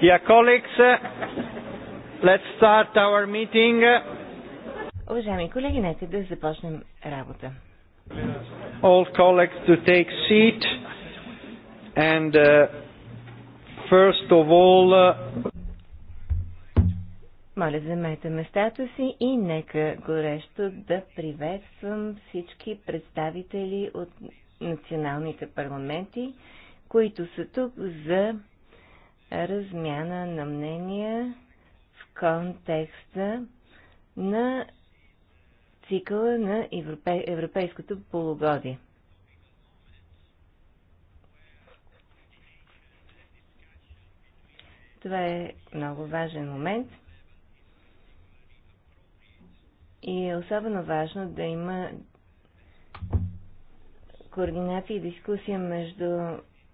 Dear colleagues, let's start our meeting. Уважаеми колеги, нека да започнем работа. All colleagues to take seat and uh, first of all uh... Моля, замете местата си и нека горещо да приветствам всички представители от националните парламенти, които са тук за размяна на мнения в контекста на цикъла на европе... европейското полугодие. Това е много важен момент – и е особено важно да има координация и дискусия между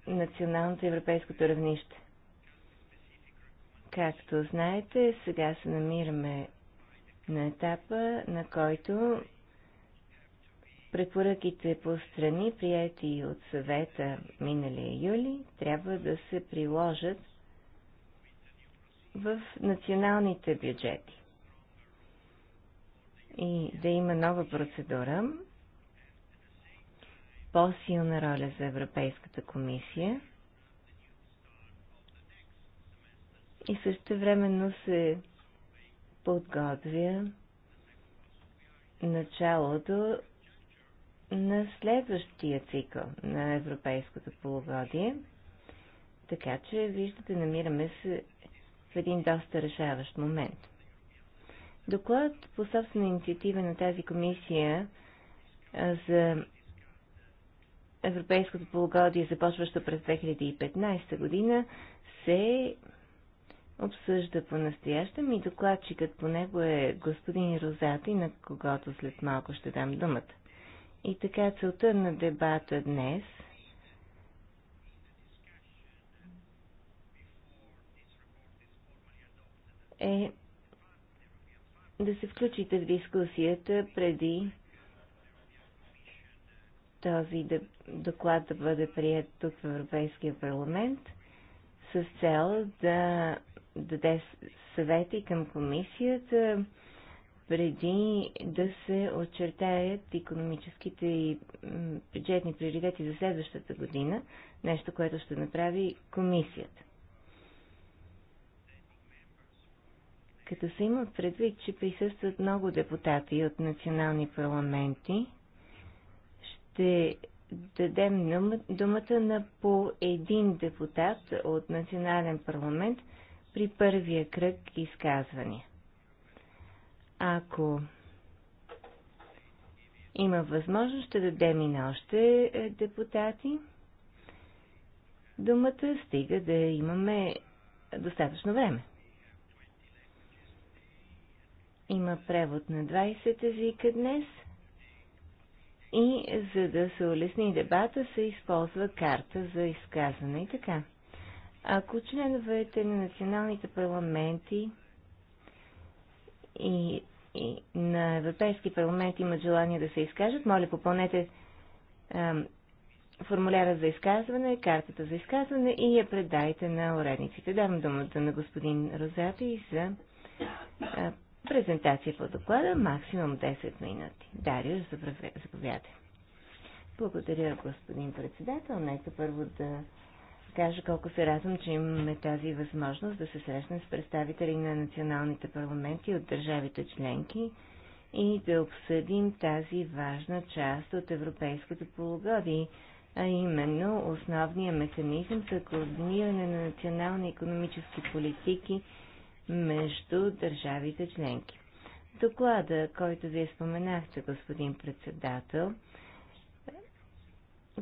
националното и европейското равнище. Както знаете, сега се намираме на етапа, на който препоръките по страни, прияти от съвета миналия юли, трябва да се приложат в националните бюджети. И да има нова процедура, по-силна роля за Европейската комисия и също времено се подготвя началото на следващия цикъл на Европейското полугодие. Така че, виждате, намираме се в един доста решаващ момент. Доклад по собствена инициатива на тази комисия за европейското полугодие, започващо през 2015 година, се обсъжда по-настоящем и докладчикът по него е господин Розати, на когото след малко ще дам думата. И така целта на дебата днес е да се включите в дискусията преди този доклад да бъде прият тук в Европейския парламент с цел да даде съвети към комисията преди да се очертаят економическите и бюджетни приоритети за следващата година, нещо, което ще направи комисията. Като се имат предвид, че присъстват много депутати от национални парламенти, ще дадем думата на по един депутат от национален парламент при първия кръг изказвания. Ако има възможност, ще дадем и на още е, депутати думата, стига да имаме достатъчно време. Има превод на 20 езика днес – и за да се улесни дебата се използва карта за изказване и така. Ако членовете на националните парламенти и, и на Европейски парламент имат желание да се изкажат, моля попълнете формуляра за изказване, картата за изказване и я предайте на уредниците. Давам думата на господин Розати за а, Презентация по доклада максимум 10 минути. Дарио, заповядай. Благодаря, господин председател. Нека първо да кажа колко се радвам, че имаме тази възможност да се срещнем с представители на националните парламенти от държавите членки и да обсъдим тази важна част от европейското полугодие, а именно основния механизъм за координиране на национални економически политики – между държавите членки. Доклада, който вие споменахте, господин председател,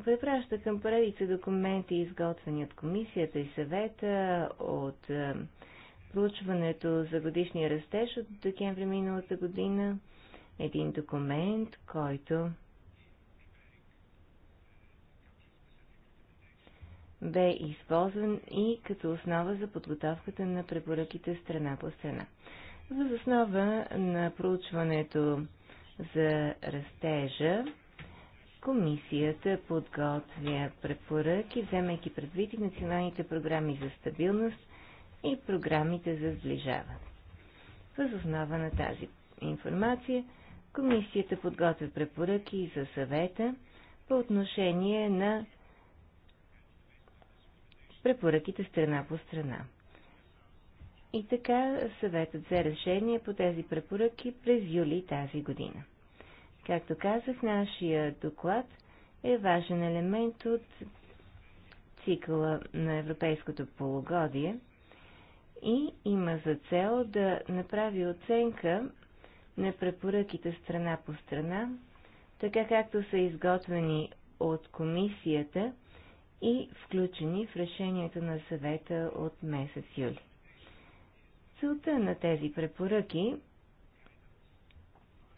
препраща към поредица документи, изготвени от комисията и съвета, от е, проучването за годишния растеж от декември миналата година, един документ, който бе използван и като основа за подготовката на препоръките страна по страна. Въз основа на проучването за растежа, комисията подготвя препоръки, вземайки предвид и националните програми за стабилност и програмите за сближаване. Въз основа на тази информация, комисията подготвя препоръки за съвета по отношение на препоръките страна по страна. И така съветът взе решение по тези препоръки през юли тази година. Както казах, нашия доклад е важен елемент от цикъла на европейското полугодие и има за цел да направи оценка на препоръките страна по страна, така както са изготвени от комисията – и включени в решението на съвета от месец юли. Целта на тези препоръки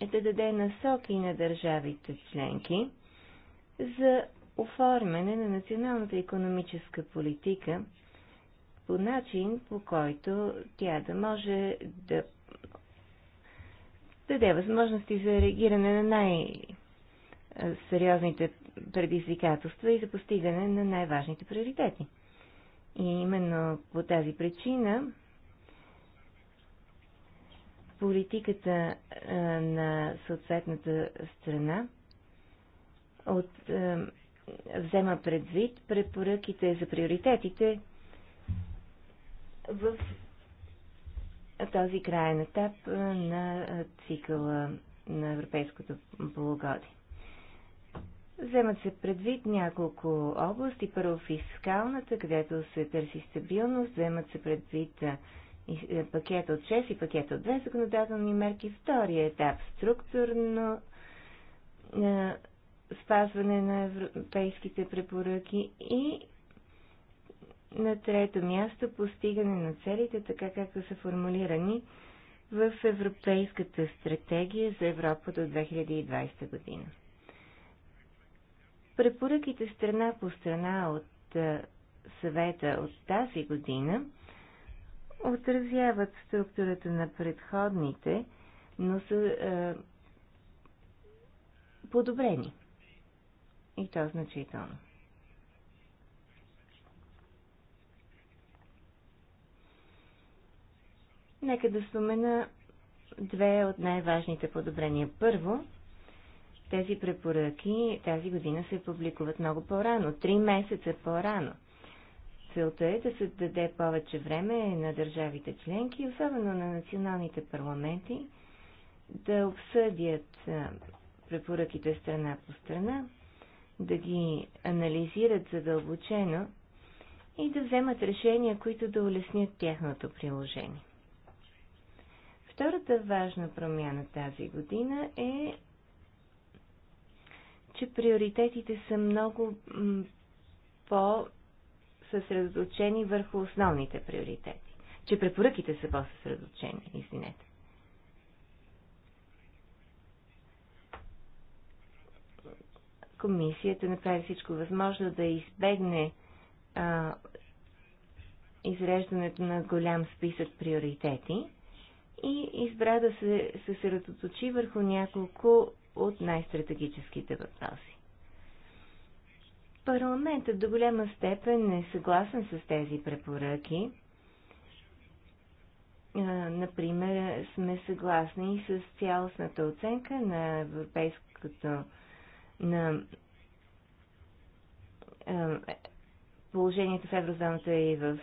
е да даде насоки на държавите членки за оформяне на националната економическа политика по начин, по който тя да може да даде възможности за реагиране на най-сериозните предизвикателства и за постигане на най-важните приоритети. И именно по тази причина политиката на съответната страна от, е, взема предвид препоръките за приоритетите в този краен етап на цикъла на европейското полугодие. Вземат се предвид няколко области. Първо фискалната, където се търси стабилност. Вземат се предвид е, пакет от 6 и пакет от 2 законодателни мерки. Втория етап – структурно е, спазване на европейските препоръки и на трето място постигане на целите, така както са формулирани в Европейската стратегия за Европа до 2020 година. Препоръките страна по страна от съвета от тази година отразяват структурата на предходните, но са е, подобрени. И то значително. Нека да спомена две от най-важните подобрения. Първо, тези препоръки тази година се публикуват много по-рано, три месеца по-рано. Целта е да се даде повече време на държавите членки, особено на националните парламенти, да обсъдят препоръките страна по страна, да ги анализират задълбочено и да вземат решения, които да улеснят тяхното приложение. Втората важна промяна тази година е че приоритетите са много по-съсредоточени върху основните приоритети. Че препоръките са по-съсредоточени, извинете. Комисията направи всичко възможно да избегне а, изреждането на голям списък приоритети и избра да се съсредоточи върху няколко от най-стратегическите въпроси. Парламентът до голяма степен е съгласен с тези препоръки. Например, сме съгласни и с цялостната оценка на европейското на положението в еврозоната и в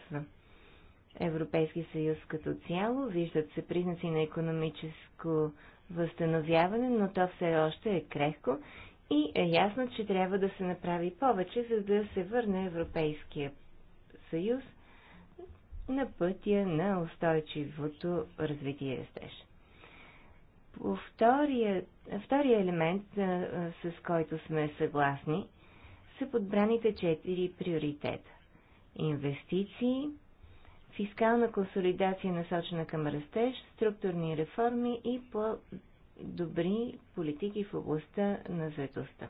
Европейския съюз като цяло. Виждат се признаци на економическо възстановяване, но то все още е крехко и е ясно, че трябва да се направи повече, за да се върне Европейския съюз на пътя на устойчивото развитие и растеж. По втория, втория елемент, с който сме съгласни, са подбраните четири приоритета. Инвестиции, фискална консолидация насочена към растеж, структурни реформи и по-добри политики в областта на заедостта.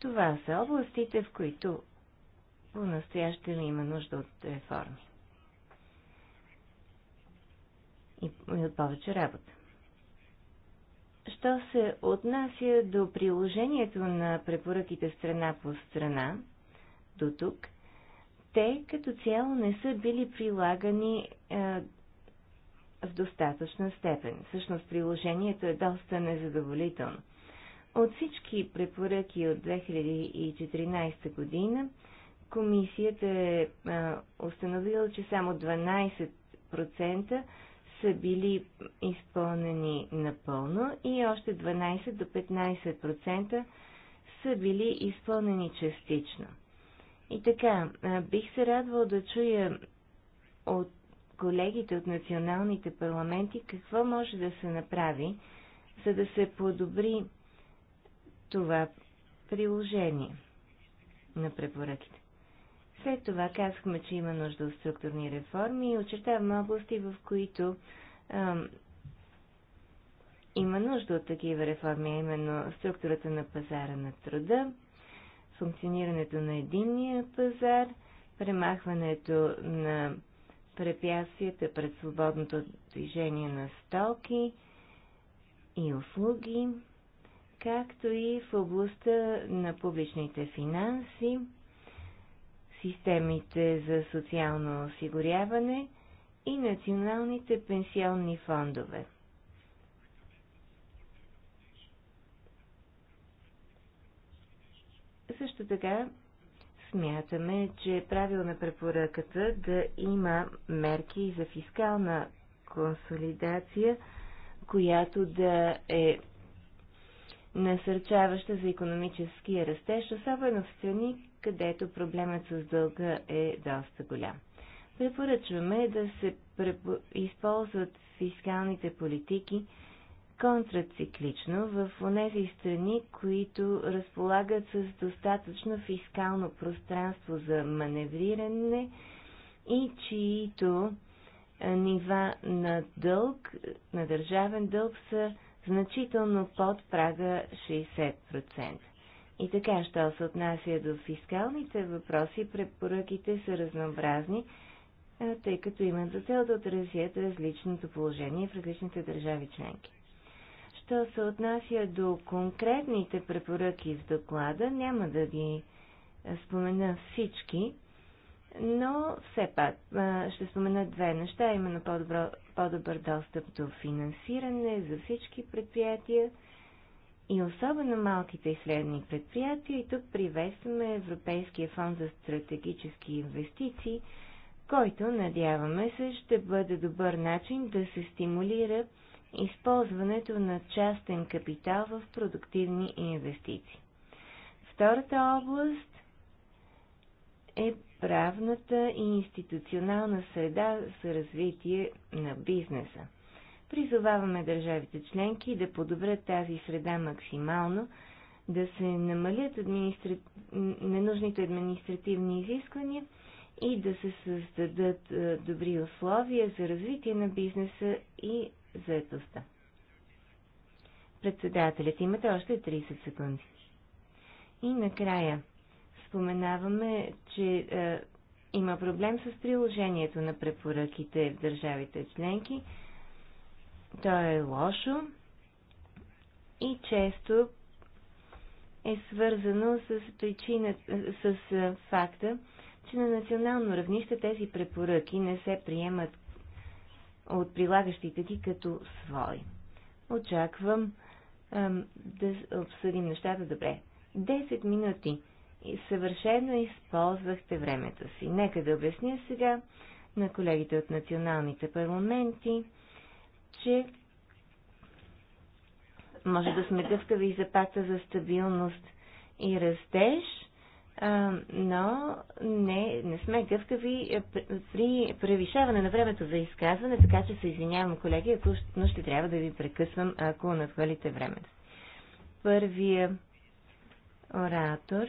Това са областите, в които по-настоящем има нужда от реформи. И от повече работа. Що се отнася до приложението на препоръките страна по страна, до тук, те като цяло не са били прилагани е, в достатъчна степен. Всъщност приложението е доста незадоволително. От всички препоръки от 2014 година комисията е, е установила, че само 12% са били изпълнени напълно и още 12 до 15% са били изпълнени частично. И така, бих се радвал да чуя от колегите от националните парламенти какво може да се направи, за да се подобри това приложение на препоръките. След това казахме, че има нужда от структурни реформи и очертаваме области, в които ам, има нужда от такива реформи, а именно структурата на пазара на труда, функционирането на единния пазар, премахването на препятствията пред свободното движение на стоки и услуги, както и в областта на публичните финанси, системите за социално осигуряване и националните пенсионни фондове. Също така смятаме, че е правилна препоръката да има мерки за фискална консолидация, която да е насърчаваща за економическия растеж, особено в страни, където проблемът с дълга е доста голям. Препоръчваме да се препо... използват фискалните политики контрациклично в тези страни, които разполагат с достатъчно фискално пространство за маневриране и чието е, нива на дълг, на държавен дълг са значително под прага 60%. И така, що се отнася до фискалните въпроси, препоръките са разнообразни, е, тъй като имат за цел да отразят различното положение в различните държави членки. Що се отнася до конкретните препоръки в доклада, няма да ги е, спомена всички, но все пак е, ще спомена две неща, именно по-добро, по-добър достъп до финансиране за всички предприятия и особено малките и средни предприятия. И тук приветстваме Европейския фонд за стратегически инвестиции, който, надяваме се, ще бъде добър начин да се стимулира използването на частен капитал в продуктивни инвестиции. Втората област е правната и институционална среда за развитие на бизнеса. Призоваваме държавите членки да подобрят тази среда максимално, да се намалят администра... ненужните административни изисквания и да се създадат е, добри условия за развитие на бизнеса и заедостта. Председателят, имате още 30 секунди. И накрая споменаваме, че е, има проблем с приложението на препоръките в държавите членки. То е лошо и често е свързано с, причина, с е, факта, че на национално равнище тези препоръки не се приемат от прилагащите ги като свои. Очаквам ем, да обсъдим нещата добре. 10 минути. И съвършено използвахте времето си. Нека да обясня сега на колегите от националните парламенти, че може да сме гъвкави за пакта за стабилност и растеж – но не, не сме гъвкави при превишаване на времето за изказване, така че се извинявам, колеги, ако, но ще трябва да ви прекъсвам, ако надхвалите времето. Първия оратор.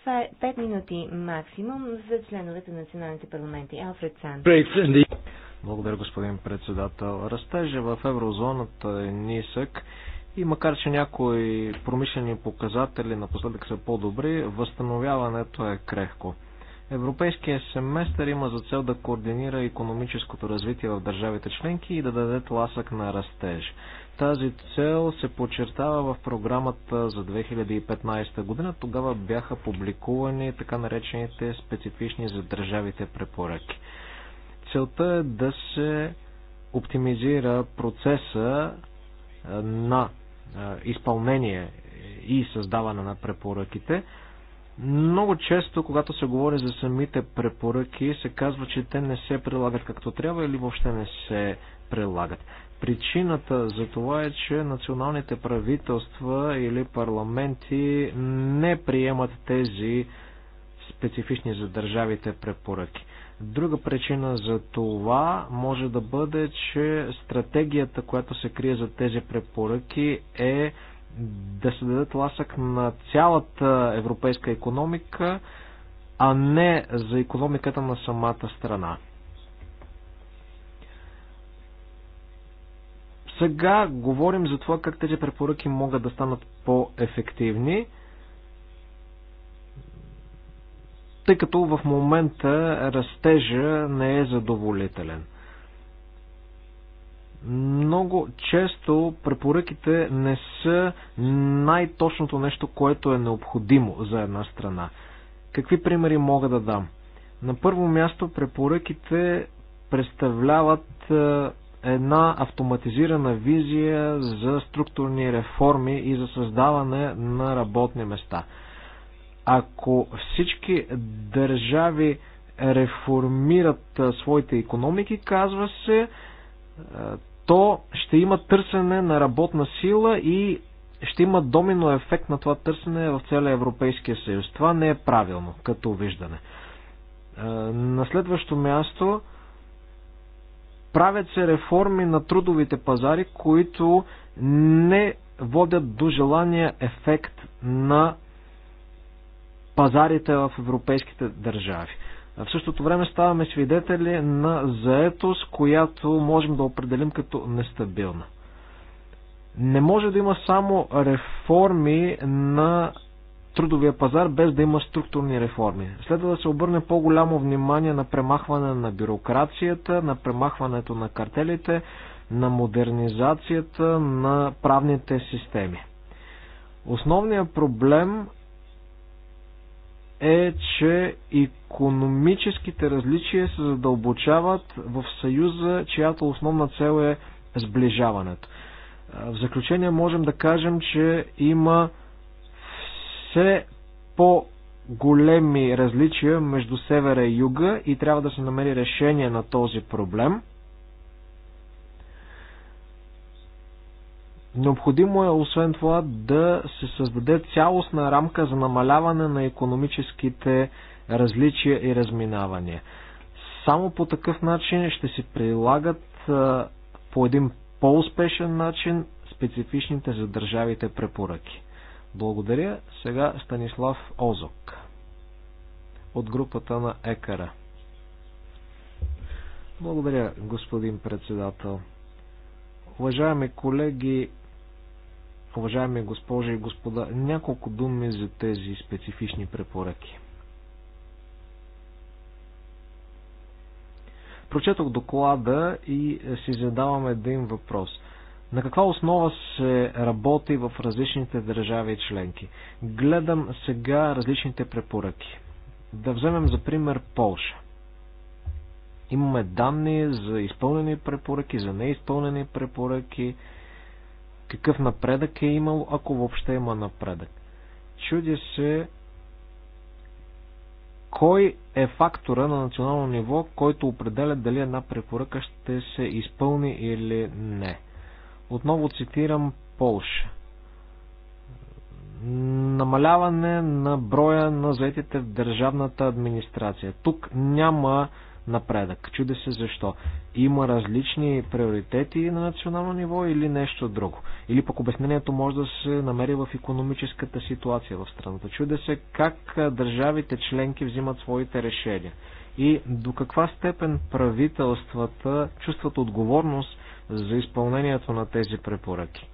Това е минути максимум за членовете на националните парламенти. Алфред Сан. Благодаря, господин председател. Растежа в еврозоната е нисък и макар, че някои промишлени показатели напоследък са по-добри, възстановяването е крехко. Европейския семестър има за цел да координира економическото развитие в държавите членки и да даде тласък на растеж. Тази цел се подчертава в програмата за 2015 година. Тогава бяха публикувани така наречените специфични за държавите препоръки. Целта е да се оптимизира процеса на изпълнение и създаване на препоръките. Много често, когато се говори за самите препоръки, се казва, че те не се прилагат както трябва или въобще не се прилагат. Причината за това е, че националните правителства или парламенти не приемат тези специфични за държавите препоръки. Друга причина за това може да бъде, че стратегията, която се крие за тези препоръки е да се дадат ласък на цялата европейска економика, а не за економиката на самата страна. Сега говорим за това как тези препоръки могат да станат по-ефективни. тъй като в момента растежа не е задоволителен. Много често препоръките не са най-точното нещо, което е необходимо за една страна. Какви примери мога да дам? На първо място препоръките представляват е, една автоматизирана визия за структурни реформи и за създаване на работни места – ако всички държави реформират своите економики, казва се, то ще има търсене на работна сила и ще има домино ефект на това търсене в целия Европейския съюз. Това не е правилно като виждане. На следващо място правят се реформи на трудовите пазари, които не водят до желания ефект на пазарите в европейските държави. В същото време ставаме свидетели на заетост, която можем да определим като нестабилна. Не може да има само реформи на трудовия пазар, без да има структурни реформи. Следва да се обърне по-голямо внимание на премахване на бюрокрацията, на премахването на картелите, на модернизацията на правните системи. Основният проблем е, че економическите различия се задълбочават в Съюза, чиято основна цел е сближаването. В заключение можем да кажем, че има все по-големи различия между севера и юга и трябва да се намери решение на този проблем – Необходимо е освен това да се създаде цялостна рамка за намаляване на економическите различия и разминавания. Само по такъв начин ще се прилагат по един по-успешен начин специфичните за държавите препоръки. Благодаря. Сега Станислав Озок от групата на Екара. Благодаря, господин председател. Уважаеми колеги, Уважаеми госпожи и господа, няколко думи за тези специфични препоръки. Прочетох доклада и си задавам един въпрос. На каква основа се работи в различните държави и членки? Гледам сега различните препоръки. Да вземем за пример Полша. Имаме данни за изпълнени препоръки, за неизпълнени препоръки, какъв напредък е имал, ако въобще има напредък. Чудя се кой е фактора на национално ниво, който определя дали една препоръка ще се изпълни или не. Отново цитирам Полша. Намаляване на броя на заетите в държавната администрация. Тук няма напредък. Чуде се защо. Има различни приоритети на национално ниво или нещо друго. Или пък обяснението може да се намери в економическата ситуация в страната. Чуде се как държавите членки взимат своите решения. И до каква степен правителствата чувстват отговорност за изпълнението на тези препоръки.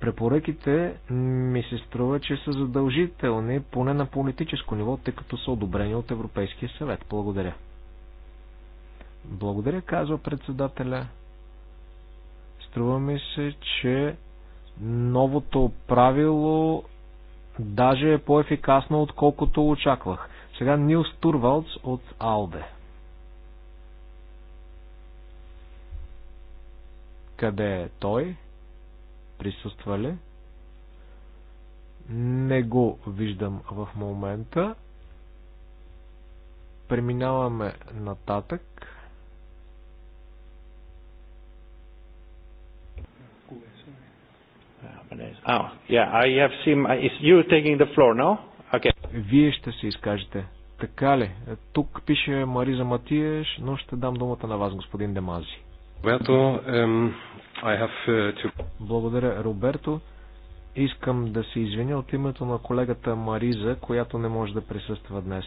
Препоръките ми се струва, че са задължителни, поне на политическо ниво, тъй като са одобрени от Европейския съвет. Благодаря. Благодаря, казва председателя. Струва ми се, че новото правило даже е по-ефикасно, отколкото очаквах. Сега Нил Стурвалц от Алде. Къде е той? Присъства ли? Не го виждам в момента. Преминаваме нататък. Oh, yeah, I have seen, is you taking the floor now? Okay. Вие ще се изкажете. Така ли? Тук пише Мариза Матиеш, но ще дам думата на вас, господин Демази. Роберто, um, uh, Благодаря, Роберто. Искам да се извиня от името на колегата Мариза, която не може да присъства днес.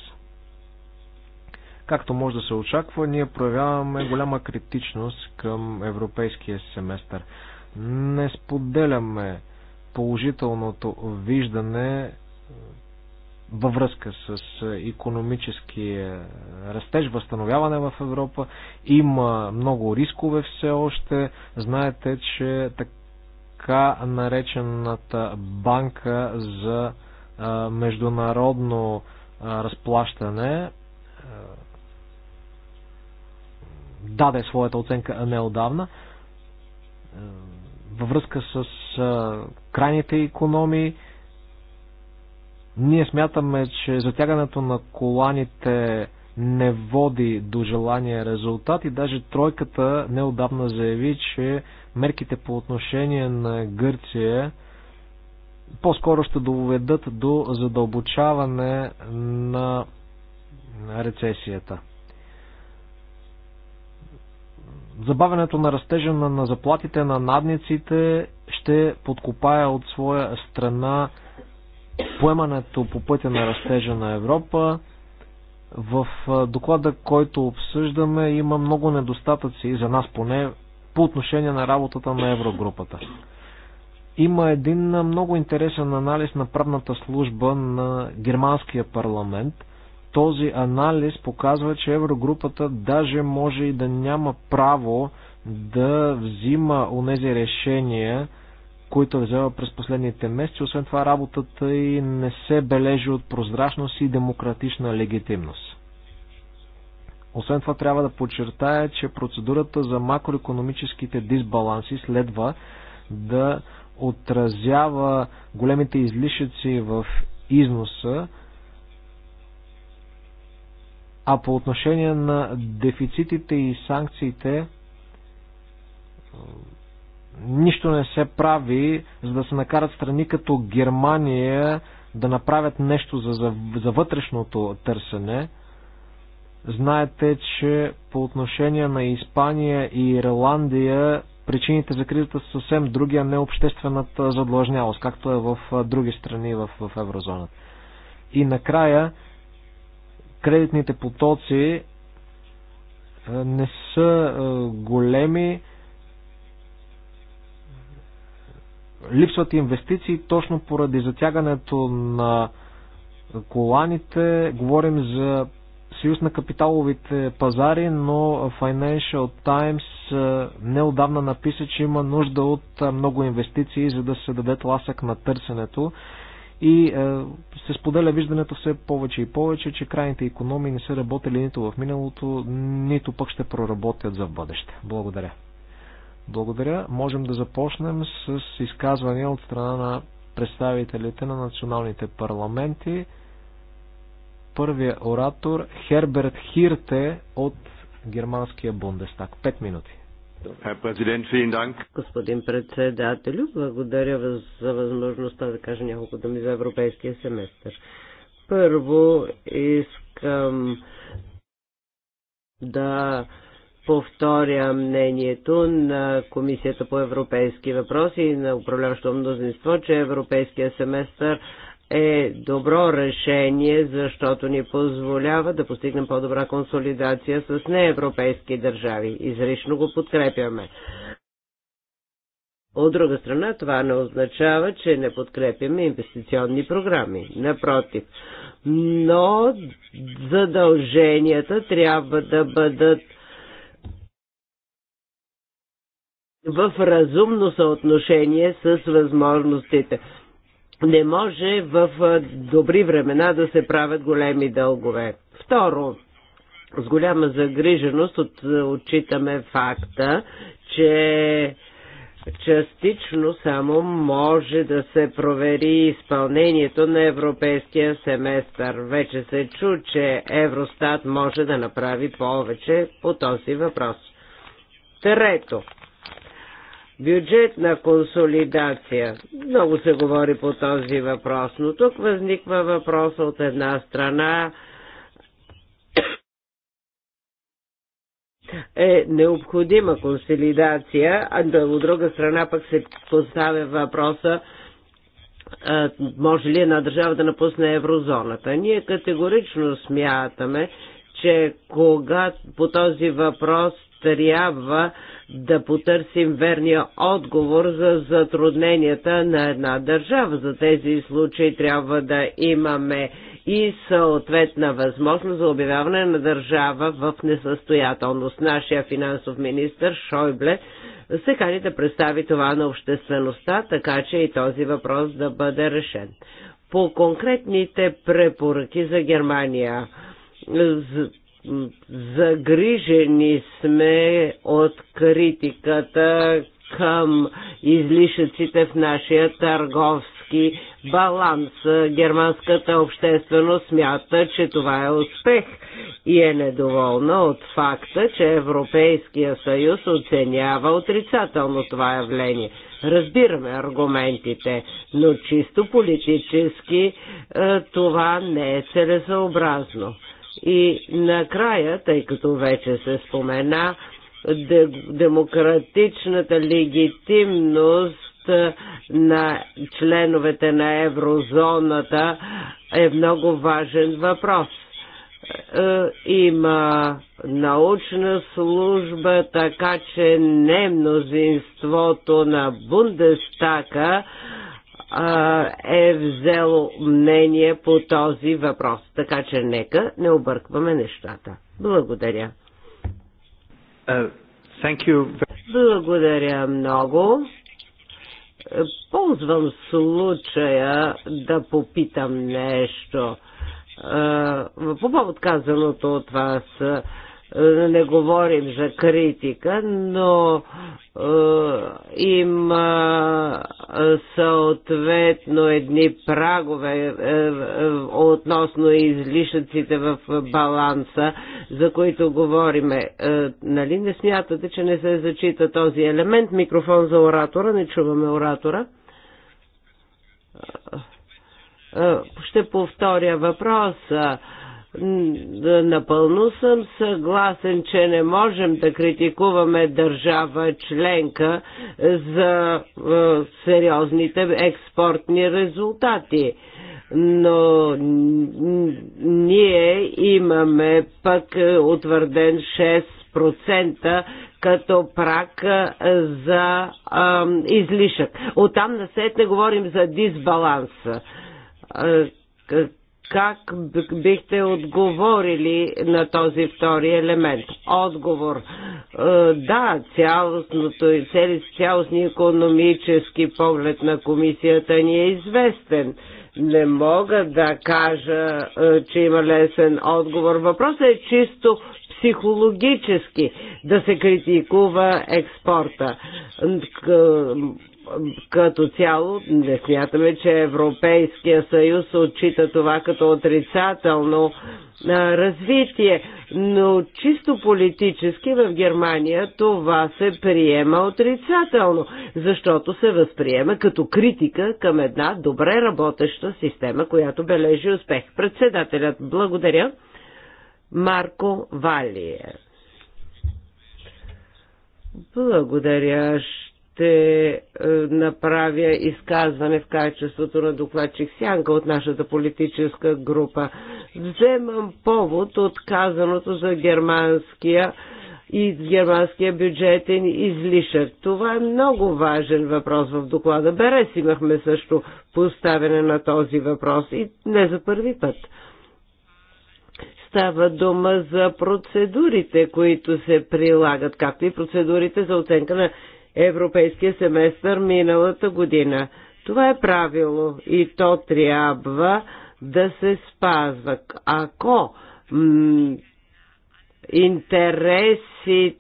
Както може да се очаква, ние проявяваме голяма критичност към европейския семестър. Не споделяме положителното виждане е, във връзка с економически растеж, възстановяване в Европа. Има много рискове все още. Знаете, че така наречената банка за е, международно е, разплащане даде своята оценка неодавна във връзка с крайните економии. Ние смятаме, че затягането на коланите не води до желания резултат и даже тройката неодавна заяви, че мерките по отношение на Гърция по-скоро ще доведат до задълбочаване на рецесията. Забавянето на растежа на, на заплатите на надниците ще подкопая от своя страна поемането по пътя на растежа на Европа. В доклада, който обсъждаме, има много недостатъци, за нас поне, по отношение на работата на Еврогрупата. Има един много интересен анализ на правната служба на германския парламент. Този анализ показва, че Еврогрупата даже може и да няма право да взима онези решения, които взема през последните месеци. Освен това, работата и не се бележи от прозрачност и демократична легитимност. Освен това, трябва да подчертая, че процедурата за макроекономическите дисбаланси следва да отразява големите излишъци в износа, а по отношение на дефицитите и санкциите, нищо не се прави, за да се накарат страни като Германия да направят нещо за, за, за вътрешното търсене. Знаете, че по отношение на Испания и Ирландия причините за кризата са съвсем други, а не обществената задлъжнялост, както е в други страни в, в еврозоната. И накрая, кредитните потоци не са големи, Липсват инвестиции точно поради затягането на коланите. Говорим за съюз на капиталовите пазари, но Financial Times неодавна написа, че има нужда от много инвестиции, за да се даде тласък на търсенето. И се споделя виждането все повече и повече, че крайните економии не са работили нито в миналото, нито пък ще проработят за бъдеще. Благодаря. Благодаря. Можем да започнем с изказвания от страна на представителите на националните парламенти. Първият оратор Херберт Хирте от германския Бундестаг. Пет минути. Господин председателю, благодаря за възможността да кажа няколко думи за европейския семестър. Първо искам да повторя мнението на Комисията по европейски въпроси и на управляващо мнозинство, че европейския семестър е добро решение, защото ни позволява да постигнем по-добра консолидация с неевропейски държави. Изрично го подкрепяме. От друга страна, това не означава, че не подкрепяме инвестиционни програми. Напротив, но задълженията трябва да бъдат в разумно съотношение с възможностите. Не може в добри времена да се правят големи дългове. Второ, с голяма загриженост от, отчитаме факта, че частично само може да се провери изпълнението на европейския семестър. Вече се чу, че Евростат може да направи повече по този въпрос. Трето, бюджетна консолидация. Много се говори по този въпрос, но тук възниква въпрос от една страна е необходима консолидация, а от друга страна пък се поставя въпроса може ли една държава да напусне еврозоната. Ние категорично смятаме, че кога по този въпрос трябва да потърсим верния отговор за затрудненията на една държава. За тези случаи трябва да имаме и съответна възможност за обявяване на държава в несъстоятелност. Нашия финансов министр Шойбле се кани да представи това на обществеността, така че и този въпрос да бъде решен. По конкретните препоръки за Германия загрижени сме от критиката към излишъците в нашия търговски баланс. Германската общественост смята, че това е успех и е недоволна от факта, че Европейския съюз оценява отрицателно това явление. Разбираме аргументите, но чисто политически е, това не е целесъобразно. И накрая, тъй като вече се спомена, демократичната легитимност на членовете на еврозоната е много важен въпрос. Има научна служба, така че не мнозинството на Бундестака е взело мнение по този въпрос. Така че нека не объркваме нещата. Благодаря. Uh, Благодаря много. Ползвам случая да попитам нещо. По повод казаното от вас, е, не говорим за критика, но е, има е, съответно едни прагове относно излишъците в баланса, за които говориме. нали не смятате, че не се зачита този елемент? Микрофон за оратора, не чуваме оратора. Ще повторя въпроса Напълно съм съгласен, че не можем да критикуваме държава членка за е, сериозните експортни резултати но ние имаме пък е, утвърден 6% като прак е, за а, излишък. Оттам не говорим за дисбаланс. Как бихте отговорили на този втори елемент? Отговор. Е, да, цялостното и цялостни економически поглед на комисията ни е известен. Не мога да кажа, е, че има лесен отговор. Въпросът е чисто психологически да се критикува експорта като цяло не смятаме, че Европейския съюз отчита това като отрицателно развитие, но чисто политически в Германия това се приема отрицателно, защото се възприема като критика към една добре работеща система, която бележи успех. Председателят, благодаря. Марко Валиев. Благодаря ще е, направя изказване в качеството на докладчик Сянка от нашата политическа група. Вземам повод от казаното за германския и германския бюджетен излишък. Това е много важен въпрос в доклада. Берес имахме също поставяне на този въпрос и не за първи път. Става дума за процедурите, които се прилагат, както и процедурите за оценка на европейския семестър миналата година. Това е правило и то трябва да се спазва. Ако интересите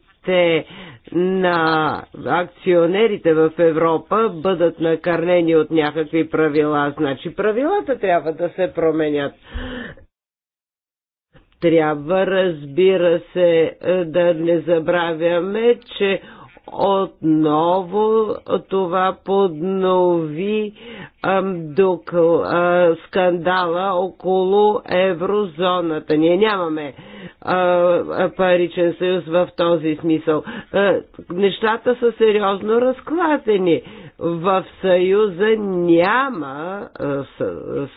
на акционерите в Европа бъдат накърнени от някакви правила, значи правилата трябва да се променят. Трябва, разбира се, да не забравяме, че отново това поднови ам, а, скандала около еврозоната. Ние нямаме а, паричен съюз в този смисъл. А, нещата са сериозно разклатени. В съюза няма а,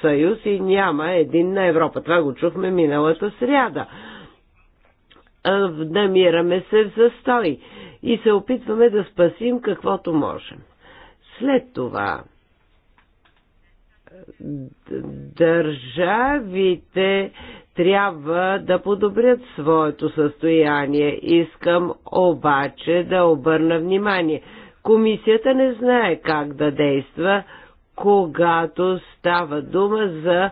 съюз и няма един на Европа. Това го чухме миналата сряда намираме се в застой и се опитваме да спасим каквото можем. След това държавите трябва да подобрят своето състояние. Искам обаче да обърна внимание. Комисията не знае как да действа, когато става дума за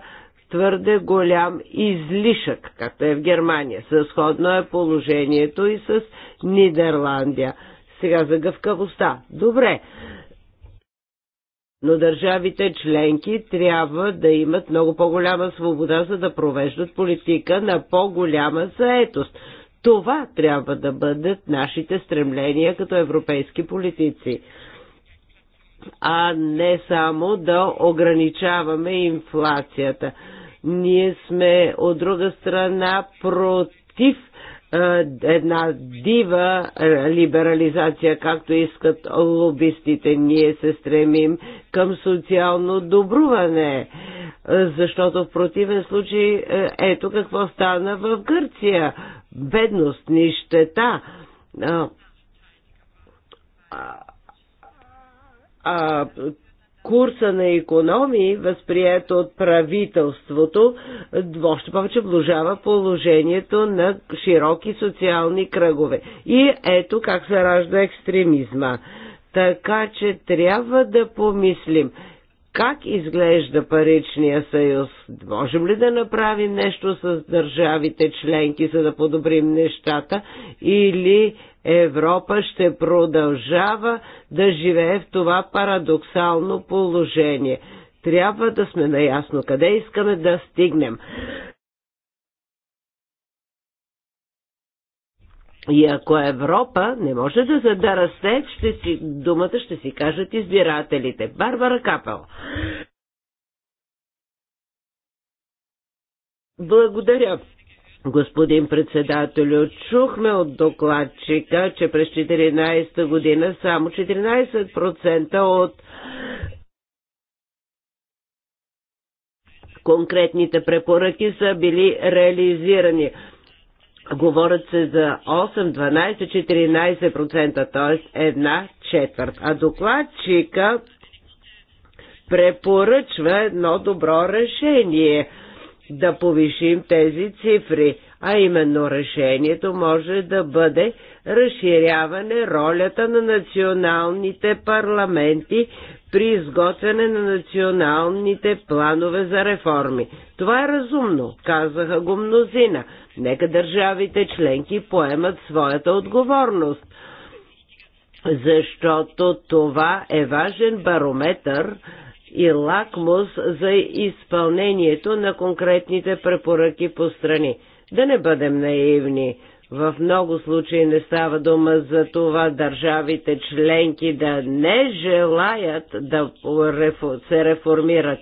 твърде голям излишък, както е в Германия. Съсходно е положението и с Нидерландия. Сега за гъвкавостта. Добре. Но държавите членки трябва да имат много по-голяма свобода, за да провеждат политика на по-голяма заетост. Това трябва да бъдат нашите стремления като европейски политици а не само да ограничаваме инфлацията. Ние сме от друга страна против една дива либерализация, както искат лобистите. Ние се стремим към социално добруване, защото в противен случай ето какво стана в Гърция. Бедност, нищета. А, а, курса на економии, възприето от правителството, още повече блужава положението на широки социални кръгове. И ето как се ражда екстремизма. Така че трябва да помислим как изглежда паричния съюз. Можем ли да направим нещо с държавите членки, за да подобрим нещата или Европа ще продължава да живее в това парадоксално положение. Трябва да сме наясно къде искаме да стигнем. И ако Европа не може да задара след, ще си, думата ще си кажат избирателите. Барбара Капел. Благодаря. Господин председателю, чухме от докладчика, че през 14 година само 14% от конкретните препоръки са били реализирани. Говорят се за 8, 12, 14%, т.е. една четвърт. А докладчика препоръчва едно добро решение – да повишим тези цифри, а именно решението може да бъде разширяване ролята на националните парламенти при изготвяне на националните планове за реформи. Това е разумно, казаха го мнозина. Нека държавите членки поемат своята отговорност, защото това е важен барометър и лакмус за изпълнението на конкретните препоръки по страни. Да не бъдем наивни. В много случаи не става дума за това държавите членки да не желаят да се реформират.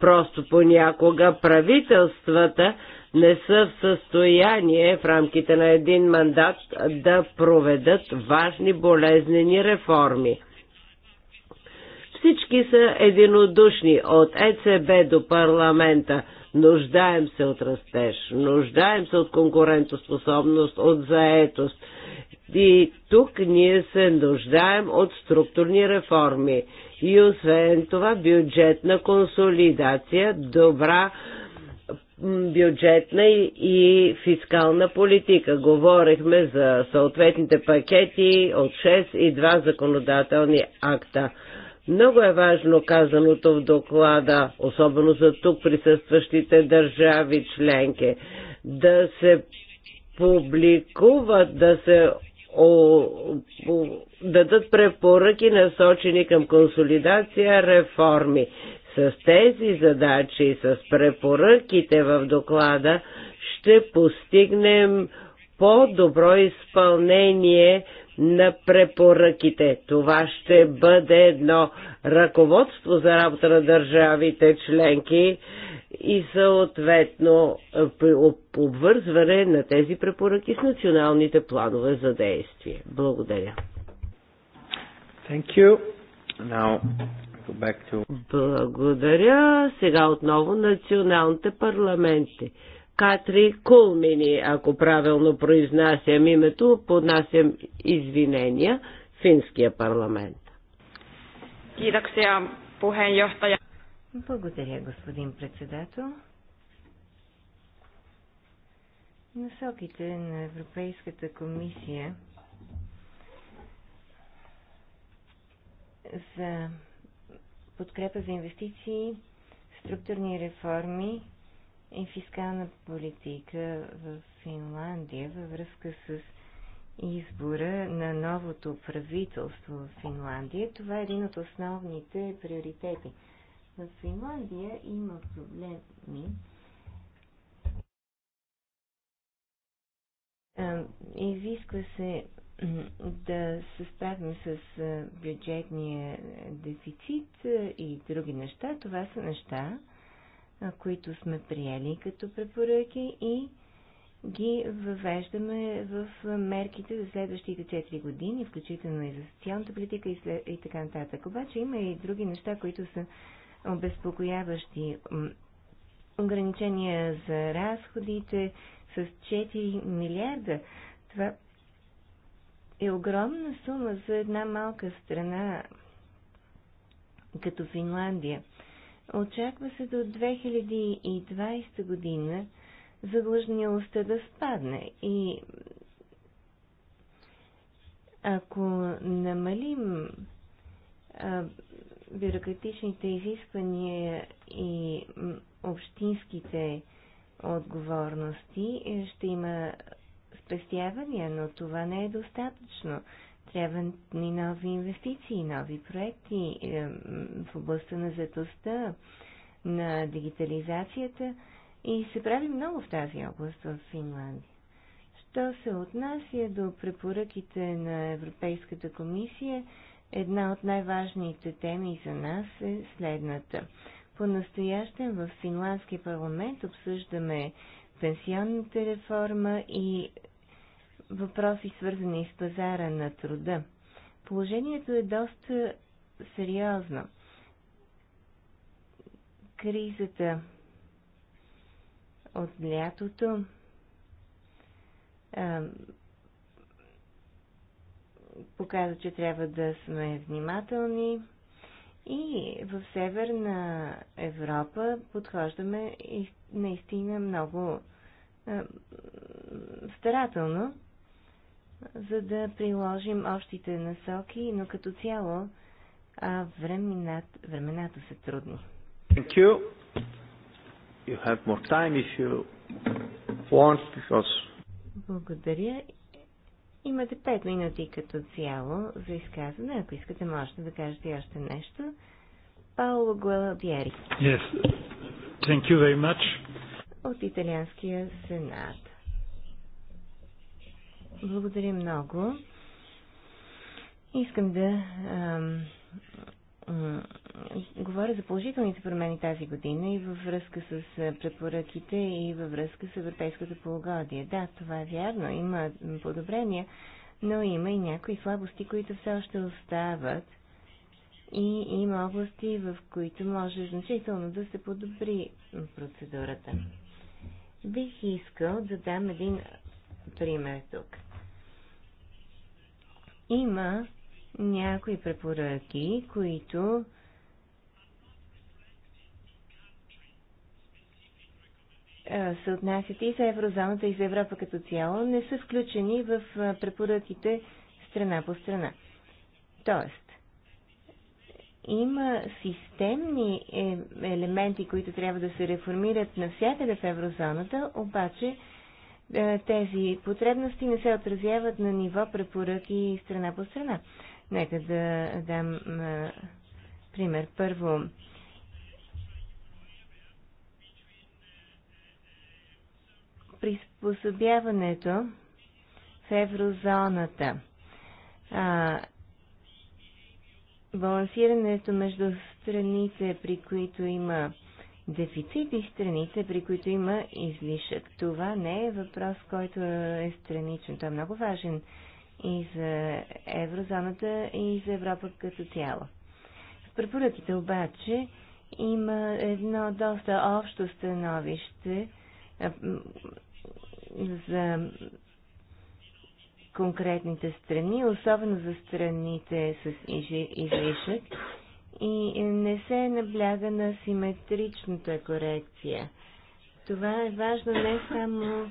Просто понякога правителствата не са в състояние в рамките на един мандат да проведат важни болезнени реформи. Всички са единодушни от ЕЦБ до парламента. Нуждаем се от растеж, нуждаем се от конкурентоспособност, от заетост. И тук ние се нуждаем от структурни реформи. И освен това бюджетна консолидация, добра бюджетна и фискална политика. Говорихме за съответните пакети от 6 и 2 законодателни акта. Много е важно казаното в доклада, особено за тук присъстващите държави членки, да се публикуват, да се о, о, дадат препоръки насочени към консолидация, реформи. С тези задачи и с препоръките в доклада ще постигнем по-добро изпълнение на препоръките. Това ще бъде едно ръководство за работа на държавите членки и съответно обвързване на тези препоръки с националните планове за действие. Благодаря. Thank you. Now, go back to... Благодаря. Сега отново националните парламенти. Катри Кулмини, ако правилно произнасям името, поднасям извинения, в финския парламент. Благодаря, господин председател. Насоките на Европейската комисия за подкрепа за инвестиции, структурни реформи и фискална политика в Финландия във връзка с избора на новото правителство в Финландия. Това е един от основните приоритети. В Финландия има проблеми изисква се да се справим с бюджетния дефицит и други неща. Това са неща, които сме приели като препоръки и ги въвеждаме в мерките за следващите 4 години, включително и за социалната политика и, след, и така нататък. Обаче има и други неща, които са обезпокояващи. Ограничения за разходите с 4 милиарда. Това е огромна сума за една малка страна като Финландия. Очаква се до 2020 година задлъжнялостта да спадне и ако намалим а, бюрократичните изисквания и общинските отговорности, ще има спестявания, но това не е достатъчно. Трябват ни нови инвестиции, нови проекти в областта на заетостта, на дигитализацията и се прави много в тази област в Финландия. Що се отнася до препоръките на Европейската комисия, една от най-важните теми за нас е следната. По-настоящен в Финландския парламент обсъждаме пенсионната реформа и въпроси, свързани с пазара на труда. Положението е доста сериозно. Кризата от лятото а, показва, че трябва да сме внимателни и в Северна Европа подхождаме наистина много старателно за да приложим общите насоки, но като цяло а времената, времената са трудни. Thank you. You have more time if you want, because... Благодаря. Имате 5 минути като цяло за изказване. Ако искате, можете да кажете още нещо. Пауло Гуалабиери. Yes. Thank you very much. От Италианския сенат. Благодаря много. Искам да ам, говоря за положителните промени тази година и във връзка с препоръките и във връзка с европейското полугодие. Да, това е вярно, има подобрения, но има и някои слабости, които все още остават и има области, в които може значително да се подобри процедурата. Бих искал да дам един пример тук има някои препоръки, които се отнасят и за еврозоната, и за Европа като цяло, не са включени в препоръките страна по страна. Тоест, има системни е, елементи, които трябва да се реформират навсякъде в еврозоната, обаче е, тези потребности не се отразяват на ниво препоръки страна по страна. Нека да дам е, пример. Първо, приспособяването в еврозоната, а, балансирането между страните, при които има дефицит и страните, при които има излишък. Това не е въпрос, който е страничен. Той е много важен и за еврозоната, и за Европа като цяло. В препоръките обаче има едно доста общо становище за конкретните страни, особено за страните с излишък и не се набляга на симетричната корекция. Това е важно не само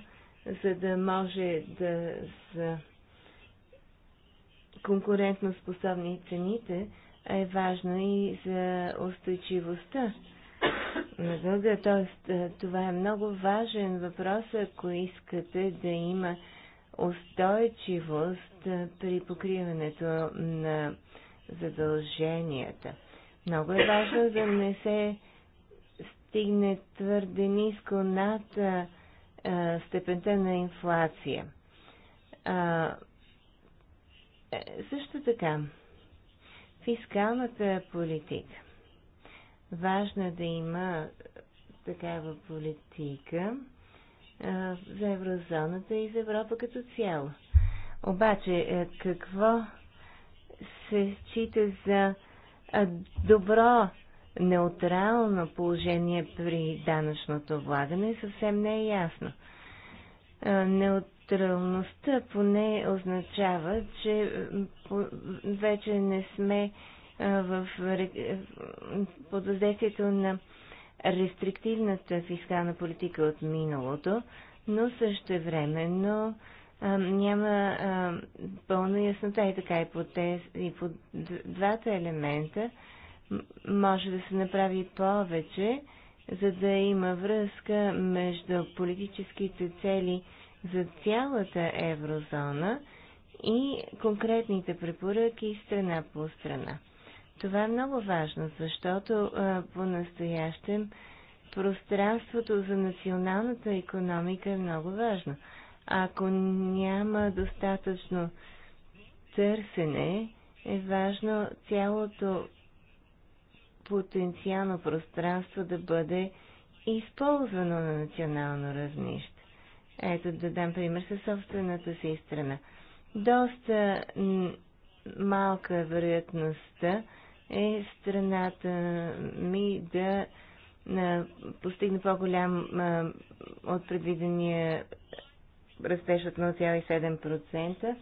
за да може да са конкурентно способни цените, а е важно и за устойчивостта на дълга. Тоест, това е много важен въпрос, ако искате да има устойчивост при покриването на задълженията много е важно да не се стигне твърде ниско над а, степента на инфлация. А, е, също така, фискалната политика. Важно е да има такава политика а, за еврозоната и за Европа като цяло. Обаче, е, какво се счита за добро неутрално положение при данъчното влагане е съвсем не е ясно. Неутралността поне означава, че вече не сме в подвъздействието на рестриктивната фискална политика от миналото, но също времено няма пълна яснота и така и по, тез, и по двата елемента може да се направи повече, за да има връзка между политическите цели за цялата еврозона и конкретните препоръки страна по страна. Това е много важно, защото по-настоящем пространството за националната економика е много важно – ако няма достатъчно търсене, е важно цялото потенциално пространство да бъде използвано на национално равнище. Ето да дам пример със собствената си страна. Доста малка е вероятността е страната ми да постигне по-голям от предвидения растеж от 0,7%,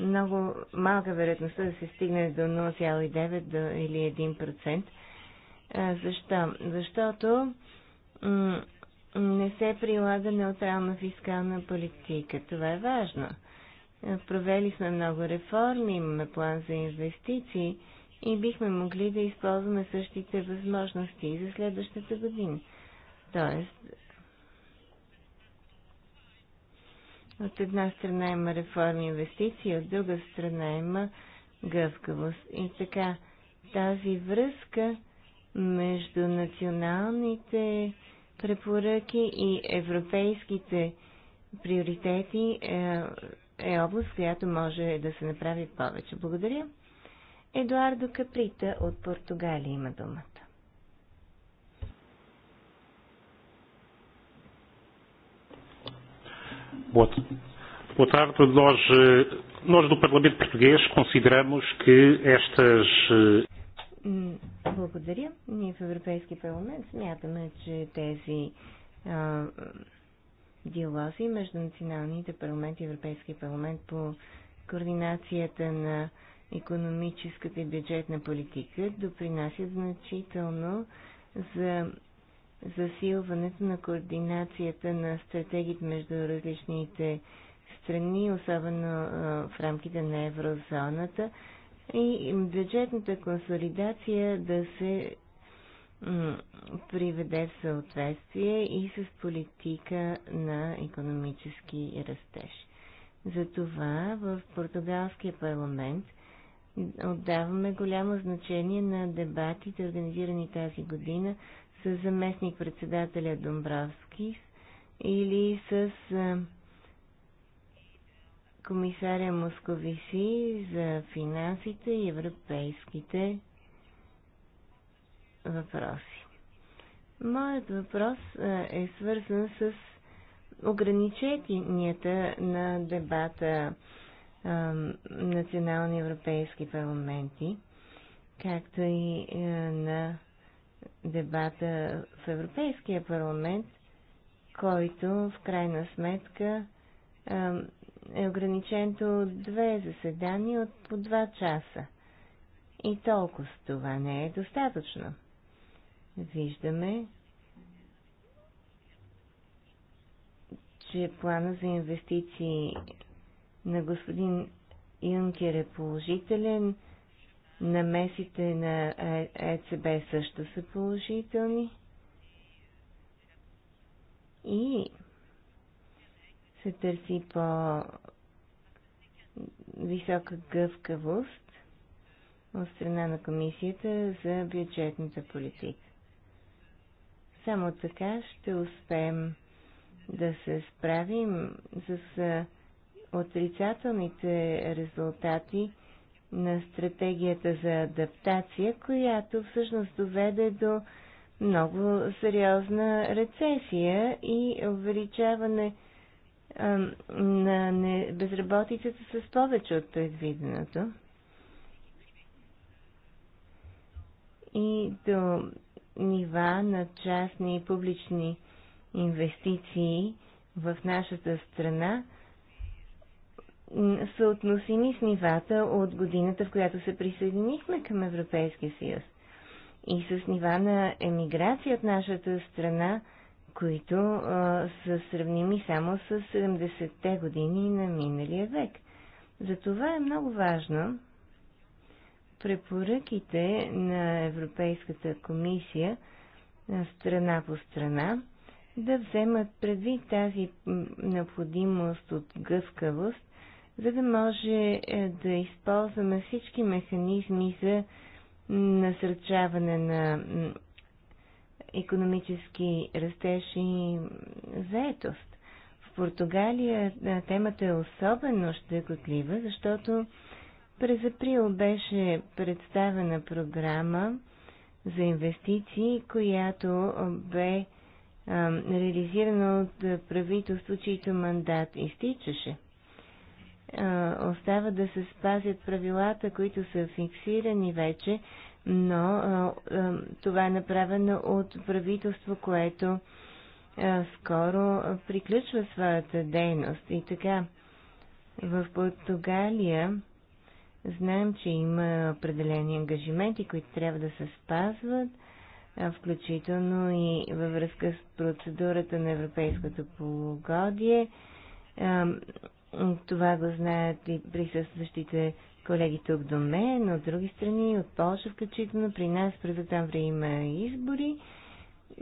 много малка вероятността да се стигне до 0,9 или 1%. Защо? Защото не се прилага неутрална фискална политика. Това е важно. Провели сме много реформи, имаме план за инвестиции и бихме могли да използваме същите възможности и за следващата година. Тоест, От една страна има реформи и инвестиции, от друга страна има гъвкавост. И така, тази връзка между националните препоръки и европейските приоритети е, е област, която може да се направи повече. Благодаря. Едуардо Каприта от Португалия има думата. Boa, boa tarde. Nós, eh, nós do Parlamento Português consideramos que estas. Eh, благодаря. Ние в Европейски парламент смятаме, че тези а, диалози между националните парламенти и Европейски парламент по координацията на економическата и бюджетна политика допринасят значително за засилването на координацията на стратегиите между различните страни, особено в рамките на еврозоната и бюджетната консолидация да се приведе в съответствие и с политика на економически растеж. Затова в португалския парламент отдаваме голямо значение на дебатите, организирани тази година с заместник-председателя Домбравски или с комисаря Московиси за финансите и европейските въпроси. Моят въпрос е свързан с ограниченията на дебата национални европейски парламенти, както и на дебата в Европейския парламент, който в крайна сметка е ограничен до две заседания от по два часа. И толкова с това не е достатъчно. Виждаме, че плана за инвестиции на господин Юнкер е положителен, намесите на ЕЦБ е също са положителни. И се търси по висока гъвкавост от страна на комисията за бюджетната политика. Само така ще успеем да се справим с отрицателните резултати на стратегията за адаптация, която всъщност доведе до много сериозна рецесия и увеличаване а, на безработицата с повече от предвиденото. И до нива на частни и публични инвестиции в нашата страна – съотносими с нивата от годината, в която се присъединихме към Европейския съюз и с нива на емиграция от нашата страна, които а, са сравними само с 70-те години на миналия век. Затова е много важно препоръките на Европейската комисия страна по страна да вземат предвид тази необходимост от гъвкавост за да може е, да използваме всички механизми за насърчаване на економически растеж и заетост. В Португалия е, темата е особено щекотлива, защото през април беше представена програма за инвестиции, която е, бе реализирана от правителство, чийто мандат изтичаше остава да се спазят правилата, които са фиксирани вече, но това е направено от правителство, което скоро приключва своята дейност. И така, в Португалия знаем, че има определени ангажименти, които трябва да се спазват, включително и във връзка с процедурата на Европейското полугодие това го знаят и присъстващите колеги тук до мен, от други страни, от Польша включително. При нас през време има избори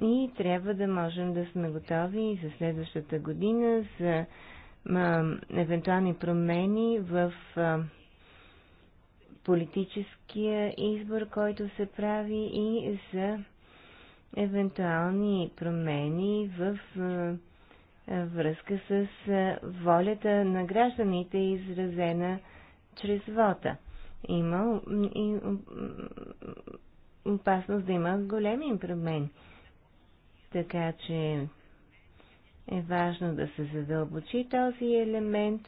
и трябва да можем да сме готови за следващата година за а, евентуални промени в а, политическия избор, който се прави и за евентуални промени в а, е, връзка с е, волята на гражданите, изразена чрез вота. Има и опасност да има големи промени. Така че е важно да се задълбочи този елемент.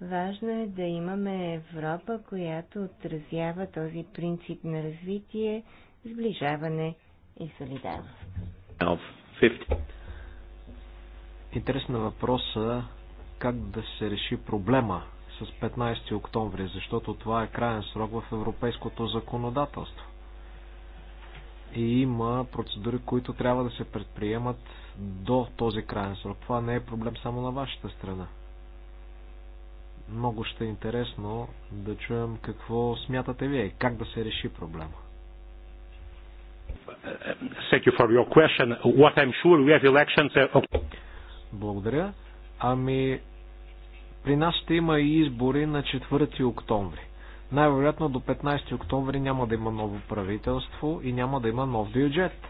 Важно е да имаме Европа, която отразява този принцип на развитие, сближаване и солидарност. Интересен е въпроса как да се реши проблема с 15 октомври, защото това е крайен срок в европейското законодателство. И има процедури, които трябва да се предприемат до този крайен срок. Това не е проблем само на вашата страна. Много ще е интересно да чуем какво смятате вие, как да се реши проблема. Thank you for your question. What I'm sure we have elections. Uh, благодаря. Ами, при нас ще има и избори на 4 октомври. Най-вероятно до 15 октомври няма да има ново правителство и няма да има нов бюджет.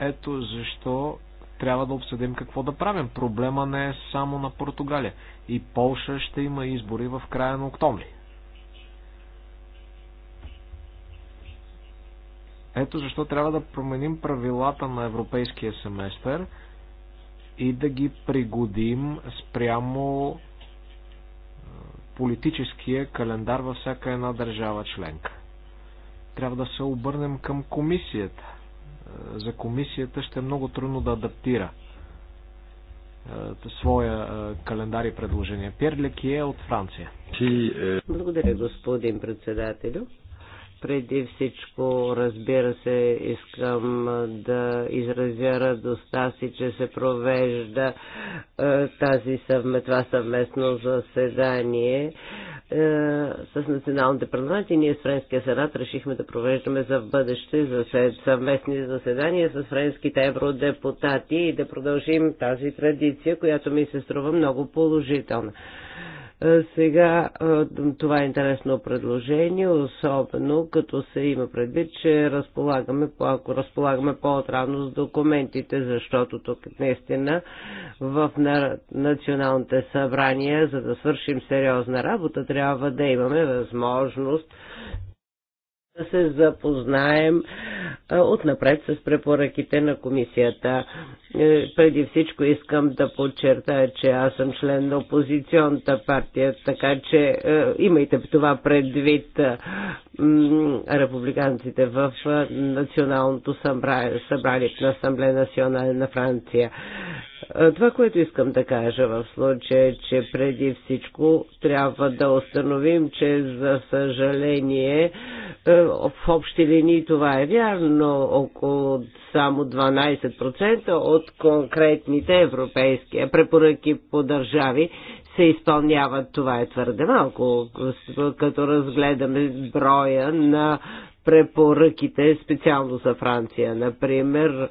Ето защо трябва да обсъдим какво да правим. Проблема не е само на Португалия. И Полша ще има избори в края на октомври. Ето защо трябва да променим правилата на европейския семестър – и да ги пригодим спрямо политическия календар във всяка една държава членка. Трябва да се обърнем към комисията. За комисията ще е много трудно да адаптира своя календар и предложение. Пьер е от Франция. Благодаря, господин председателю. Преди всичко, разбира се, искам да изразя радостта си, че се провежда тази съвме, това съвместно заседание с националните парламенти. Ние с Френския сенат решихме да провеждаме за бъдеще за съвместни заседания с френските евродепутати и да продължим тази традиция, която ми се струва много положителна. Е, сега е, това е интересно предложение, особено като се има предвид, че разполагаме, ако разполагаме по отравно с документите, защото тук наистина в националните събрания, за да свършим сериозна работа, трябва да имаме възможност да се запознаем отнапред с препоръките на комисията. Е, преди всичко искам да подчертая, че аз съм член на опозиционната партия, така че е, имайте това предвид е, републиканците в Националното събрание, на Асамблея национална на Франция. Това, което искам да кажа в случая, че преди всичко трябва да установим, че за съжаление е, в общи линии това е вярно. но Около само 12% от конкретните европейски е, препоръки по държави се изпълняват. Това е твърде малко, като разгледаме броя на препоръките, специално за Франция, например,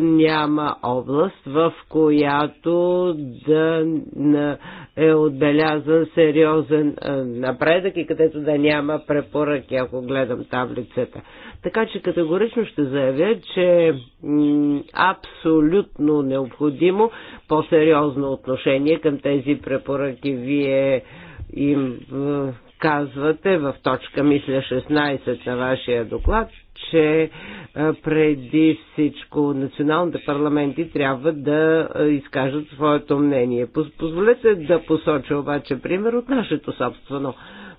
няма област, в която да е отбелязан сериозен напредък и където да няма препоръки, ако гледам таблицата. Така че категорично ще заявя, че абсолютно необходимо по-сериозно отношение към тези препоръки. Вие им казвате в точка, мисля, 16 на вашия доклад, че е, преди всичко националните парламенти трябва да е, изкажат своето мнение. Позволете да посоча обаче пример от нашето собствено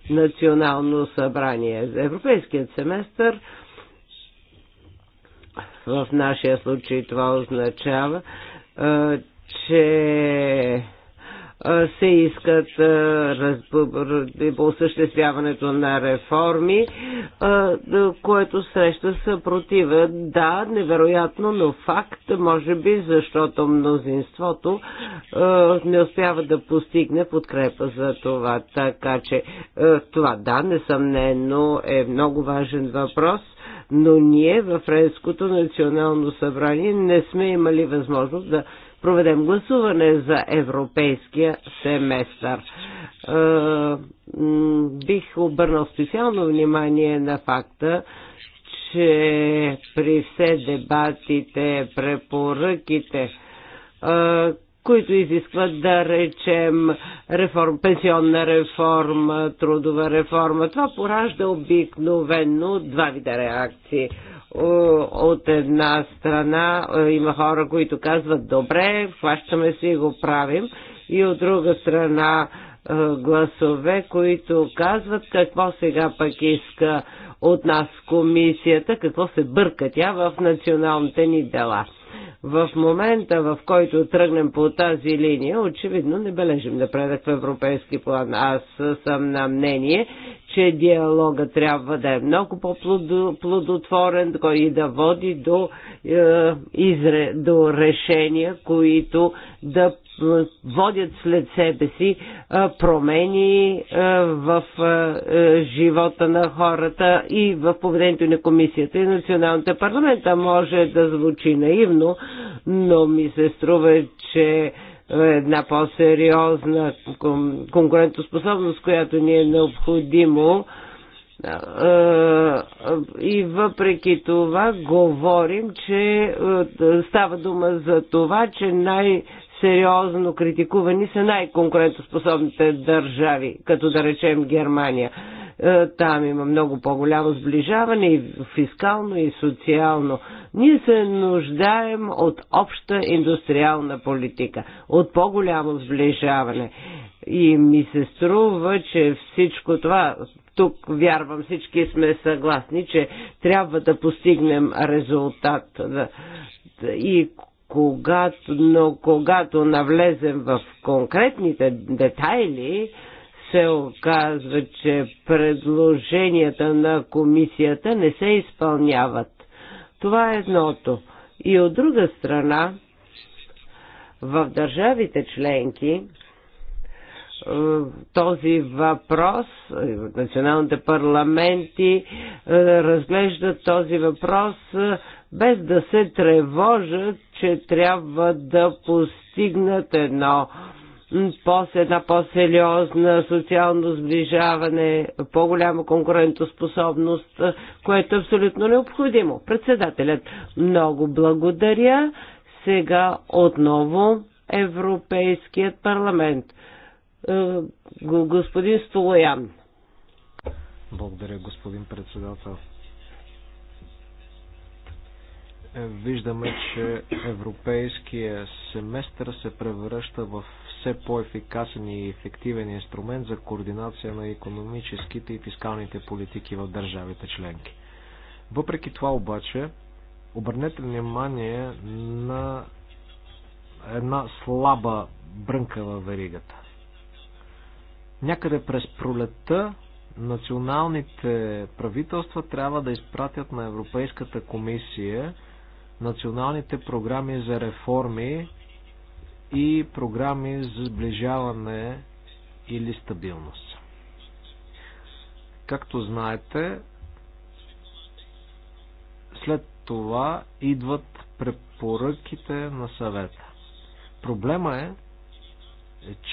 национално събрание. За Европейският семестър в нашия случай това означава, е, че се искат по осъществяването на реформи, което среща съпротива. Да, невероятно, но факт, може би, защото мнозинството не успява да постигне подкрепа за това. Така че това, да, несъмнено е много важен въпрос но ние във Френското национално събрание не сме имали възможност да проведем гласуване за европейския семестър. Е, бих обърнал специално внимание на факта, че при все дебатите, препоръките, е, които изискват да речем реформ, пенсионна реформа, трудова реформа. Това поражда обикновено два вида реакции от една страна е, има хора, които казват добре, хващаме се и го правим, и от друга страна е, гласове, които казват какво сега пък иска от нас комисията, какво се бърка тя в националните ни дела. В момента, в който тръгнем по тази линия, очевидно не бележим напредък в европейски план. Аз съм на мнение, че диалога трябва да е много по-плодотворен и да води до, е, изре, до решения, които да водят след себе си промени в живота на хората и в поведението на комисията и националните парламента. Може да звучи наивно, но ми се струва, че една по-сериозна конкурентоспособност, която ни е необходимо, и въпреки това говорим, че става дума за това, че най- сериозно критикувани са най-конкурентоспособните държави, като да речем Германия. Е, там има много по-голямо сближаване и фискално, и социално. Ние се нуждаем от обща индустриална политика, от по-голямо сближаване. И ми се струва, че всичко това, тук вярвам всички сме съгласни, че трябва да постигнем резултат. И когато, но когато навлезем в конкретните детайли, се оказва, че предложенията на комисията не се изпълняват. Това е едното. И от друга страна, в държавите членки е, този въпрос, националните парламенти е, разглеждат този въпрос е, без да се тревожат, че трябва да постигнат едно една по-сериозна социално сближаване, по-голяма конкурентоспособност, което е абсолютно необходимо. Председателят, много благодаря. Сега отново Европейският парламент. Е, господин Столоян. Благодаря, господин председател виждаме, че европейския семестър се превръща в все по-ефикасен и ефективен инструмент за координация на економическите и фискалните политики в държавите членки. Въпреки това обаче, обърнете внимание на една слаба брънка във веригата. Някъде през пролетта националните правителства трябва да изпратят на Европейската комисия националните програми за реформи и програми за сближаване или стабилност. Както знаете, след това идват препоръките на съвета. Проблема е,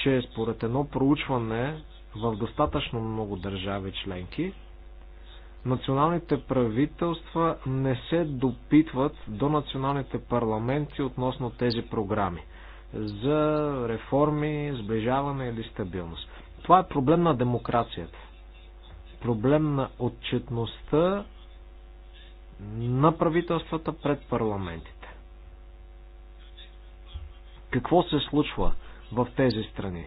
че според едно проучване в достатъчно много държави членки, националните правителства не се допитват до националните парламенти относно тези програми за реформи, сближаване или стабилност. Това е проблем на демокрацията. Проблем на отчетността на правителствата пред парламентите. Какво се случва в тези страни?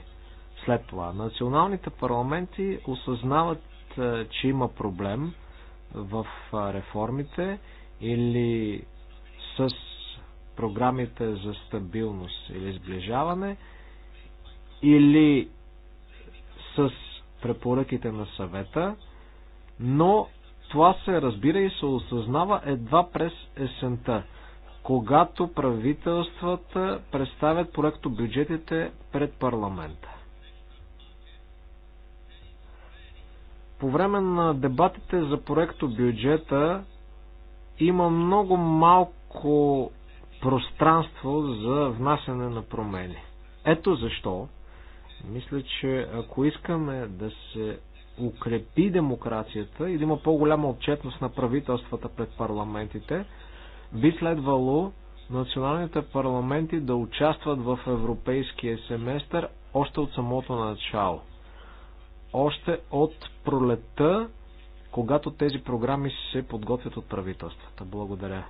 След това, националните парламенти осъзнават, е, че има проблем – в реформите или с програмите за стабилност или сближаване или с препоръките на съвета, но това се разбира и се осъзнава едва през есента, когато правителствата представят проекто бюджетите пред парламента. По време на дебатите за проекто бюджета има много малко пространство за внасяне на промени. Ето защо мисля, че ако искаме да се укрепи демокрацията и да има по-голяма отчетност на правителствата пред парламентите, би следвало националните парламенти да участват в европейския семестър още от самото начало още от пролета, когато тези програми се подготвят от правителствата. Благодаря.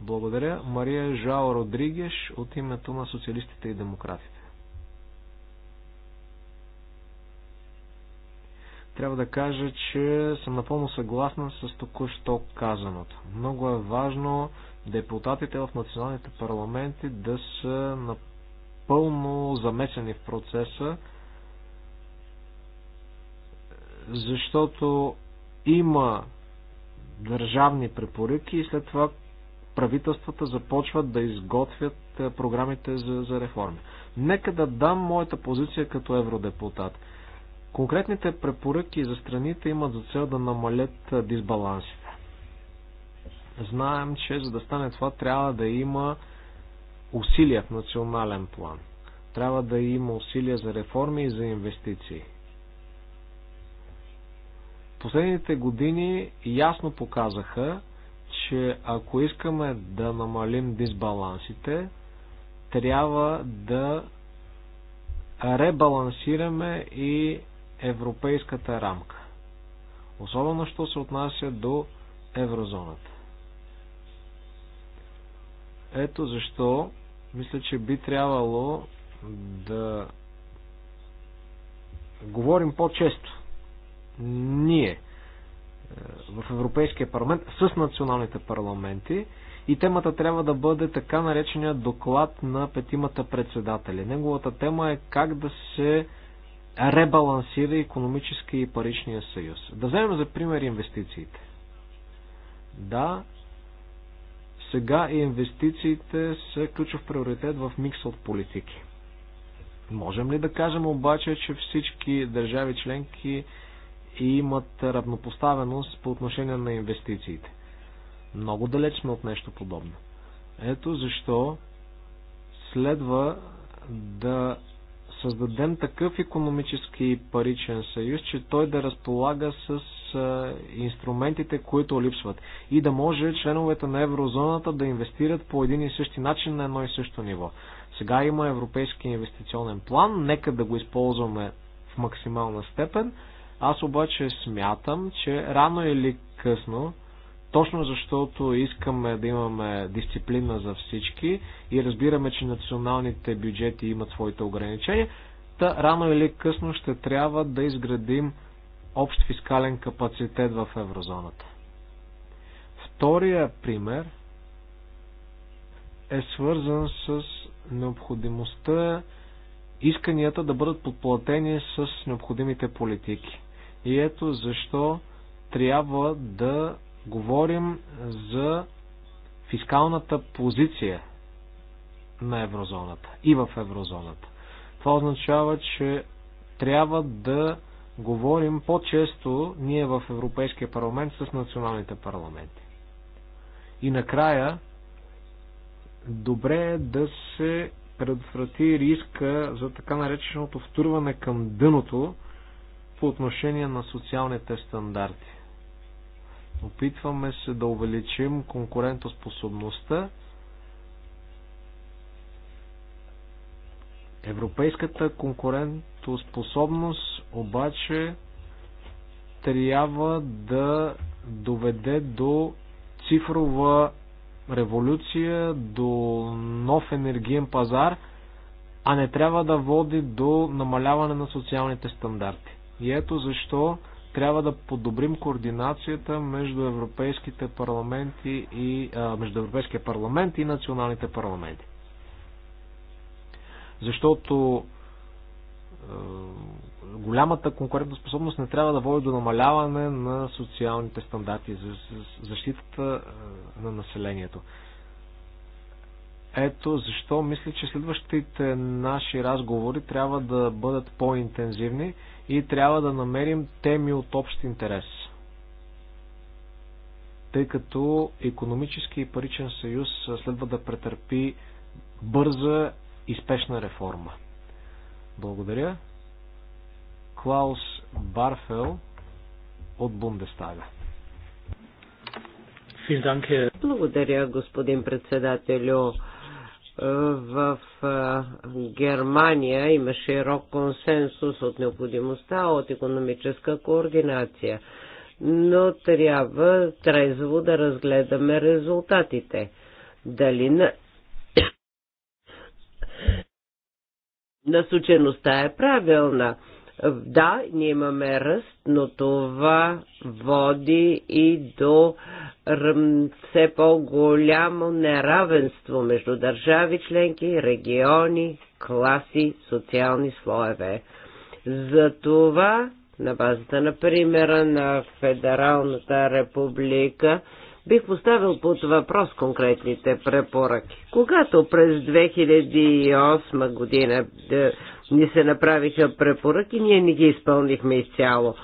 Благодаря. Мария Жао Родригеш от името на социалистите и демократите. Трябва да кажа, че съм напълно съгласна с току-що казаното. Много е важно депутатите в националните парламенти да са напълно замесени в процеса, защото има държавни препоръки и след това правителствата започват да изготвят е, програмите за, за реформи. Нека да дам моята позиция като евродепутат. Конкретните препоръки за страните имат за цел да намалят е, дисбалансите. Знаем, че за да стане това трябва да има усилия в национален план. Трябва да има усилия за реформи и за инвестиции. Последните години ясно показаха, че ако искаме да намалим дисбалансите, трябва да ребалансираме и европейската рамка. Особено, що се отнася до еврозоната. Ето защо мисля, че би трябвало да говорим по-често ние е, в Европейския парламент с националните парламенти и темата трябва да бъде така наречения доклад на петимата председатели. Неговата тема е как да се ребалансира економически и паричния съюз. Да вземем за пример инвестициите. Да, сега инвестициите са ключов приоритет в микс от политики. Можем ли да кажем обаче, че всички държави членки и имат равнопоставеност по отношение на инвестициите. Много далеч сме от нещо подобно. Ето защо следва да създадем такъв економически паричен съюз, че той да разполага с инструментите, които липсват и да може членовете на еврозоната да инвестират по един и същи начин на едно и също ниво. Сега има Европейски инвестиционен план, нека да го използваме в максимална степен аз обаче смятам, че рано или късно, точно защото искаме да имаме дисциплина за всички и разбираме, че националните бюджети имат своите ограничения, та рано или късно ще трябва да изградим общ фискален капацитет в еврозоната. Втория пример е свързан с необходимостта исканията да бъдат подплатени с необходимите политики. И ето защо трябва да говорим за фискалната позиция на еврозоната и в еврозоната. Това означава, че трябва да говорим по-често ние в Европейския парламент с националните парламенти. И накрая, добре е да се предотврати риска за така нареченото втурване към дъното по отношение на социалните стандарти. Опитваме се да увеличим конкурентоспособността. Европейската конкурентоспособност обаче трябва да доведе до цифрова революция, до нов енергиен пазар, а не трябва да води до намаляване на социалните стандарти. И ето защо трябва да подобрим координацията между европейските парламенти и а, между Европейския парламент и националните парламенти. Защото а, голямата конкурентоспособност не трябва да води до намаляване на социалните стандарти за, за защитата на населението. Ето защо мисля, че следващите наши разговори трябва да бъдат по-интензивни и трябва да намерим теми от общ интерес. Тъй като економически и паричен съюз следва да претърпи бърза и спешна реформа. Благодаря. Клаус Барфел от Бундестага. Благодаря, господин председателю в Германия има широк консенсус от необходимостта от економическа координация, но трябва трезво да разгледаме резултатите. Дали на... насочеността е правилна? Да, ние имаме ръст, но това води и до все по-голямо неравенство между държави членки, региони, класи, социални слоеве. Затова на базата на примера на Федералната република бих поставил под въпрос конкретните препоръки. Когато през 2008 година ни се направиха препоръки, ние не ги изпълнихме изцяло.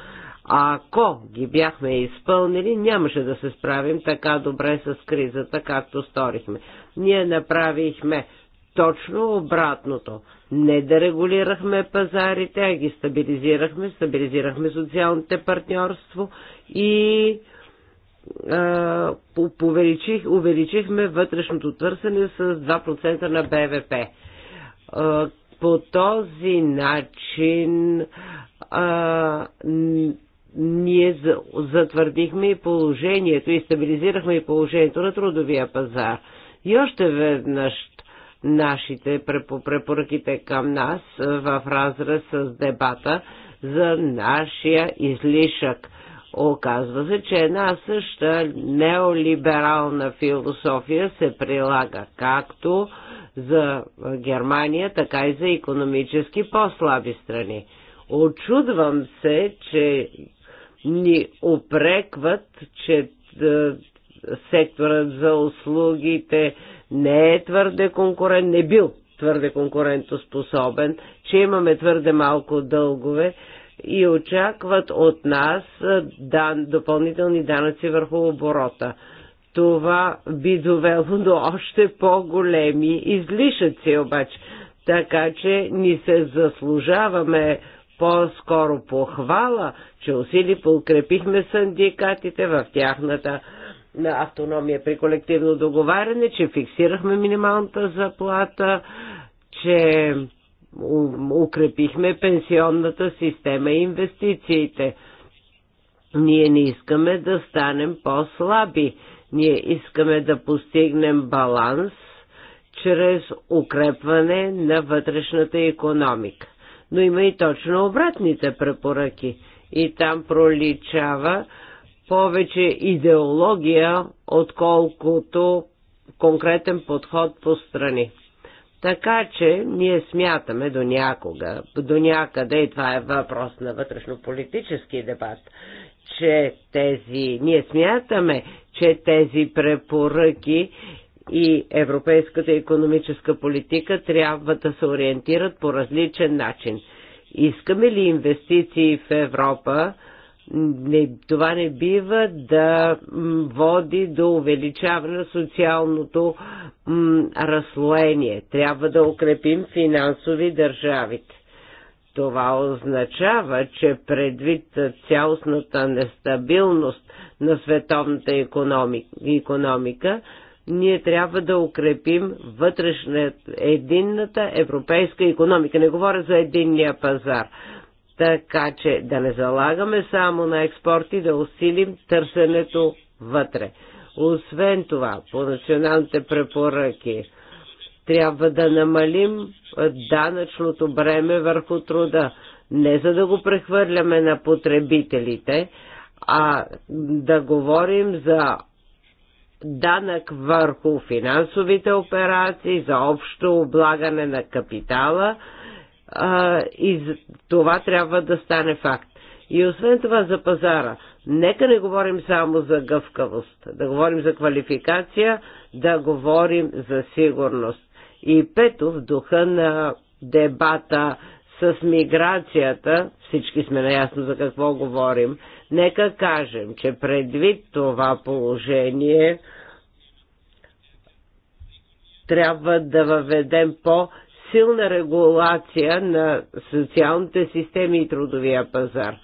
А ако ги бяхме изпълнили, нямаше да се справим така добре с кризата, както сторихме. Ние направихме точно обратното. Не да регулирахме пазарите, а ги стабилизирахме, стабилизирахме социалните партньорство и увеличих, увеличихме вътрешното търсене с 2% на БВП. По този начин а, ние затвърдихме и положението и стабилизирахме и положението на трудовия пазар. И още веднъж нашите препоръките към нас в разрез с дебата за нашия излишък. Оказва се, че една съща неолиберална философия се прилага както за Германия, така и за економически по-слаби страни. Очудвам се, че ни опрекват, че е, секторът за услугите не е твърде конкурент, не бил твърде конкурентоспособен, че имаме твърде малко дългове и очакват от нас е, дан, допълнителни данъци върху оборота. Това би довело до още по-големи излишъци обаче. Така че ни се заслужаваме по-скоро похвала, че усили подкрепихме синдикатите в тяхната на автономия при колективно договаряне, че фиксирахме минималната заплата, че укрепихме пенсионната система и инвестициите. Ние не искаме да станем по-слаби ние искаме да постигнем баланс чрез укрепване на вътрешната економика. Но има и точно обратните препоръки. И там проличава повече идеология, отколкото конкретен подход по страни. Така че ние смятаме до някога, до някъде, и това е въпрос на вътрешно-политически дебат, че тези, ние смятаме, че тези препоръки и европейската економическа политика трябва да се ориентират по различен начин. Искаме ли инвестиции в Европа? Не, това не бива да води до увеличаване на социалното м, разслоение. Трябва да укрепим финансови държавите това означава, че предвид цялостната нестабилност на световната економика, ние трябва да укрепим вътрешната единната европейска економика. Не говоря за единния пазар. Така че да не залагаме само на експорти, да усилим търсенето вътре. Освен това, по националните препоръки, трябва да намалим данъчното бреме върху труда. Не за да го прехвърляме на потребителите, а да говорим за данък върху финансовите операции, за общо облагане на капитала а, и това трябва да стане факт. И освен това за пазара, нека не говорим само за гъвкавост, да говорим за квалификация, да говорим за сигурност. И пето, в духа на дебата с миграцията, всички сме наясно за какво говорим, нека кажем, че предвид това положение трябва да въведем по- силна регулация на социалните системи и трудовия пазар,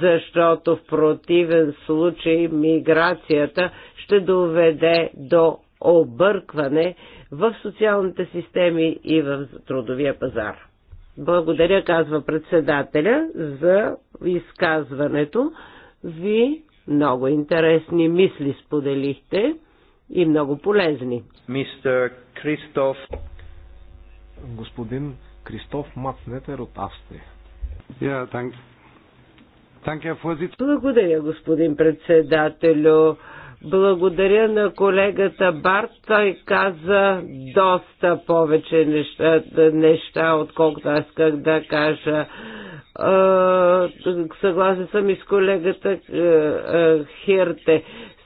защото в противен случай миграцията ще доведе до объркване в социалните системи и в трудовия пазар. Благодаря, казва председателя, за изказването. Ви много интересни мисли споделихте и много полезни. Мистер Кристоф. Господин Кристоф Мацнетер от Австрия. Yeah, thanks. Благодаря, господин председателю. Благодаря на колегата Барт. Той каза доста повече неща, неща отколкото аз как да кажа. Съгласен съм и с колегата Хирте.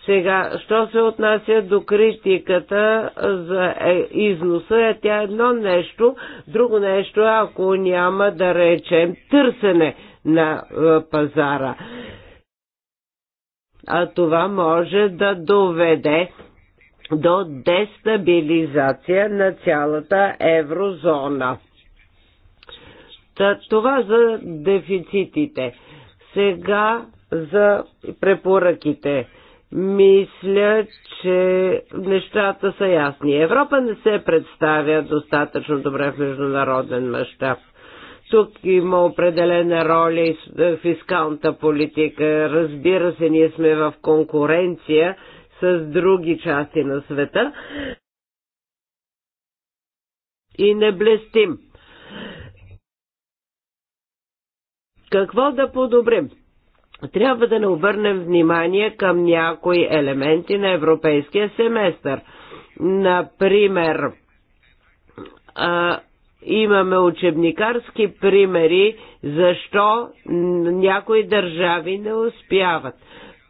Сега, що се отнася до критиката за е, износа, е тя едно нещо, друго нещо е, ако няма да речем търсене на пазара а това може да доведе до дестабилизация на цялата еврозона. това за дефицитите. Сега за препоръките. Мисля, че нещата са ясни. Европа не се представя достатъчно добре в международен мащаб. Тук има определена роля и е, фискалната политика. Разбира се, ние сме в конкуренция с други части на света и не блестим. Какво да подобрим? Трябва да не обърнем внимание към някои елементи на европейския семестър. Например, Имаме учебникарски примери защо някои държави не успяват.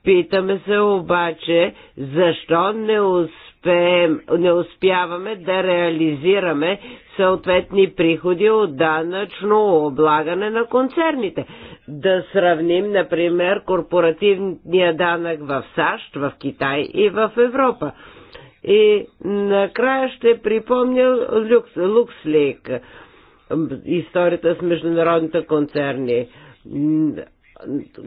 Питаме се обаче защо не успеем, не успяваме да реализираме съответни приходи от данъчно облагане на концерните. Да сравним, например, корпоративния данък в САЩ, в Китай и в Европа. И накрая ще припомня Люкс, Лукслик, историята с международните концерни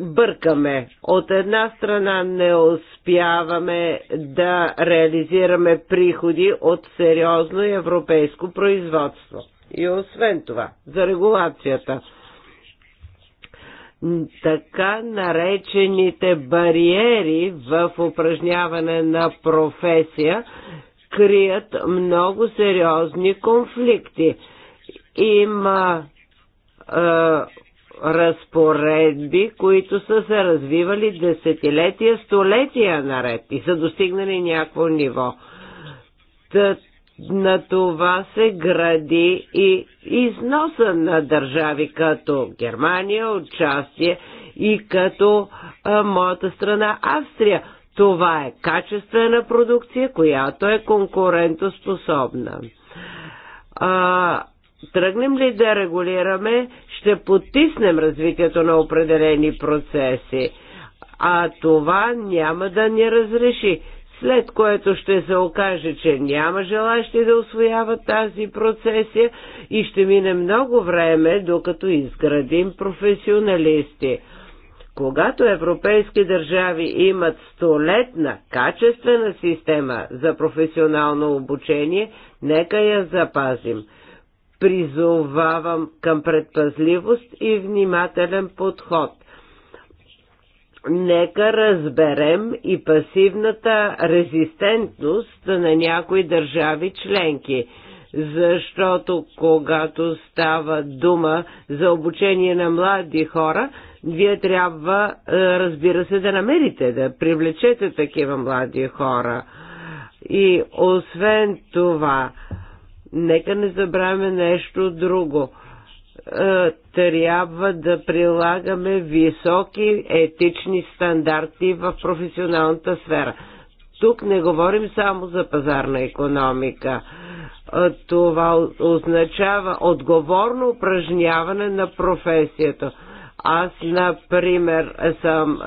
бъркаме. От една страна не успяваме да реализираме приходи от сериозно европейско производство. И освен това, за регулацията – така наречените бариери в упражняване на професия крият много сериозни конфликти. Има е, разпоредби, които са се развивали десетилетия, столетия наред и са достигнали някакво ниво. На това се гради и износа на държави като Германия, участие и като а, моята страна Австрия. Това е качествена продукция, която е конкурентоспособна. А, тръгнем ли да регулираме, ще потиснем развитието на определени процеси, а това няма да ни разреши след което ще се окаже, че няма желащи да освояват тази процесия и ще мине много време, докато изградим професионалисти. Когато европейски държави имат столетна качествена система за професионално обучение, нека я запазим. Призовавам към предпазливост и внимателен подход. Нека разберем и пасивната резистентност на някои държави членки защото когато става дума за обучение на млади хора, вие трябва, е, разбира се, да намерите, да привлечете такива млади хора. И освен това, нека не забравяме нещо друго – е, трябва да прилагаме високи етични стандарти в професионалната сфера. Тук не говорим само за пазарна економика. Е, това означава отговорно упражняване на професията. Аз, например, съм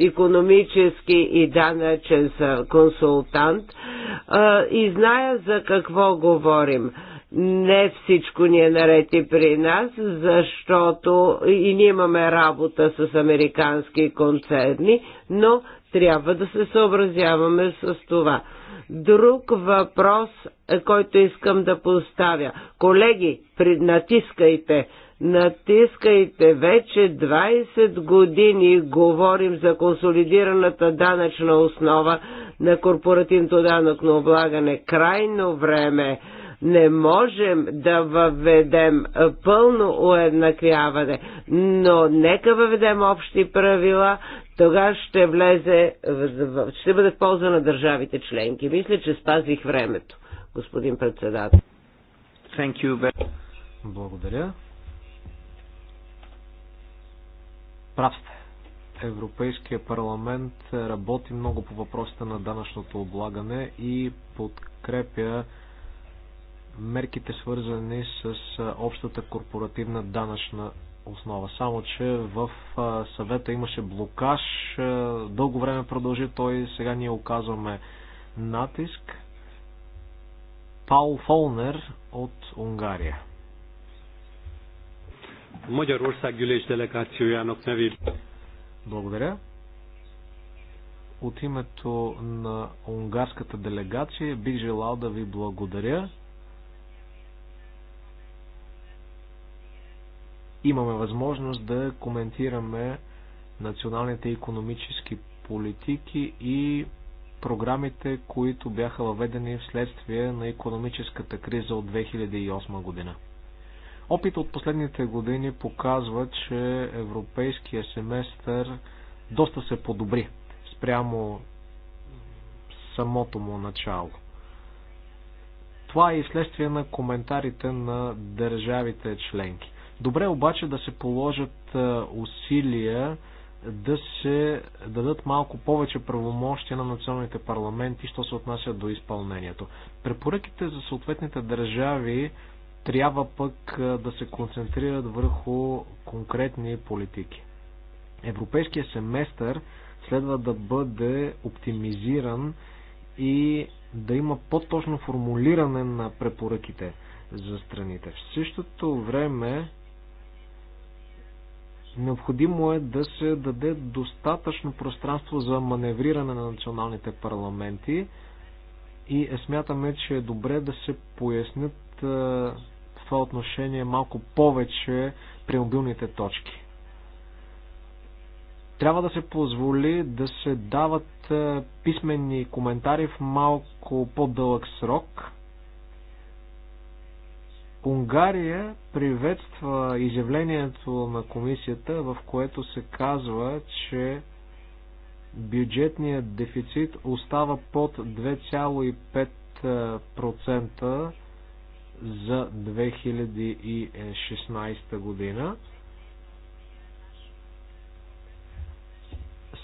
економически е, и данъчен консултант и зная за какво говорим не всичко ни е наред и при нас, защото и ние имаме работа с американски концерни, но трябва да се съобразяваме с това. Друг въпрос, който искам да поставя. Колеги, натискайте, натискайте вече 20 години говорим за консолидираната данъчна основа на корпоративното данъчно облагане. Крайно време не можем да въведем пълно уеднаквяване, но нека въведем общи правила, тогава ще влезе, ще бъде в полза на държавите членки. Мисля, че спазих времето, господин председател. Thank you very... Благодаря. Прав сте. Европейския парламент работи много по въпросите на данъчното облагане и подкрепя мерките свързани с общата корпоративна данъчна основа. Само, че в съвета имаше блокаж, дълго време продължи той, сега ние оказваме натиск. Паул Фолнер от Унгария. Гюлеш gyűlés Янок nevében. Благодаря. От името на унгарската делегация бих желал да ви благодаря имаме възможност да коментираме националните економически политики и програмите, които бяха въведени вследствие на економическата криза от 2008 година. Опит от последните години показва, че европейския семестър доста се подобри спрямо самото му начало. Това е и следствие на коментарите на държавите членки. Добре обаче да се положат е, усилия да се дадат малко повече правомощия на националните парламенти, що се отнася до изпълнението. Препоръките за съответните държави трябва пък е, да се концентрират върху конкретни политики. Европейския семестър следва да бъде оптимизиран и да има по-точно формулиране на препоръките за страните. В същото време Необходимо е да се даде достатъчно пространство за маневриране на националните парламенти и е, смятаме, че е добре да се пояснят в е, това отношение малко повече при мобилните точки. Трябва да се позволи да се дават е, писмени коментари в малко по-дълъг срок – Унгария приветства изявлението на комисията, в което се казва, че бюджетният дефицит остава под 2,5% за 2016 година.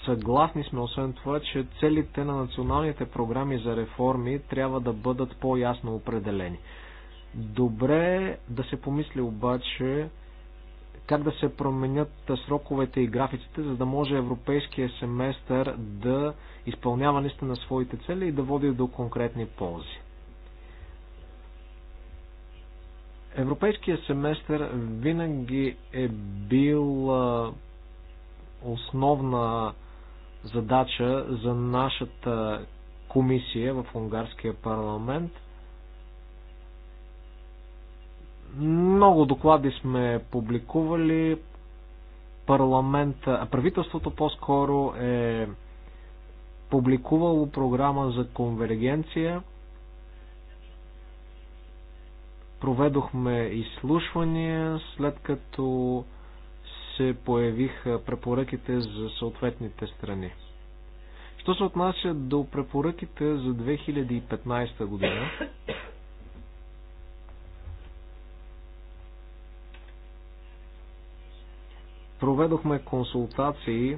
Съгласни сме освен това, че целите на националните програми за реформи трябва да бъдат по-ясно определени. Добре е да се помисли обаче как да се променят сроковете и графиците, за да може европейския семестър да изпълнява наистина своите цели и да води до конкретни ползи. Европейския семестър винаги е бил основна задача за нашата комисия в Унгарския парламент – много доклади сме публикували. Парламент, правителството по-скоро е публикувало програма за конвергенция. Проведохме изслушвания, след като се появиха препоръките за съответните страни. Що се отнася до препоръките за 2015 година, Проведохме консултации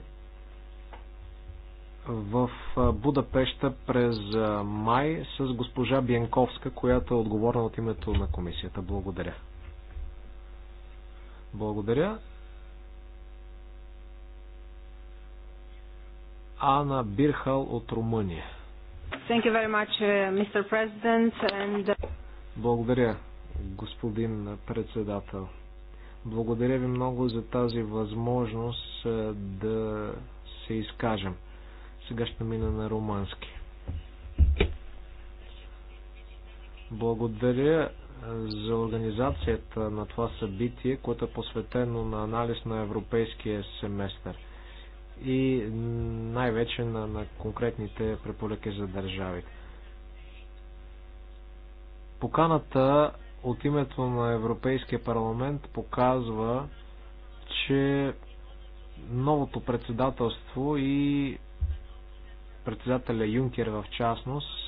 в Будапеща през май с госпожа Бянковска, която е отговорна от името на комисията. Благодаря. Благодаря. Ана Бирхал от Румъния. Thank you very much, uh, Mr. President. And... Uh, Благодаря, господин председател. Благодаря ви много за тази възможност да се изкажем. Сега ще мина на румански. Благодаря за организацията на това събитие, което е посветено на анализ на европейския семестър и най-вече на, на конкретните препоръки за държавите. Поканата от името на Европейския парламент показва, че новото председателство и председателя Юнкер в частност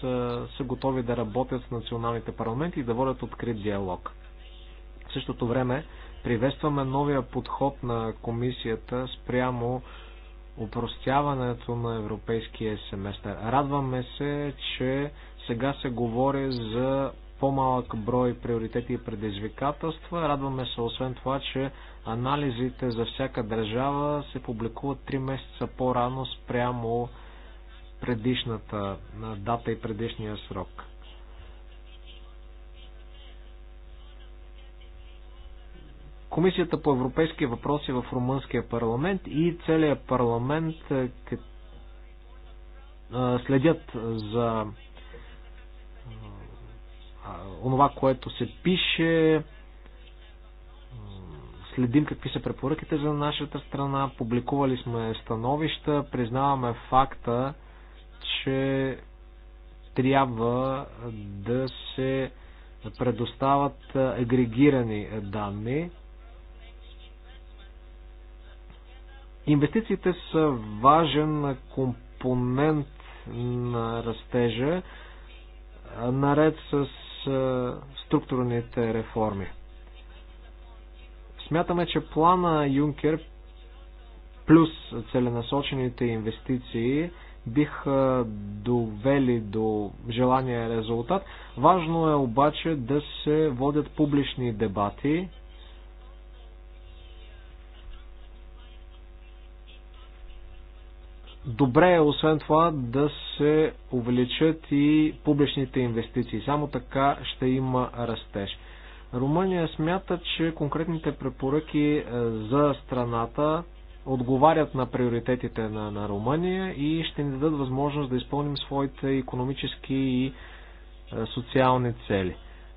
са готови да работят с националните парламенти и да водят открит диалог. В същото време приветстваме новия подход на комисията спрямо упростяването на европейския семестър. Радваме се, че сега се говори за по-малък брой приоритети и предизвикателства. Радваме се освен това, че анализите за всяка държава се публикуват 3 месеца по-рано спрямо предишната дата и предишния срок. Комисията по европейски въпроси в Румънския парламент и целият парламент е, следят за онова, което се пише, следим какви са препоръките за нашата страна, публикували сме становища, признаваме факта, че трябва да се предоставят агрегирани данни. Инвестициите са важен компонент на растежа, наред с структурните реформи. Смятаме, че плана Юнкер плюс целенасочените инвестиции биха довели до желания резултат. Важно е обаче да се водят публични дебати Добре е, освен това, да се увеличат и публичните инвестиции. Само така ще има растеж. Румъния смята, че конкретните препоръки е, за страната отговарят на приоритетите на, на Румъния и ще ни дадат възможност да изпълним своите економически и е, социални цели.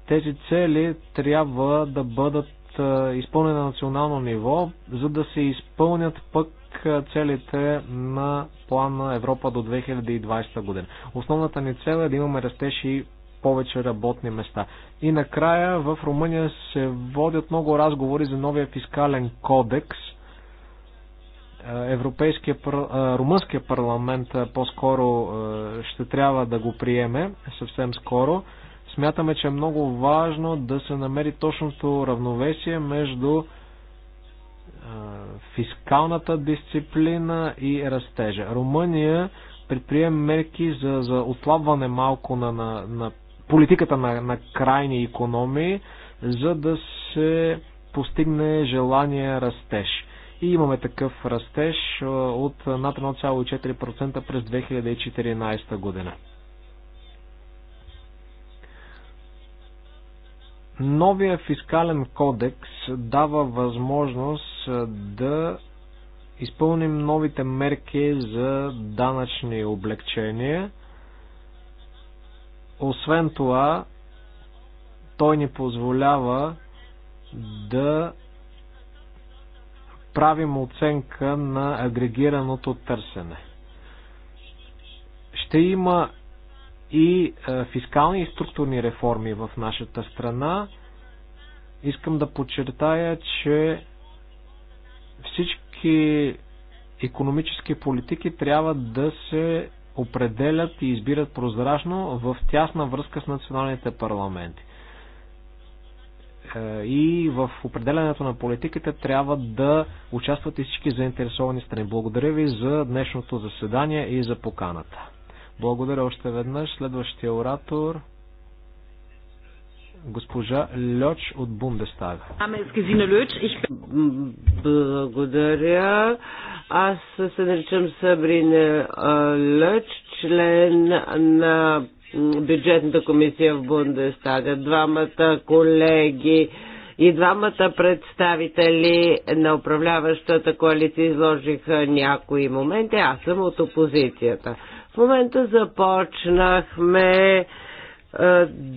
Тези цели трябва да бъдат е, изпълнени на национално ниво, за да се изпълнят пък е целите на плана Европа до 2020 година. Основната ни цел е да имаме растеж и повече работни места. И накрая в Румъния се водят много разговори за новия фискален кодекс. Е, Европейския, е, румънския парламент по-скоро ще трябва да го приеме съвсем скоро. Смятаме, че е много важно да се намери точното равновесие между фискалната дисциплина и растежа. Румъния предприем мерки за, за ослабване малко на, на, на политиката на, на крайни економии, за да се постигне желания растеж. И имаме такъв растеж от над 1,4% през 2014 година. Новия фискален кодекс дава възможност да изпълним новите мерки за данъчни облегчения. Освен това, той ни позволява да правим оценка на агрегираното търсене. Ще има и фискални и структурни реформи в нашата страна. Искам да подчертая, че всички економически политики трябва да се определят и избират прозрачно в тясна връзка с националните парламенти. Е, и в определенето на политиките трябва да участват и всички заинтересовани страни. Благодаря ви за днешното заседание и за поканата. Благодаря още веднъж. Следващия оратор госпожа Льоч от Бундестага. Благодаря. Аз се наричам Сабрина Льоч, член на бюджетната комисия в Бундестага. Двамата колеги и двамата представители на управляващата коалиция изложиха някои моменти. Аз съм от опозицията. В момента започнахме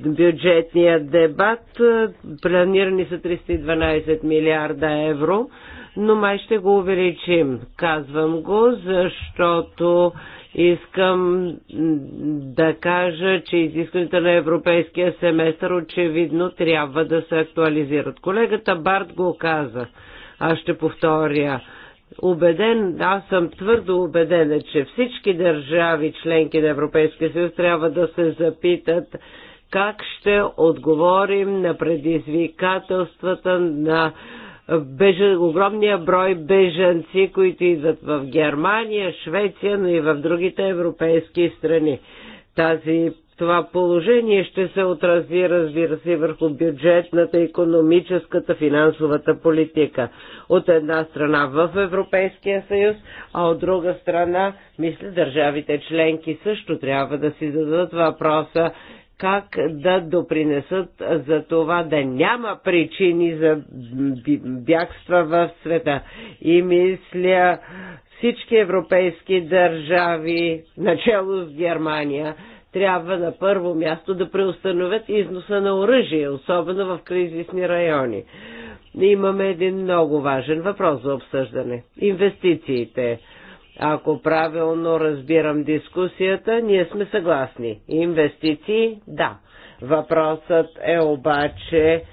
бюджетния дебат. Планирани са 312 милиарда евро, но май ще го увеличим. Казвам го, защото искам да кажа, че изискването на европейския семестър очевидно трябва да се актуализират. Колегата Барт го каза. Аз ще повторя Убеден, аз съм твърдо убеден, че всички държави, членки на Европейския съюз, трябва да се запитат как ще отговорим на предизвикателствата на бежен, огромния брой беженци, които идват в Германия, Швеция, но и в другите европейски страни. Тази това положение ще се отрази, разбира се, върху бюджетната, економическата, финансовата политика. От една страна в Европейския съюз, а от друга страна, мисля, държавите членки също трябва да си зададат въпроса как да допринесат за това да няма причини за бягства в света. И мисля, всички европейски държави, начало с Германия, трябва на първо място да преустановят износа на оръжие, особено в кризисни райони. Имаме един много важен въпрос за обсъждане. Инвестициите. Ако правилно разбирам дискусията, ние сме съгласни. Инвестиции – да. Въпросът е обаче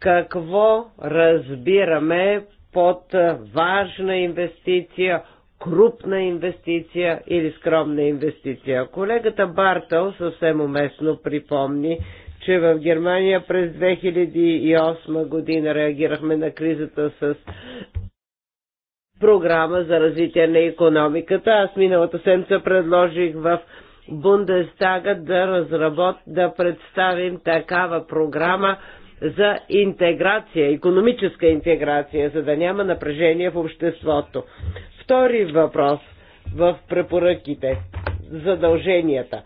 какво разбираме под важна инвестиция, крупна инвестиция или скромна инвестиция. Колегата Бартъл съвсем уместно припомни, че в Германия през 2008 година реагирахме на кризата с програма за развитие на економиката. Аз миналата седмица предложих в Бундестага да разработ, да представим такава програма за интеграция, економическа интеграция, за да няма напрежение в обществото втори въпрос в препоръките, задълженията.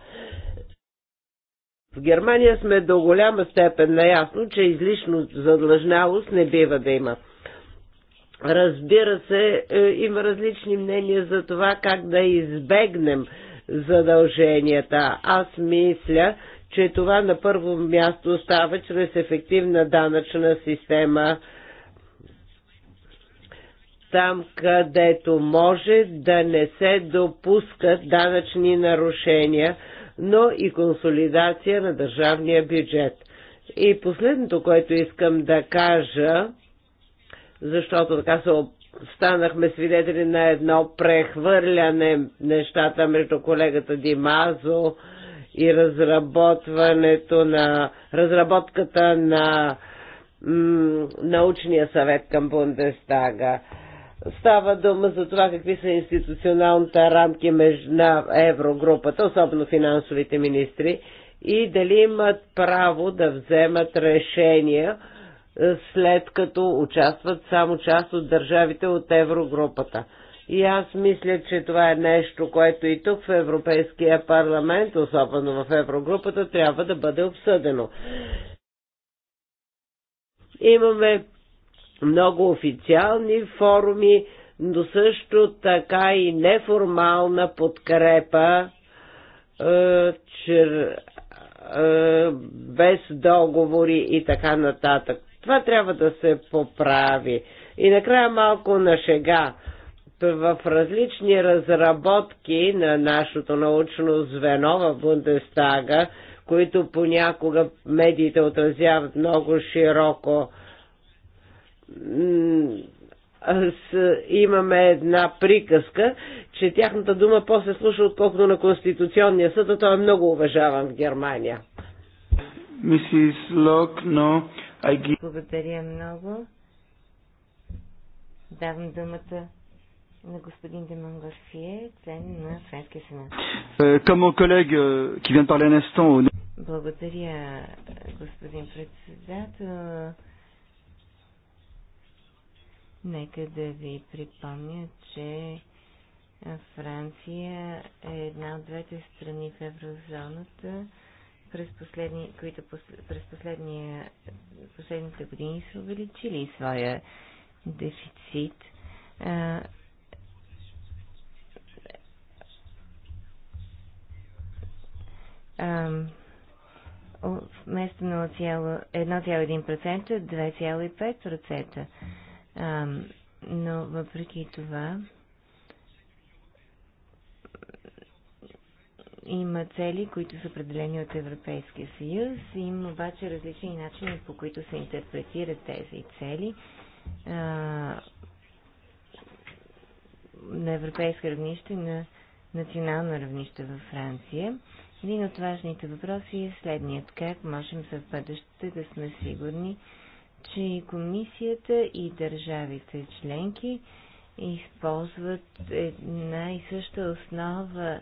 В Германия сме до голяма степен наясно, че излишно задлъжнялост не бива да има. Разбира се, е, има различни мнения за това как да избегнем задълженията. Аз мисля, че това на първо място става чрез ефективна данъчна система, там, където може да не се допускат данъчни нарушения, но и консолидация на държавния бюджет. И последното, което искам да кажа, защото така се станахме свидетели на едно прехвърляне нещата между колегата Димазо и разработването на разработката на научния съвет към Бундестага. Става дума за това какви са институционалните рамки на Еврогрупата, особено финансовите министри, и дали имат право да вземат решения, е, след като участват само част от държавите от Еврогрупата. И аз мисля, че това е нещо, което и тук в Европейския парламент, особено в Еврогрупата, трябва да бъде обсъдено. Имаме много официални форуми, но също така и неформална подкрепа е, чер, е, без договори и така нататък. Това трябва да се поправи. И накрая малко на шега. В различни разработки на нашето научно звено в Бундестага, които понякога медиите отразяват много широко, аз имаме една приказка, че тяхната дума после слуша отколкото на Конституционния съд, а той е много уважаван в Германия. Мисис Лок, но... Благодаря много. Давам думата на господин Демон Гарфие, член на Френския сенат. Е, към мой колега, е, ки вен парле Благодаря, господин председател. Нека да ви припомня, че Франция е една от двете страни в еврозоната, през последни, които през последния, последните години са увеличили своя дефицит. Вместо а, вместо 1,1% 2,5%. А, но въпреки това има цели, които са определени от Европейския съюз. Има обаче различни начини, по които се интерпретират тези цели. А, на европейско равнище, на национално равнище във Франция. Един от важните въпроси е следният. Как можем за да сме сигурни, че и комисията и държавите членки използват една и съща основа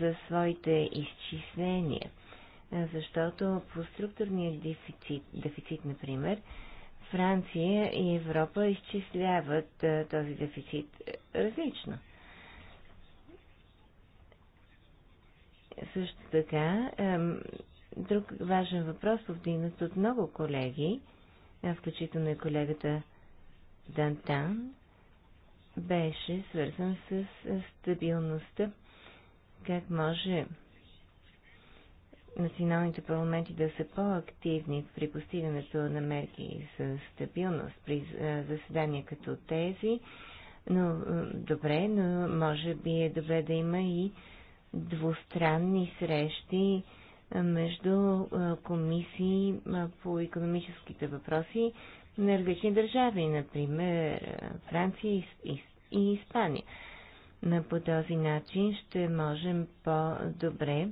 за своите изчисления, защото по структурния дефицит, дефицит например, Франция и Европа изчисляват този дефицит е, различно. Също така, друг важен въпрос, повдигнат от много колеги, включително и колегата Дантан, беше свързан с стабилността. Как може националните парламенти да са по-активни при постигането на мерки за стабилност при заседания като тези, но добре, но може би е добре да има и двустранни срещи между комисии по економическите въпроси на различни държави, например Франция и Испания. По този начин ще можем по-добре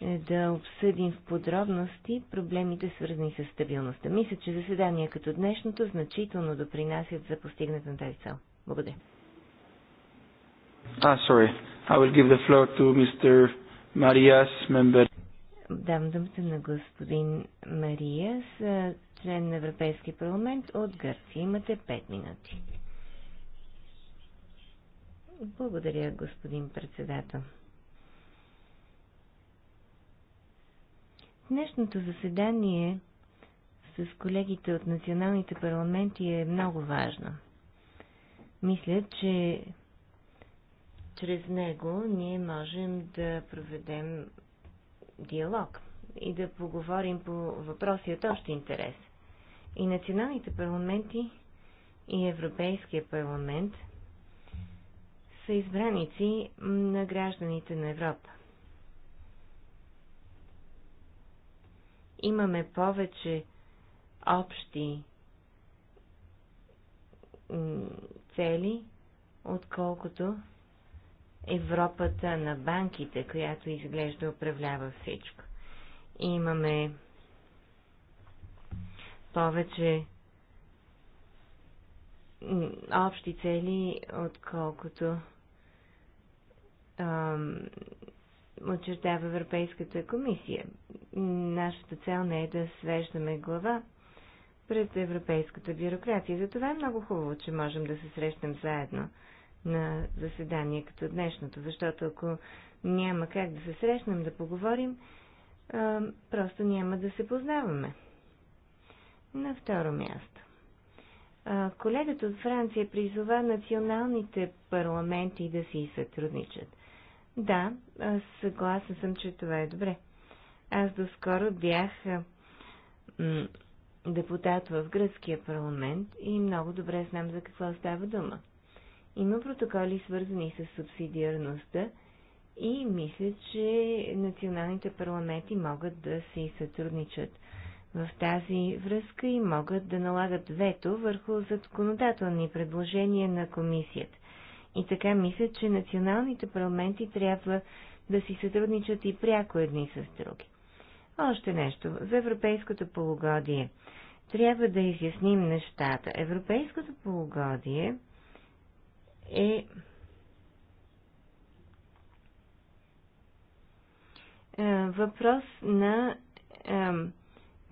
е, да обсъдим в подробности проблемите, свързани с стабилността. Мисля, че заседания като днешното значително допринасят за постигната на тази цел. Благодаря. Ah, sorry. I will give the floor to Mr. Marias, member. Давам думата на господин Мария, член на Европейския парламент от Гърция. Имате 5 минути. Благодаря, господин председател. Днешното заседание с колегите от националните парламенти е много важно. Мисля, че чрез него ние можем да проведем диалог и да поговорим по въпроси от още интерес. И националните парламенти и Европейския парламент са избраници на гражданите на Европа. Имаме повече общи цели, отколкото Европата на банките, която изглежда управлява всичко. И Имаме повече общи цели, отколкото очертава Европейската комисия. Нашата цел не е да свеждаме глава пред европейската бюрокрация. Затова е много хубаво, че можем да се срещнем заедно на заседание като днешното, защото ако няма как да се срещнем, да поговорим, просто няма да се познаваме. На второ място. Колегата от Франция призова националните парламенти да си сътрудничат. Да, съгласна съм, че това е добре. Аз доскоро бях депутат в гръцкия парламент и много добре знам за какво става дума. Има протоколи, свързани с субсидиарността и мисля, че националните парламенти могат да се сътрудничат в тази връзка и могат да налагат вето върху законодателни предложения на комисията. И така мисля, че националните парламенти трябва да си сътрудничат и пряко едни с други. Още нещо за европейското полугодие. Трябва да изясним нещата. Европейското полугодие е, е въпрос на е,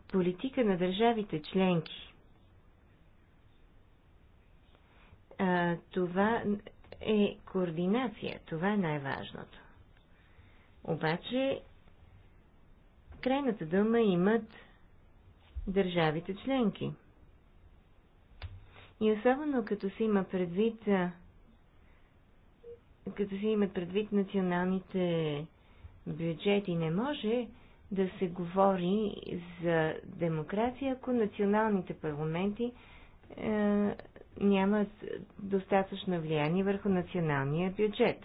политика на държавите членки. Е, това е координация. Това е най-важното. Обаче, крайната дума имат държавите членки. И особено като се има предвид като се имат предвид националните бюджети. Не може да се говори за демокрация, ако националните парламенти е, нямат достатъчно влияние върху националния бюджет.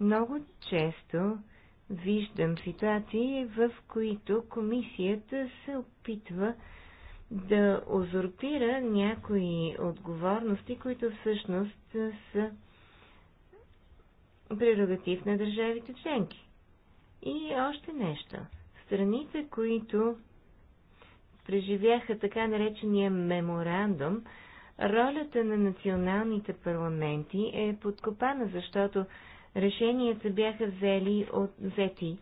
Много често виждам ситуации, в които комисията се опитва да узурпира някои отговорности, които всъщност са прерогатив на държавите членки. И още нещо. Страните, които преживяха така наречения меморандум, ролята на националните парламенти е подкопана, защото решенията бяха взели от, взети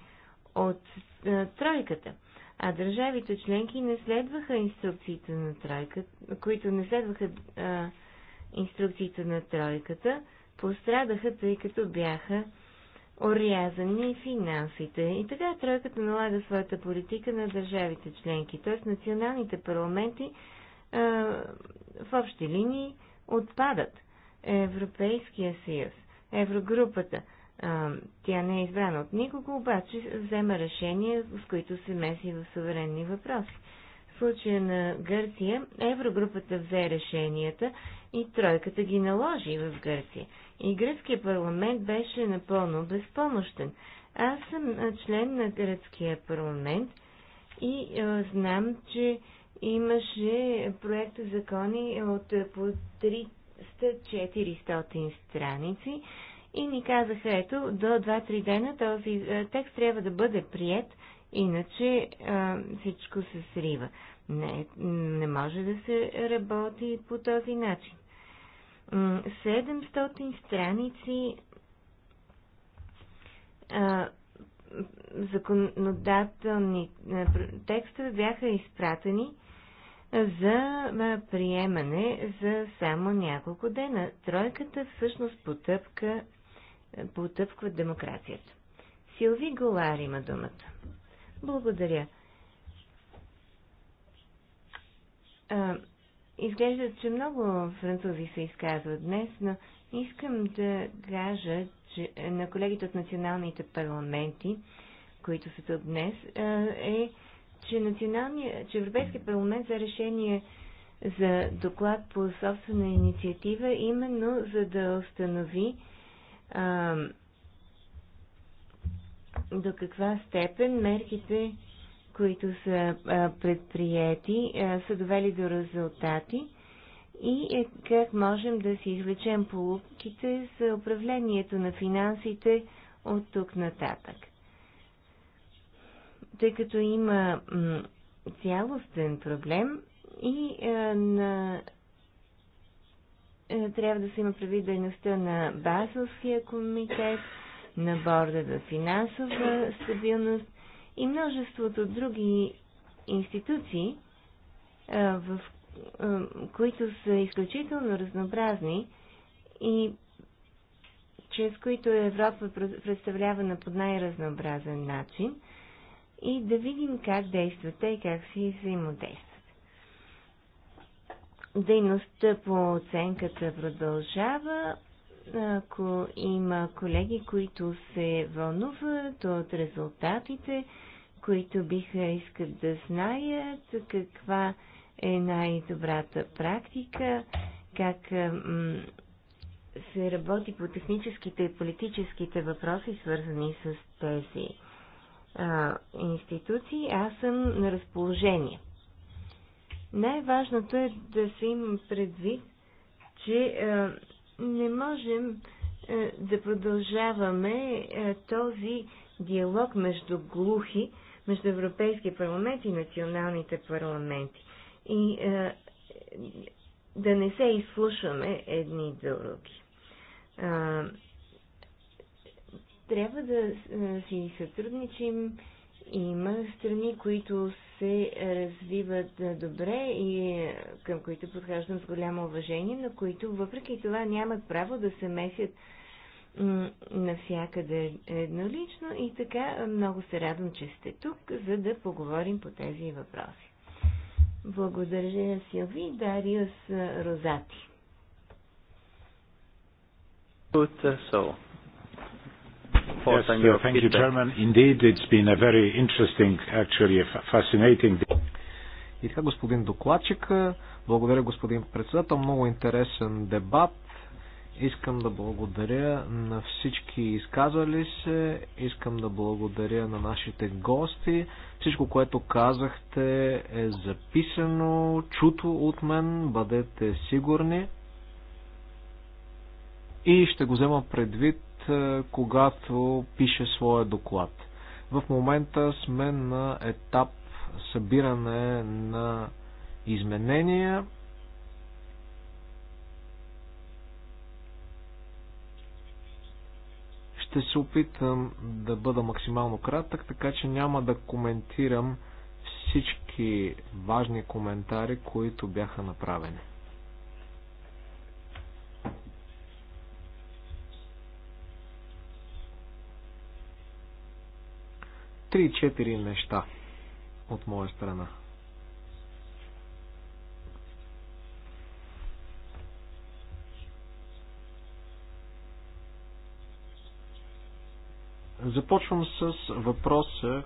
от е, тройката, а държавите членки не следваха инструкциите на тройката, които не следваха е, инструкциите на тройката, пострадаха, тъй като бяха орязани финансите. И така тройката налага своята политика на държавите членки, т.е. националните парламенти а, в общи линии отпадат. Европейския съюз, Еврогрупата, а, тя не е избрана от никого, обаче взема решения, с които се меси в суверенни въпроси. В случая на Гърция, Еврогрупата взе решенията и тройката ги наложи в Гърция. И гръцкият парламент беше напълно безпомощен. Аз съм член на гръцкия парламент и е, знам, че имаше проект закони от по 300-400 страници и ни казаха, ето, до 2-3 дена този текст трябва да бъде прият, иначе е, всичко се срива. Не, не може да се работи по този начин. 700 страници законодателни текстове бяха изпратени за приемане за само няколко дена. Тройката всъщност потъпка, потъпква демокрацията. Силви Голар има думата. Благодаря. А, Изглежда, че много французи се изказват днес, но искам да кажа че е, на колегите от националните парламенти, които са тук днес, е, е че, че Европейския парламент за решение за доклад по собствена инициатива, именно за да установи а, до каква степен мерките които са предприяти, са довели до резултати и е, как можем да си извлечем полуките за управлението на финансите от тук нататък. Тъй като има цялостен проблем и на е, трябва да се има предвид дейността на базовския комитет, на борда за финансова стабилност и множеството други институции, в които са изключително разнообразни и чрез които Европа представлявана по най-разнообразен начин и да видим как действат те и как си взаимодействат. Дейността по оценката продължава. Ако има колеги, които се вълнуват от резултатите, които биха искат да знаят каква е най-добрата практика, как се работи по техническите и политическите въпроси, свързани с тези а, институции, аз съм на разположение. Най-важното е да се имам предвид, че а, не можем а, да продължаваме а, този диалог между глухи, между Европейския парламент и националните парламенти. И е, да не се изслушваме едни други. Е, трябва да е, си сътрудничим. Има страни, които се развиват е, добре и е, към които подхождам с голямо уважение, но които въпреки това нямат право да се месят навсякъде еднолично и така много се радвам, че сте тук, за да поговорим по тези въпроси. Благодаря Силви Дариус Розати. Uh, uh, и така, господин докладчик, благодаря господин председател, много интересен дебат Искам да благодаря на всички изказали се, искам да благодаря на нашите гости. Всичко, което казахте е записано, чуто от мен, бъдете сигурни. И ще го взема предвид, е, когато пише своя доклад. В момента сме на етап събиране на изменения Ще се опитам да бъда максимално кратък, така че няма да коментирам всички важни коментари, които бяха направени. Три-четири неща от моя страна. Започвам с въпроса,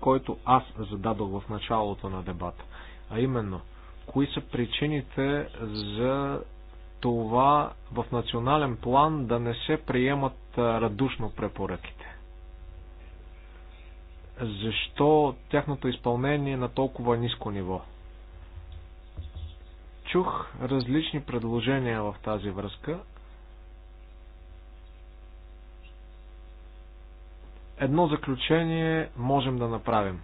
който аз зададох в началото на дебата. А именно, кои са причините за това в национален план да не се приемат радушно препоръките? Защо тяхното изпълнение е на толкова ниско ниво? Чух различни предложения в тази връзка. Едно заключение можем да направим.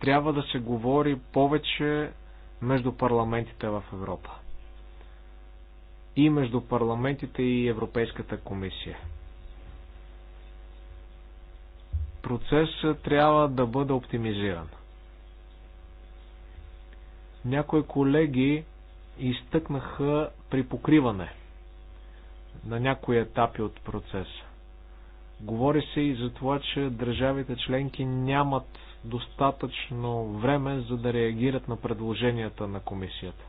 Трябва да се говори повече между парламентите в Европа. И между парламентите и Европейската комисия. Процесът трябва да бъде оптимизиран. Някои колеги изтъкнаха при покриване на някои етапи от процеса. Говори се и за това, че държавите членки нямат достатъчно време, за да реагират на предложенията на комисията.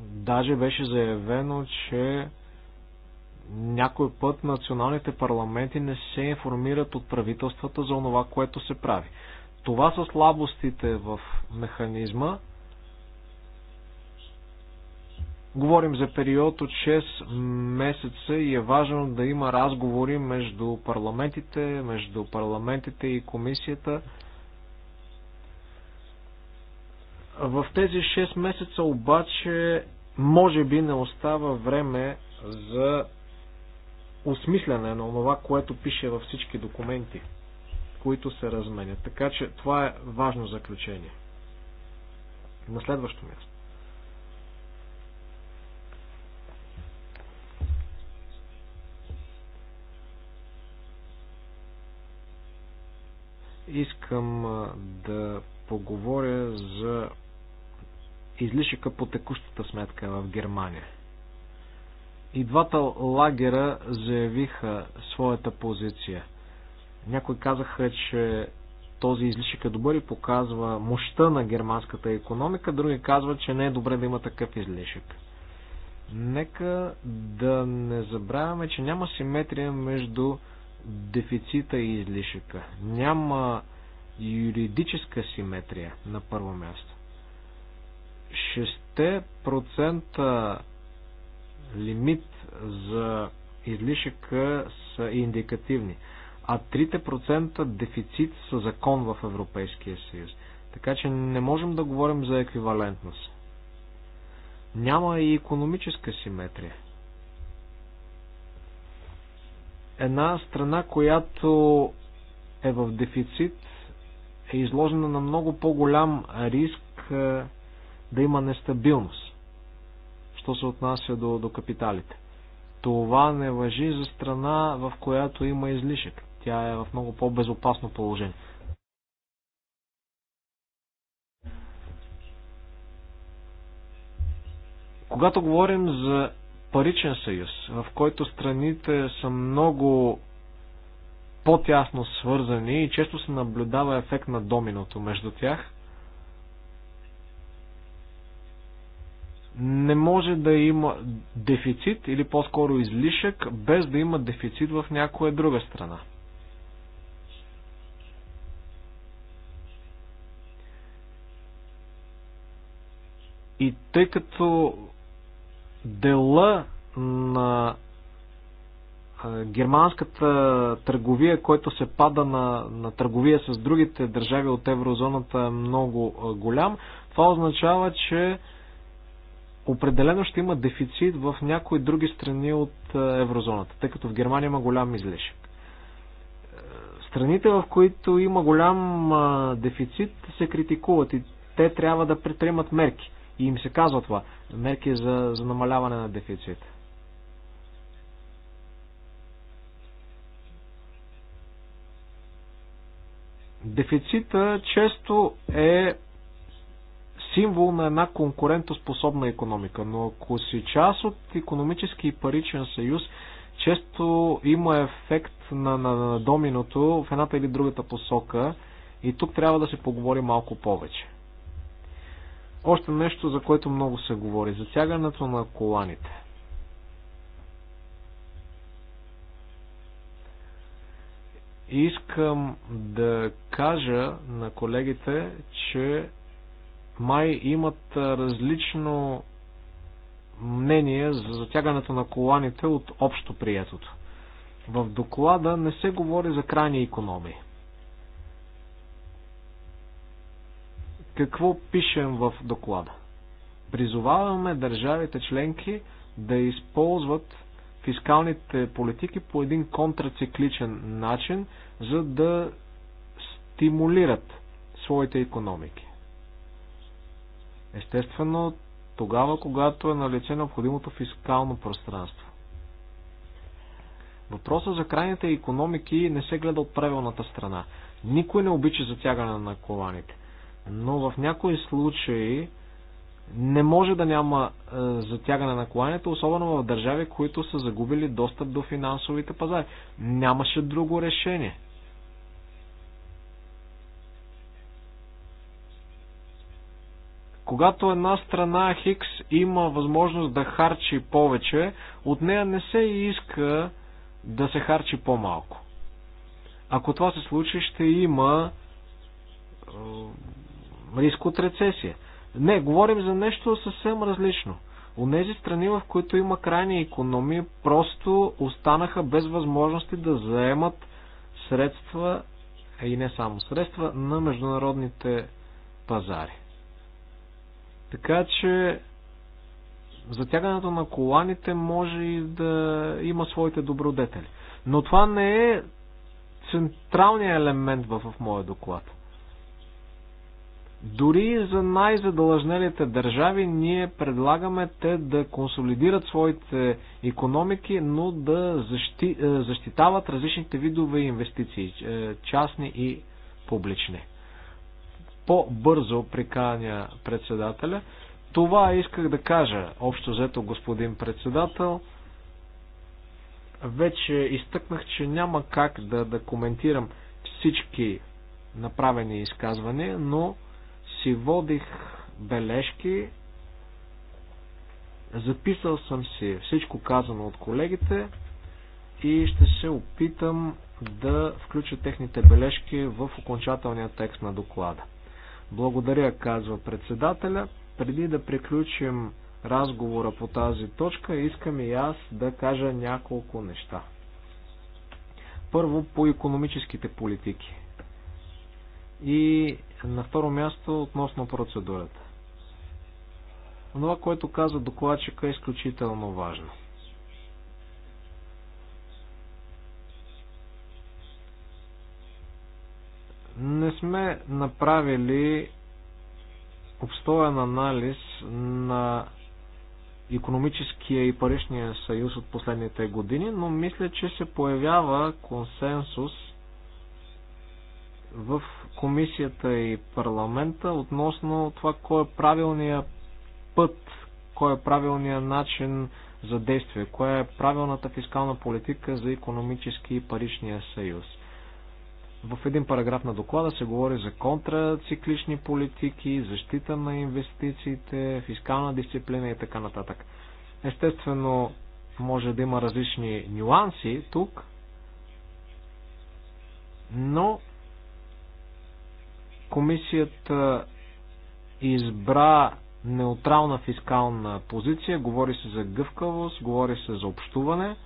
Даже беше заявено, че някой път националните парламенти не се информират от правителствата за това, което се прави. Това са слабостите в механизма. Говорим за период от 6 месеца и е важно да има разговори между парламентите, между парламентите и комисията. В тези 6 месеца обаче може би не остава време за осмисляне на това, което пише във всички документи, които се разменят. Така че това е важно заключение. На следващо място. Искам да поговоря за излишъка по текущата сметка в Германия. И двата лагера заявиха своята позиция. Някои казаха, че този излишък е добър и показва мощта на германската економика, други казват, че не е добре да има такъв излишък. Нека да не забравяме, че няма симетрия между дефицита и излишъка. Няма юридическа симетрия на първо място. 6% лимит за излишъка са индикативни, а 3% дефицит са закон в Европейския съюз. Така че не можем да говорим за еквивалентност. Няма и економическа симетрия. Една страна, която е в дефицит, е изложена на много по-голям риск е, да има нестабилност, що се отнася до, до капиталите. Това не въжи за страна, в която има излишък. Тя е в много по-безопасно положение. Когато говорим за паричен съюз, в който страните са много по-тясно свързани и често се наблюдава ефект на доминото между тях. Не може да има дефицит или по-скоро излишък, без да има дефицит в някоя друга страна. И тъй като дела на германската търговия, който се пада на, на търговия с другите държави от еврозоната е много голям. Това означава, че определено ще има дефицит в някои други страни от еврозоната, тъй като в Германия има голям излишък. Е, страните, в които има голям дефицит, се критикуват и те трябва да предприемат мерки. И им се казва това. Мерки за, за намаляване на дефицит. Дефицита често е символ на една конкурентоспособна економика, но ако си част от економически и паричен съюз, често има ефект на, на, на доминото в едната или другата посока и тук трябва да се поговори малко повече. Още нещо, за което много се говори. Затягането на коланите. искам да кажа на колегите, че май имат различно мнение за затягането на коланите от общо приятото. В доклада не се говори за крайни економии. Какво пишем в доклада? Призоваваме държавите членки да използват фискалните политики по един контрацикличен начин, за да стимулират своите економики. Естествено, тогава, когато е налице необходимото фискално пространство. Въпросът за крайните економики не се гледа от правилната страна. Никой не обича затягане на коланите. Но в някои случаи не може да няма е, затягане на коланите, особено в държави, които са загубили достъп до финансовите пазари. Нямаше друго решение. Когато една страна Хикс има възможност да харчи повече, от нея не се иска да се харчи по-малко. Ако това се случи, ще има е, риск от рецесия. Не, говорим за нещо съвсем различно. У нези страни, в които има крайни економии, просто останаха без възможности да заемат средства, а и не само средства, на международните пазари. Така че затягането на коланите може и да има своите добродетели. Но това не е централният елемент в, в моя доклад. Дори за най-задължнелите държави ние предлагаме те да консолидират своите економики, но да защи, е, защитават различните видове инвестиции, е, частни и публични. По-бързо приканя председателя. Това исках да кажа, общо взето господин председател. Вече изтъкнах, че няма как да, да коментирам всички направени изказвания, но си водих бележки, записал съм си всичко казано от колегите и ще се опитам да включа техните бележки в окончателния текст на доклада. Благодаря, казва председателя. Преди да приключим разговора по тази точка, искам и аз да кажа няколко неща. Първо по економическите политики и на второ място, относно процедурата. Това, което казва докладчика е изключително важно. Не сме направили обстоен анализ на економическия и паричния съюз от последните години, но мисля, че се появява консенсус в комисията и парламента относно това кой е правилният път, кой е правилният начин за действие, коя е правилната фискална политика за економически и паричния съюз. В един параграф на доклада се говори за контрациклични политики, защита на инвестициите, фискална дисциплина и така нататък. Естествено, може да има различни нюанси тук, но Комисията избра неутрална фискална позиция, говори се за гъвкавост, говори се за общуване.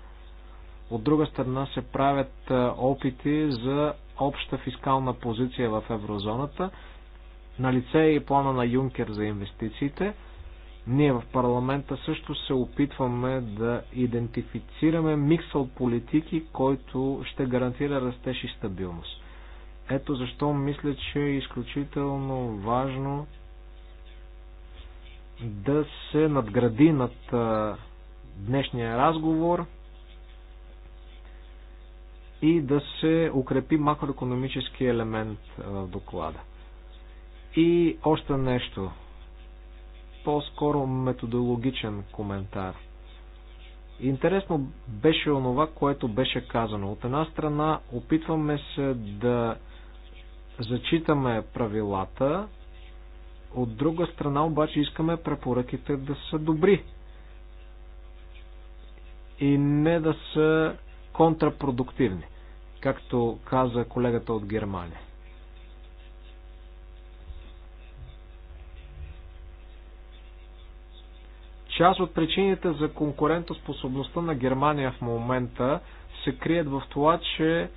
От друга страна се правят е, опити за обща фискална позиция в еврозоната. На лице е и плана на Юнкер за инвестициите. Ние в парламента също се опитваме да идентифицираме микс от политики, който ще гарантира растеж и стабилност. Ето защо мисля, че е изключително важно да се надгради над днешния разговор и да се укрепи макроекономически елемент в доклада. И още нещо, по-скоро методологичен коментар. Интересно беше онова, което беше казано. От една страна опитваме се да зачитаме правилата, от друга страна обаче искаме препоръките да са добри и не да са контрапродуктивни, както каза колегата от Германия. Част от причините за конкурентоспособността на Германия в момента се крият в това, че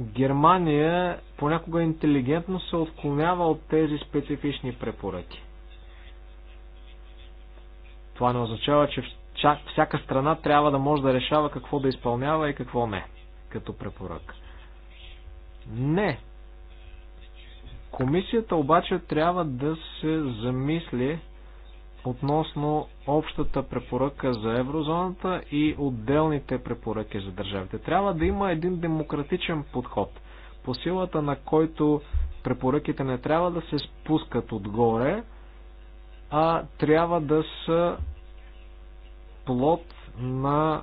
Германия понякога интелигентно се отклонява от тези специфични препоръки. Това не означава, че всяка страна трябва да може да решава какво да изпълнява и какво не, като препорък. Не. Комисията обаче трябва да се замисли относно общата препоръка за еврозоната и отделните препоръки за държавите. Трябва да има един демократичен подход, по силата на който препоръките не трябва да се спускат отгоре, а трябва да са плод на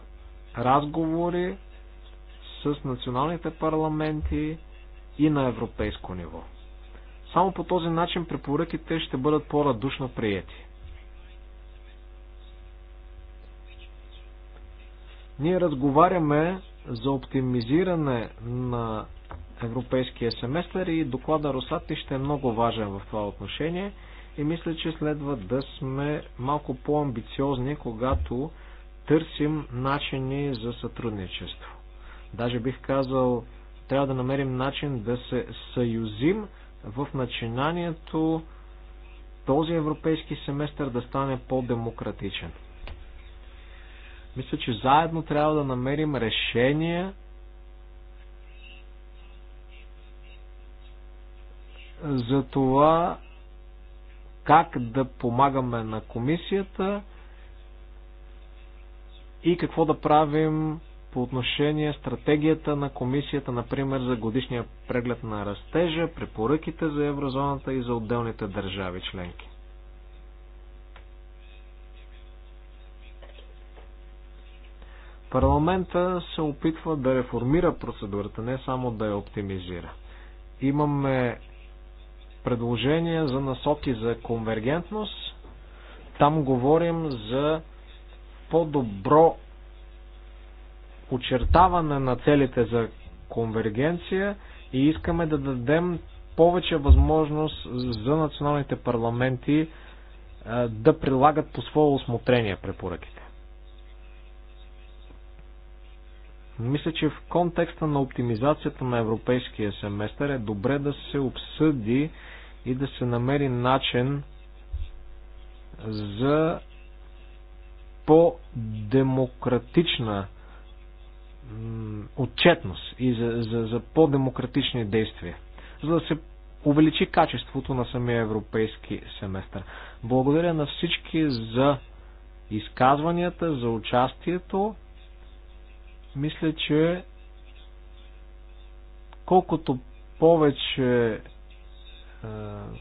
разговори с националните парламенти и на европейско ниво. Само по този начин препоръките ще бъдат по-радушно приети. Ние разговаряме за оптимизиране на европейския семестър и доклада Росати ще е много важен в това отношение и мисля, че следва да сме малко по-амбициозни, когато търсим начини за сътрудничество. Даже бих казал, трябва да намерим начин да се съюзим в начинанието този европейски семестър да стане по-демократичен. Мисля, че заедно трябва да намерим решения за това как да помагаме на комисията и какво да правим по отношение стратегията на комисията, например, за годишния преглед на растежа, препоръките за еврозоната и за отделните държави членки. Парламента се опитва да реформира процедурата, не само да я оптимизира. Имаме предложения за насоки за конвергентност. Там говорим за по-добро очертаване на целите за конвергенция и искаме да дадем повече възможност за националните парламенти да прилагат по свое осмотрение препоръките. Мисля, че в контекста на оптимизацията на европейския семестър е добре да се обсъди и да се намери начин за по-демократична отчетност и за, за, за по-демократични действия, за да се увеличи качеството на самия европейски семестър. Благодаря на всички за изказванията, за участието. Мисля, че колкото повече е,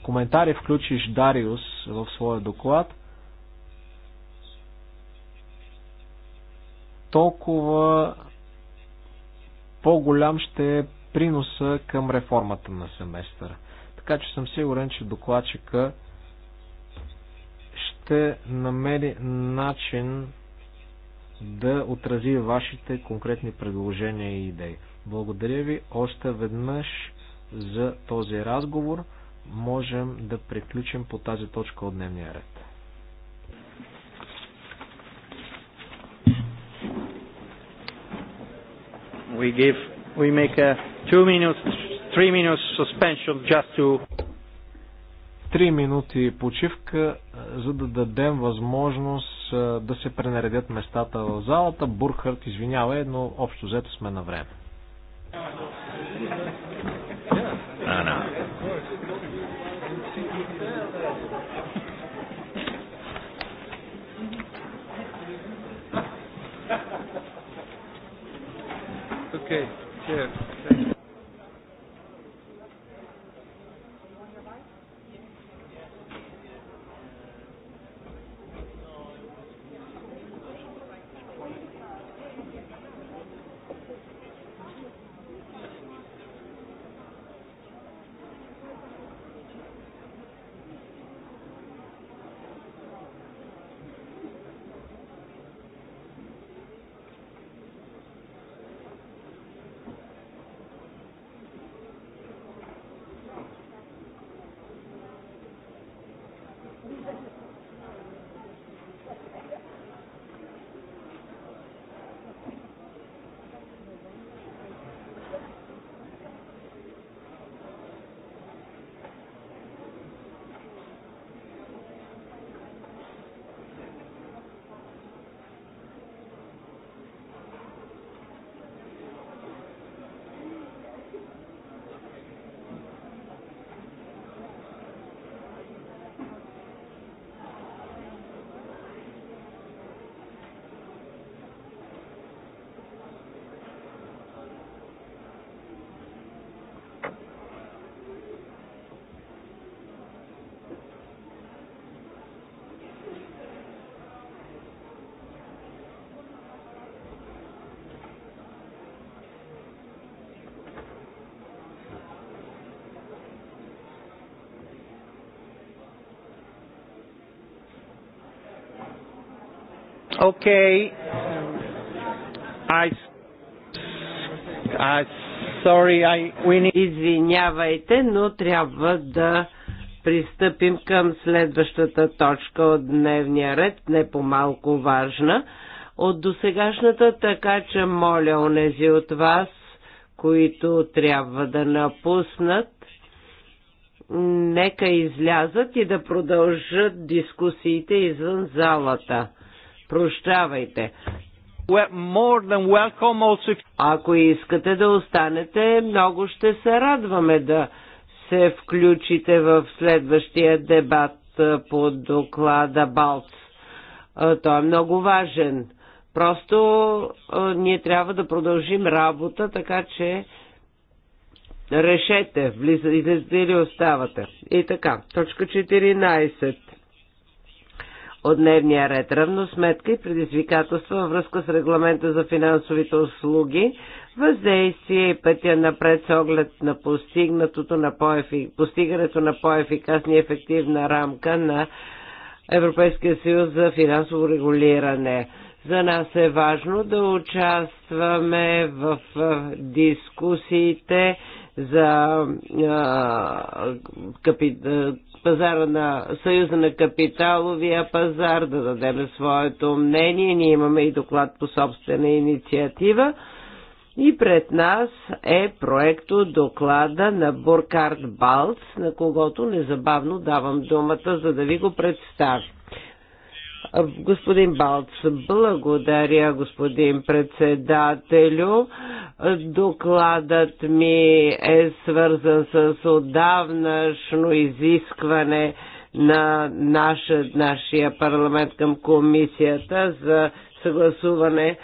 коментари включиш Дариус в своя доклад, толкова по-голям ще е приноса към реформата на семестъра. Така че съм сигурен, че докладчика ще намери начин да отрази вашите конкретни предложения и идеи. Благодаря ви още веднъж за този разговор. Можем да приключим по тази точка от дневния ред. We give, we make a two minutes, three minutes suspension just to Три минути почивка, за да дадем възможност да се пренаредят местата в залата. Бурхарт, извинявай, но общо взето сме на време. А, no. Okay, cheers. Okay. I, I, sorry, I, we need... Извинявайте, но трябва да пристъпим към следващата точка от дневния ред, не по-малко важна от досегашната, така че моля онези от вас, които трябва да напуснат, нека излязат и да продължат дискусиите извън залата. Прощавайте. Ако искате да останете, много ще се радваме да се включите в следващия дебат по доклада Балц. Той е много важен. Просто ние трябва да продължим работа, така че решете, влизате или оставате. И така, точка 14 от дневния ред. Равносметка и предизвикателства във връзка с регламента за финансовите услуги, въздействие и пътя напред с оглед на постигнатото на постигането на по-ефикасна и ефективна рамка на Европейския съюз за финансово регулиране. За нас е важно да участваме в дискусиите за а, капи, пазара на Съюза на капиталовия пазар, да дадем своето мнение. Ние имаме и доклад по собствена инициатива. И пред нас е проекто доклада на Буркард Балц, на когото незабавно давам думата, за да ви го представя. Господин Балц, благодаря, господин председателю. Докладът ми е свързан с отдавнашно изискване на наша, нашия парламент към комисията за съгласуване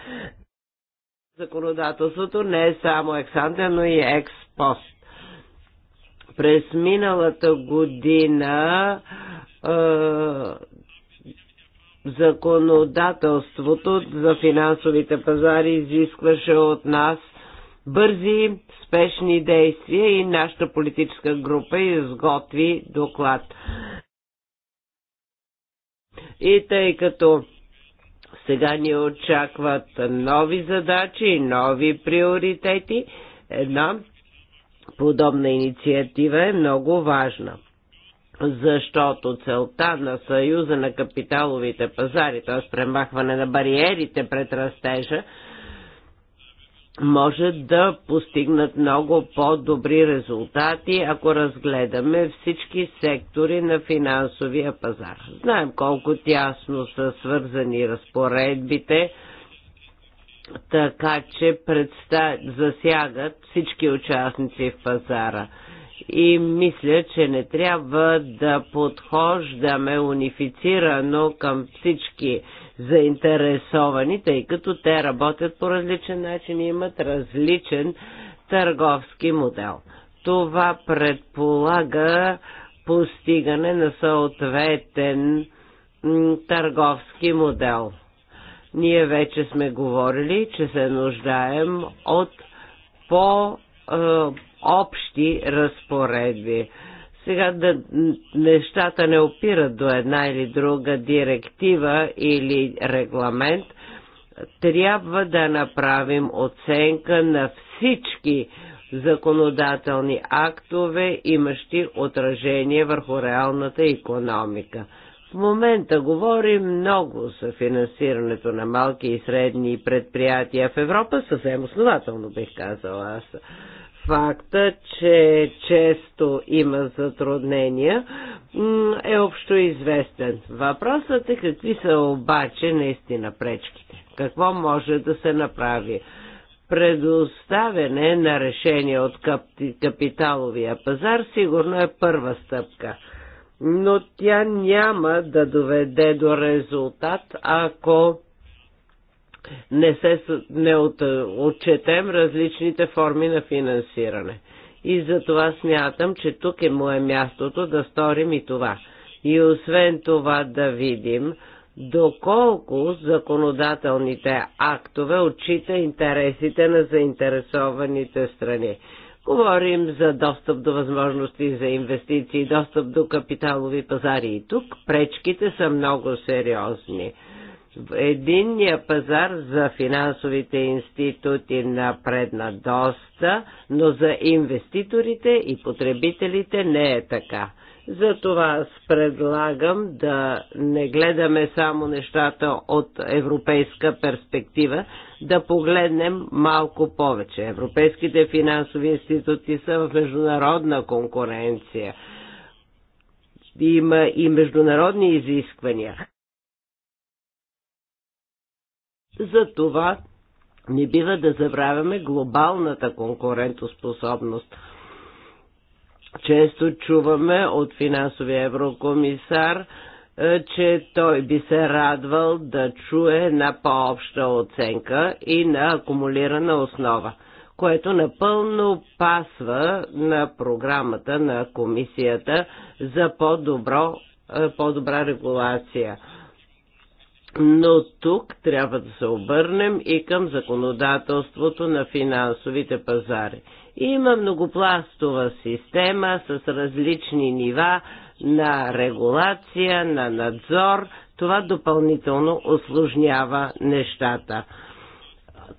законодателството не е само ексанте, но и експост. През миналата година е, законодателството за финансовите пазари изискваше от нас бързи, спешни действия и нашата политическа група изготви доклад. И тъй като сега ни очакват нови задачи и нови приоритети, една подобна инициатива е много важна защото целта на Съюза на капиталовите пазари, т.е. премахване на бариерите пред растежа, може да постигнат много по-добри резултати, ако разгледаме всички сектори на финансовия пазар. Знаем колко тясно са свързани разпоредбите, така че предста... засягат всички участници в пазара – и мисля, че не трябва да подхождаме унифицирано към всички заинтересовани, тъй като те работят по различен начин и имат различен търговски модел. Това предполага постигане на съответен търговски модел. Ние вече сме говорили, че се нуждаем от по е, общи разпоредби. Сега да, нещата не опират до една или друга директива или регламент. Трябва да направим оценка на всички законодателни актове, имащи отражение върху реалната економика. В момента говорим много за финансирането на малки и средни предприятия в Европа, съвсем основателно бих казала аз факта, че често има затруднения, е общо известен. Въпросът е какви са обаче наистина пречките. Какво може да се направи? Предоставяне на решение от капиталовия пазар сигурно е първа стъпка но тя няма да доведе до резултат, ако не, се, не от, отчетем различните форми на финансиране. И за това смятам, че тук е мое мястото да сторим и това. И освен това да видим доколко законодателните актове отчита интересите на заинтересованите страни. Говорим за достъп до възможности за инвестиции, достъп до капиталови пазари и тук пречките са много сериозни Единния пазар за финансовите институти напредна доста, но за инвеститорите и потребителите не е така. Затова аз предлагам да не гледаме само нещата от европейска перспектива, да погледнем малко повече. Европейските финансови институти са в международна конкуренция. Има и международни изисквания за това не бива да забравяме глобалната конкурентоспособност. Често чуваме от финансовия еврокомисар, е, че той би се радвал да чуе на по-обща оценка и на акумулирана основа, което напълно пасва на програмата на комисията за по-добро, е, по-добра регулация. Но тук трябва да се обърнем и към законодателството на финансовите пазари. Има многопластова система с различни нива на регулация, на надзор. Това допълнително осложнява нещата.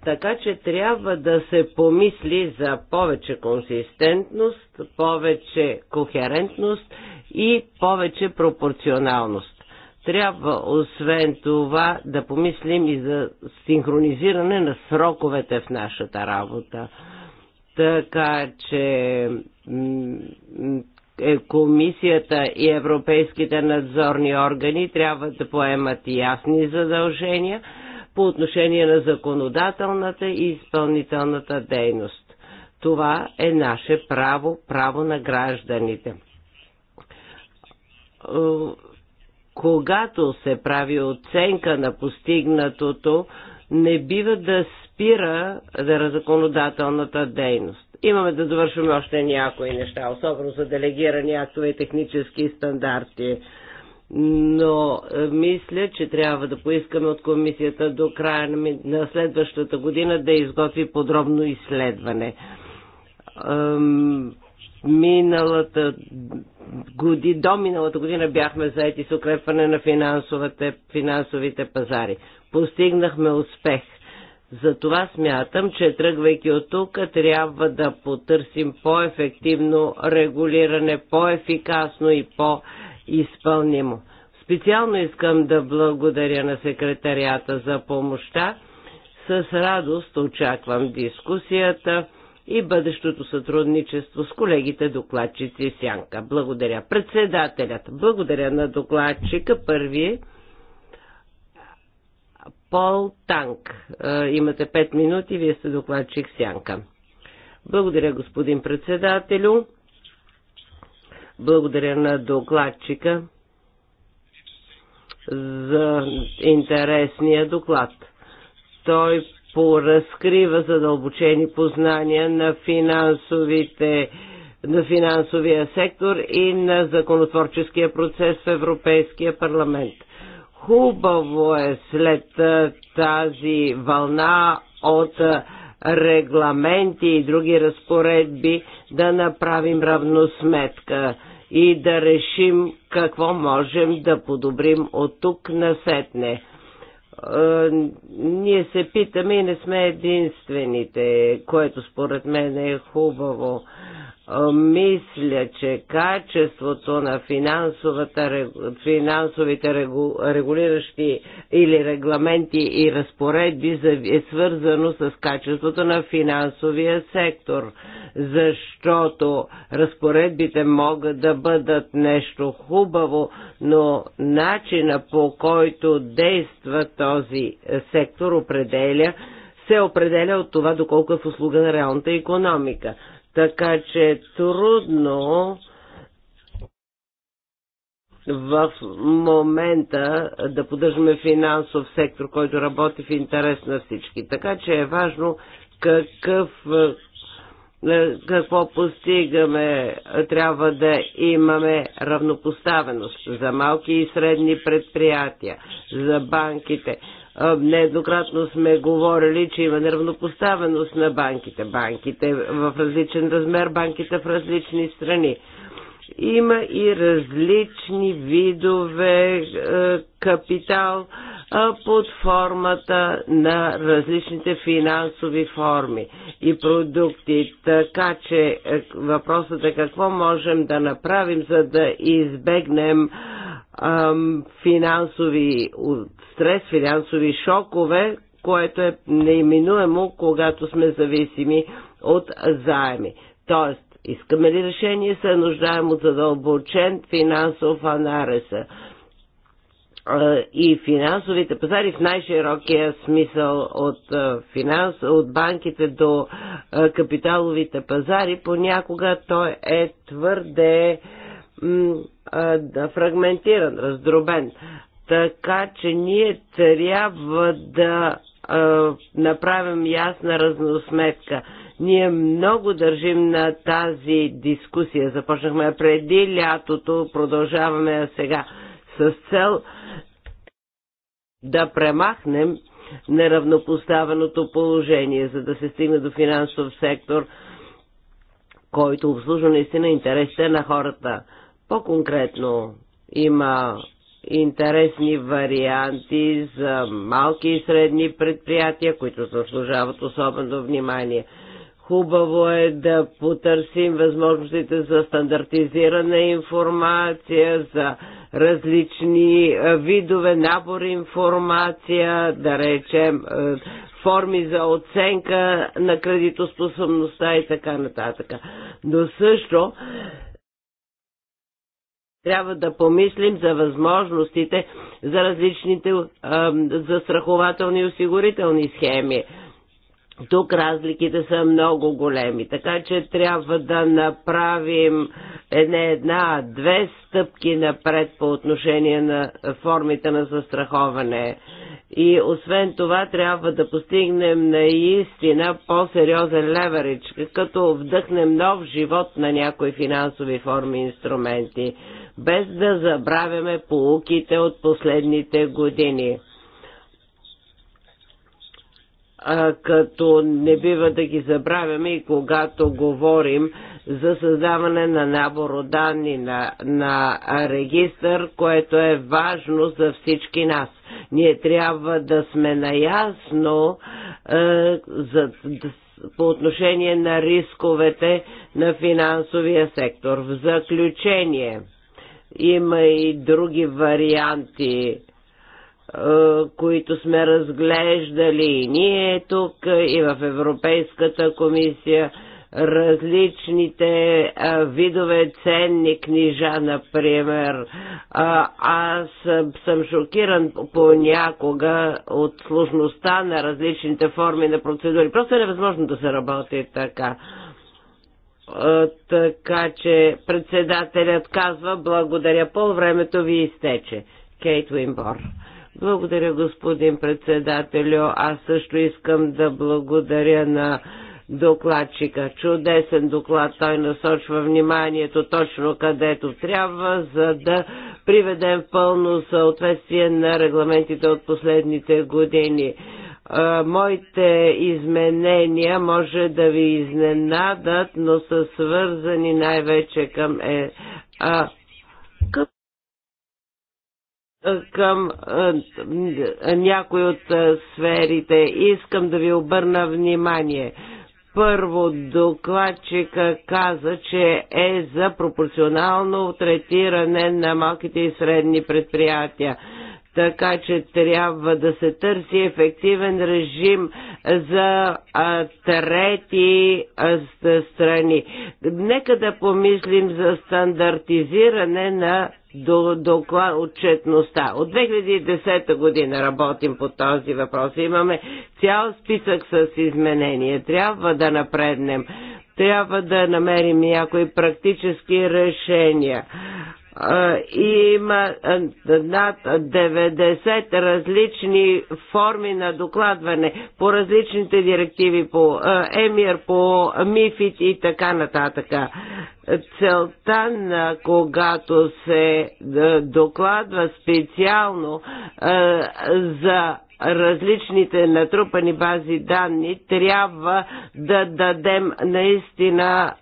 Така че трябва да се помисли за повече консистентност, повече кохерентност и повече пропорционалност. Трябва освен това да помислим и за синхронизиране на сроковете в нашата работа. Така че е, комисията и европейските надзорни органи трябва да поемат ясни задължения по отношение на законодателната и изпълнителната дейност. Това е наше право, право на гражданите когато се прави оценка на постигнатото, не бива да спира за законодателната дейност. Имаме да довършим още някои неща, особено за делегирани актове и технически стандарти но е, мисля, че трябва да поискаме от комисията до края на следващата година да изготви подробно изследване. Миналата годи, до миналата година бяхме заети с укрепване на финансовите пазари. Постигнахме успех. Затова смятам, че тръгвайки от тук, трябва да потърсим по-ефективно регулиране, по-ефикасно и по-изпълнимо. Специално искам да благодаря на секретарията за помощта. С радост очаквам дискусията и бъдещото сътрудничество с колегите докладчици Сянка. Благодаря. Председателят, благодаря на докладчика. Първи е Пол Танк. Е, имате 5 минути, вие сте докладчик Сянка. Благодаря, господин председателю. Благодаря на докладчика за интересния доклад. Той поразкрива задълбочени познания на финансовите на финансовия сектор и на законотворческия процес в Европейския парламент. Хубаво е след тази вълна от регламенти и други разпоредби да направим равносметка и да решим какво можем да подобрим от тук на сетне ние се питаме и не сме единствените, което според мен е хубаво. Мисля, че качеството на финансовите регу, регулиращи или регламенти и разпоредби е свързано с качеството на финансовия сектор, защото разпоредбите могат да бъдат нещо хубаво, но начина по който действа този е, сектор определя се определя от това доколко е в услуга на реалната економика. Така че е трудно в момента да поддържаме финансов сектор, който работи в интерес на всички. Така че е важно какъв какво постигаме, трябва да имаме равнопоставеност за малки и средни предприятия, за банките, Нееднократно сме говорили, че има неравнопоставеност на банките. Банките в различен размер, банките в различни страни. Има и различни видове капитал под формата на различните финансови форми и продукти. Така че е, въпросът е какво можем да направим, за да избегнем финансови стрес, финансови шокове, което е неименуемо, когато сме зависими от заеми. Тоест, искаме ли решение, се нуждаем от задълбочен финансов анализ и финансовите пазари в най-широкия смисъл от, финанс, от банките до капиталовите пазари, понякога той е твърде фрагментиран, раздробен. Така че ние трябва да направим ясна разносметка. Ние много държим на тази дискусия. Започнахме преди лятото, продължаваме сега с цел да премахнем неравнопоставеното положение, за да се стигне до финансов сектор, който обслужва наистина интересите на хората. По-конкретно има интересни варианти за малки и средни предприятия, които заслужават особено внимание. Хубаво е да потърсим възможностите за стандартизирана информация, за различни видове набор информация, да речем форми за оценка на кредитоспособността и така нататък. Но също трябва да помислим за възможностите за различните застрахователни и осигурителни схеми. Тук разликите са много големи, така че трябва да направим не една, а две стъпки напред по отношение на формите на застраховане. И освен това трябва да постигнем наистина по-сериозен леверидж, като вдъхнем нов живот на някои финансови форми и инструменти, без да забравяме полуките от последните години като не бива да ги забравяме и когато говорим за създаване на набор от данни на, на регистър, което е важно за всички нас. Ние трябва да сме наясно а, е, за, по отношение на рисковете на финансовия сектор. В заключение има и други варианти които сме разглеждали и ние тук, и в Европейската комисия, различните а, видове ценни книжа, например. А, аз съм шокиран понякога от сложността на различните форми на процедури. Просто е невъзможно да се работи така така че председателят казва благодаря, пол времето ви изтече. Кейт Уимбор. Благодаря, господин председателю. Аз също искам да благодаря на докладчика. Чудесен доклад. Той насочва вниманието точно където трябва, за да приведем пълно съответствие на регламентите от последните години. Моите изменения може да ви изненадат, но са свързани най-вече към е, а, към е, някои от е, сферите. Искам да ви обърна внимание. Първо, докладчика каза, че е за пропорционално третиране на малките и средни предприятия така че трябва да се търси ефективен режим за а, трети а, страни. Нека да помислим за стандартизиране на до доклад отчетността. От 2010 година работим по този въпрос. Имаме цял списък с изменения. Трябва да напреднем. Трябва да намерим някои практически решения има над 90 различни форми на докладване по различните директиви, по ЕМИР, по МИФИТ и така нататък. Целта на когато се докладва специално за различните натрупани бази данни, трябва да дадем наистина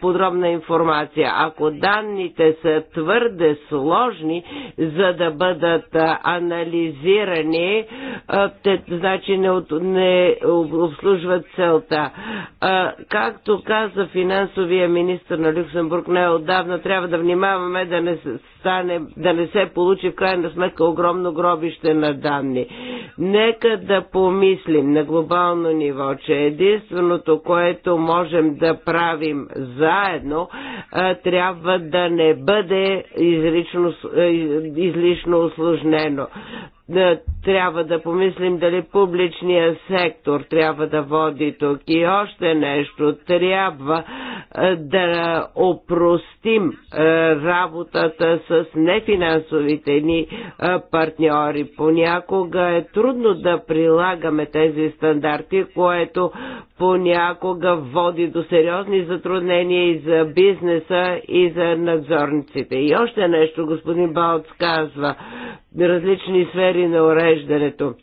подробна информация. Ако данните са твърде сложни, за да бъдат анализирани, те значи не, от, не обслужват целта. Както каза финансовия министр на Люксембург отдавна трябва да внимаваме да не стане, да не се получи в крайна сметка огромно гробище на данни Нека да помислим на глобално ниво, че единственото, което можем да правим заедно, трябва да не бъде излично излишно осложнено трябва да помислим дали публичния сектор трябва да води тук. И още нещо, трябва да опростим работата с нефинансовите ни партньори. Понякога е трудно да прилагаме тези стандарти, което понякога води до сериозни затруднения и за бизнеса, и за надзорниците. И още нещо господин Балц казва различни сфери на уреждането.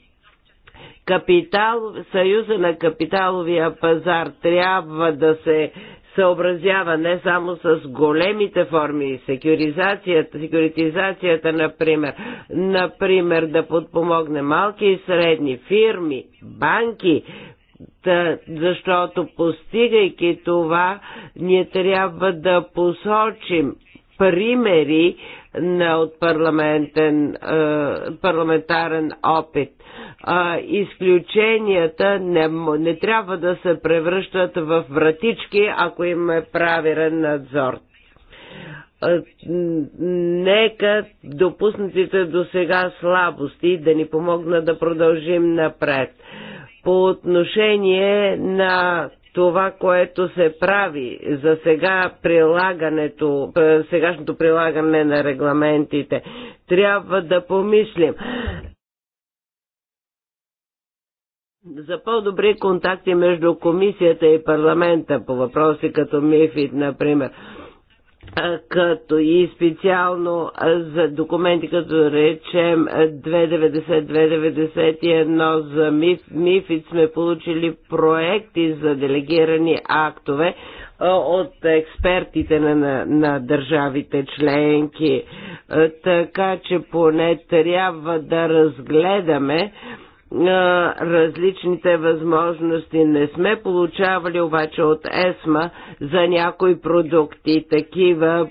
Капитал, съюза на капиталовия пазар трябва да се съобразява не само с големите форми, секюризацията, секюритизацията, например, например да подпомогне малки и средни фирми, банки, да, защото постигайки това, ние трябва да посочим примери не от парламентен, е, парламентарен опит. Изключенията не, не трябва да се превръщат в вратички, ако им е правилен надзор нека допуснатите до сега слабости да ни помогнат да продължим напред. По отношение на това, което се прави за сега прилагането, е, сегашното прилагане на регламентите, трябва да помислим за по-добри контакти между комисията и парламента по въпроси като МИФИД, например като и специално за документи, като речем 290-291 за МИФ, МИФИД сме получили проекти за делегирани актове от експертите на, на, на държавите членки. Така че поне трябва да разгледаме различните възможности. Не сме получавали обаче от ЕСМА за някои продукти такива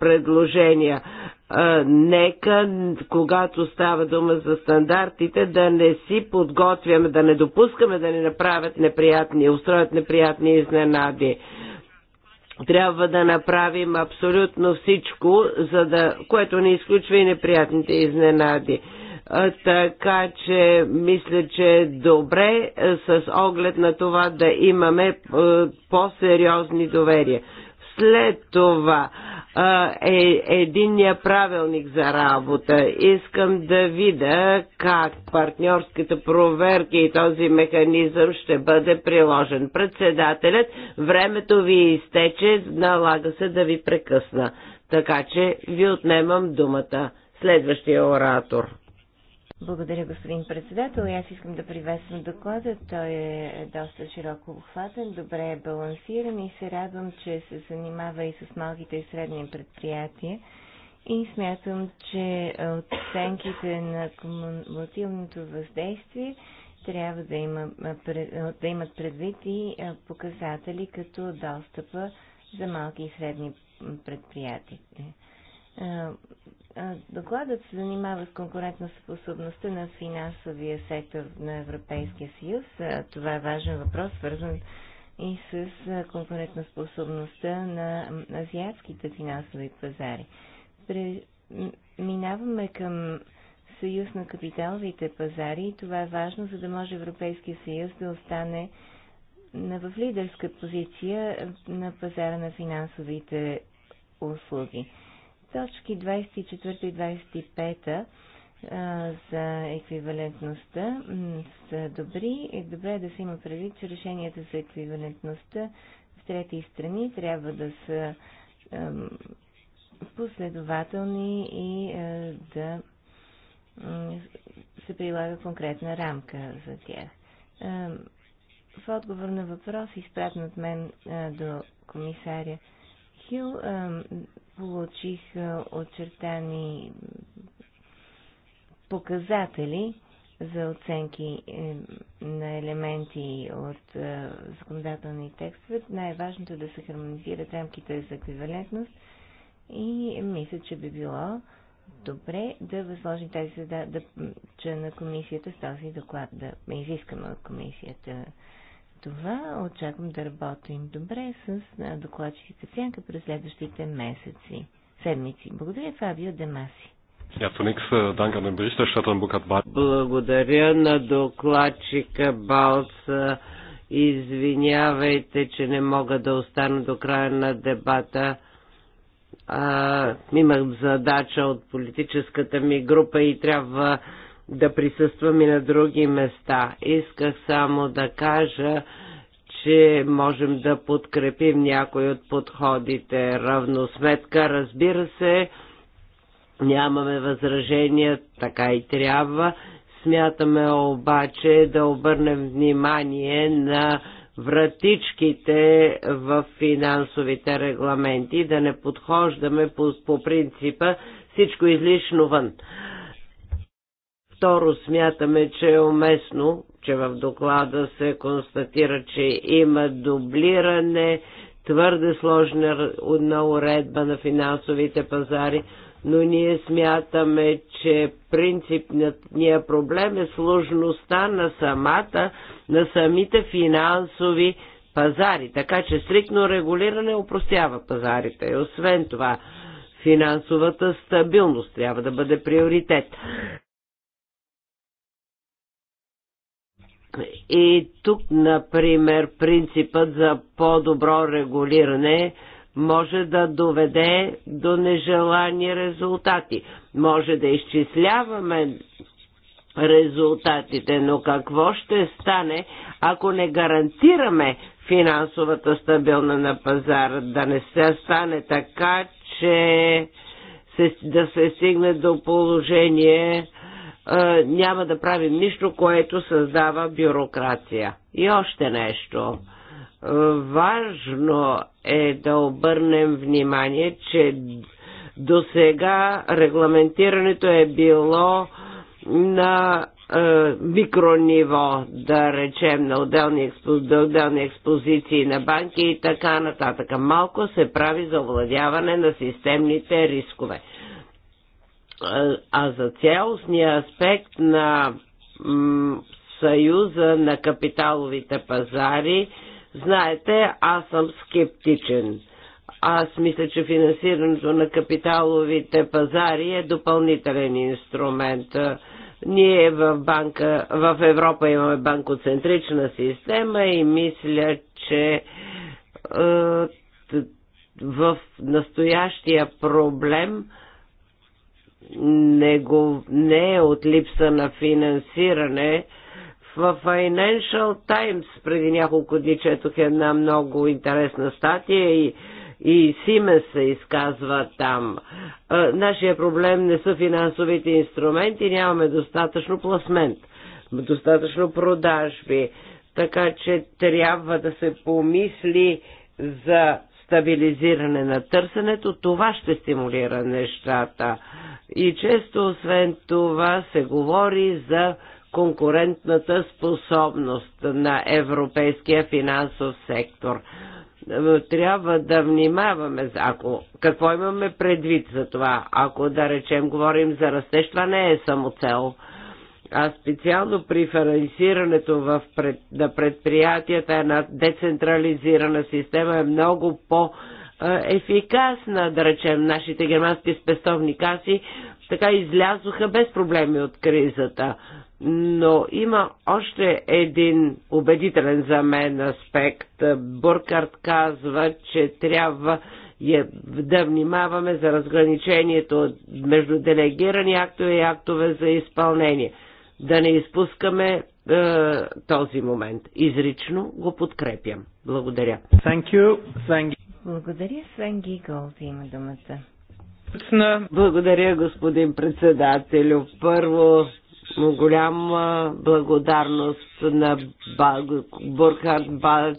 предложения. Нека, когато става дума за стандартите, да не си подготвяме, да не допускаме да ни направят неприятни, устроят неприятни изненади трябва да направим абсолютно всичко, за да, което не изключва и неприятните изненади така че мисля, че е добре с оглед на това да имаме по-сериозни доверия. След това е единния правилник за работа. Искам да видя как партньорските проверки и този механизъм ще бъде приложен. Председателят, времето ви изтече, налага се да ви прекъсна. Така че ви отнемам думата. Следващия оратор. Благодаря, господин председател. И аз искам да приветствам доклада. Той е доста широко обхватен, добре е балансиран и се радвам, че се занимава и с малките и средни предприятия. И смятам, че оценките на кумулативното въздействие трябва да, има, да имат предвид и показатели като достъпа за малки и средни предприятия Докладът се занимава с конкурентна способността на финансовия сектор на Европейския съюз. Това е важен въпрос, свързан и с способността на азиатските финансови пазари. Минаваме към съюз на капиталовите пазари и това е важно, за да може Европейския съюз да остане в лидерска позиция на пазара на финансовите услуги. Точки 24 и 25 за еквивалентността са добри. Е добре е да се има предвид, че решенията за еквивалентността в трети страни трябва да са последователни и да се прилага конкретна рамка за тях. В отговор на въпрос, изпратен от мен до комисаря Хил, получих очертани показатели за оценки е, на елементи от законодателни текстове. Най-важното е да се хармонизират рамките за еквивалентност и мисля, че би било добре да възложим тази задача да, на комисията с този доклад, да изискаме от комисията това очаквам да работим добре с докладчика Сянка през следващите месеци, седмици. Благодаря, Фабио Демаси. E, Благодаря на докладчика Балца. Е, извинявайте, че не мога да остана до края на дебата. А, е, имах задача от политическата ми група и трябва да присъствам и на други места. Исках само да кажа, че можем да подкрепим някой от подходите. Равносметка, разбира се, нямаме възражения, така и трябва. Смятаме обаче да обърнем внимание на вратичките в финансовите регламенти, да не подхождаме по, по принципа всичко излишно вън. Второ, смятаме, че е уместно, че в доклада се констатира, че има дублиране, твърде сложна на уредба на финансовите пазари, но ние смятаме, че принципният ният проблем е сложността на самата, на самите финансови пазари. Така че стрикно регулиране упростява пазарите. И освен това, финансовата стабилност трябва да бъде приоритет. И тук, например, принципът за по-добро регулиране може да доведе до нежелани резултати. Може да изчисляваме резултатите, но какво ще стане, ако не гарантираме финансовата стабилна на пазара, да не се стане така, че се, да се стигне до положение, няма да правим нищо, което създава бюрокрация. И още нещо. Важно е да обърнем внимание, че до сега регламентирането е било на е, микрониво, да речем, на отделни, експо, до отделни експозиции на банки и така нататък. Малко се прави за овладяване на системните рискове а за цялостния аспект на съюза на капиталовите пазари, знаете, аз съм скептичен. Аз мисля, че финансирането на капиталовите пазари е допълнителен инструмент. Ние в, банка, в Европа имаме банкоцентрична система и мисля, че е, в настоящия проблем е, не, го, не е от липса на финансиране. В Financial Times преди няколко дни четох една много интересна статия и и Симе се изказва там. Нашия проблем не са финансовите инструменти, нямаме достатъчно пласмент, достатъчно продажби, така че трябва да се помисли за стабилизиране на търсенето, това ще стимулира нещата. И често освен това се говори за конкурентната способност на европейския финансов сектор. Трябва да внимаваме, ако, какво имаме предвид за това. Ако, да речем, говорим за растеж, това не е само цел а специално при в пред, на предприятията, една децентрализирана система е много по- ефикасна, да речем, нашите германски спестовни каси така излязоха без проблеми от кризата. Но има още един убедителен за мен аспект. Буркарт казва, че трябва е, да внимаваме за разграничението между делегирани актове и актове за изпълнение. Да не изпускаме е, този момент. Изрично го подкрепям. Благодаря. Thank you. Thank you. Благодаря. Свен Голд има думата. Благодаря, господин председателю. Първо, голяма благодарност на Бурхард Балц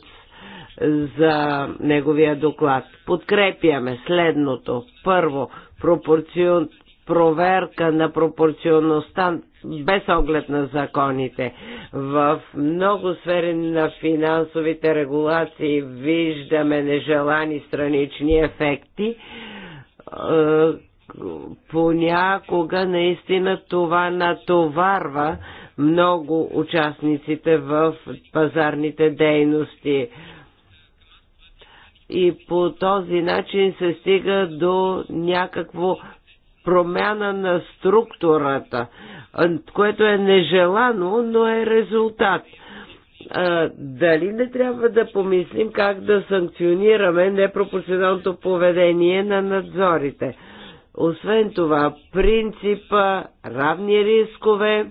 за неговия доклад. Подкрепяме следното. Първо, пропорцион, проверка на пропорционността без оглед на законите. В много сфери на финансовите регулации виждаме нежелани странични ефекти. Е, понякога наистина това натоварва много участниците в пазарните дейности и по този начин се стига до някакво промяна на структурата, което е нежелано, но е резултат. А, дали не трябва да помислим как да санкционираме непропорционалното поведение на надзорите? Освен това, принципа равни рискове,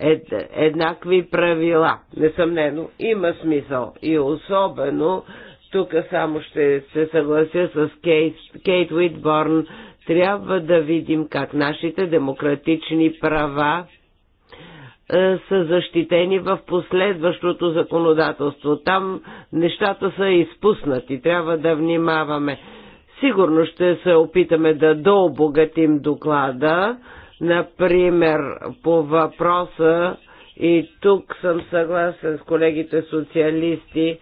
ед, еднакви правила. Несъмнено, има смисъл. И особено, тук само ще се съглася с Кейт, Кейт Уитборн, трябва да видим как нашите демократични права е, са защитени в последващото законодателство. Там нещата са изпуснати, трябва да внимаваме. Сигурно ще се опитаме да дообогатим доклада, например по въпроса, и тук съм съгласен с колегите социалисти,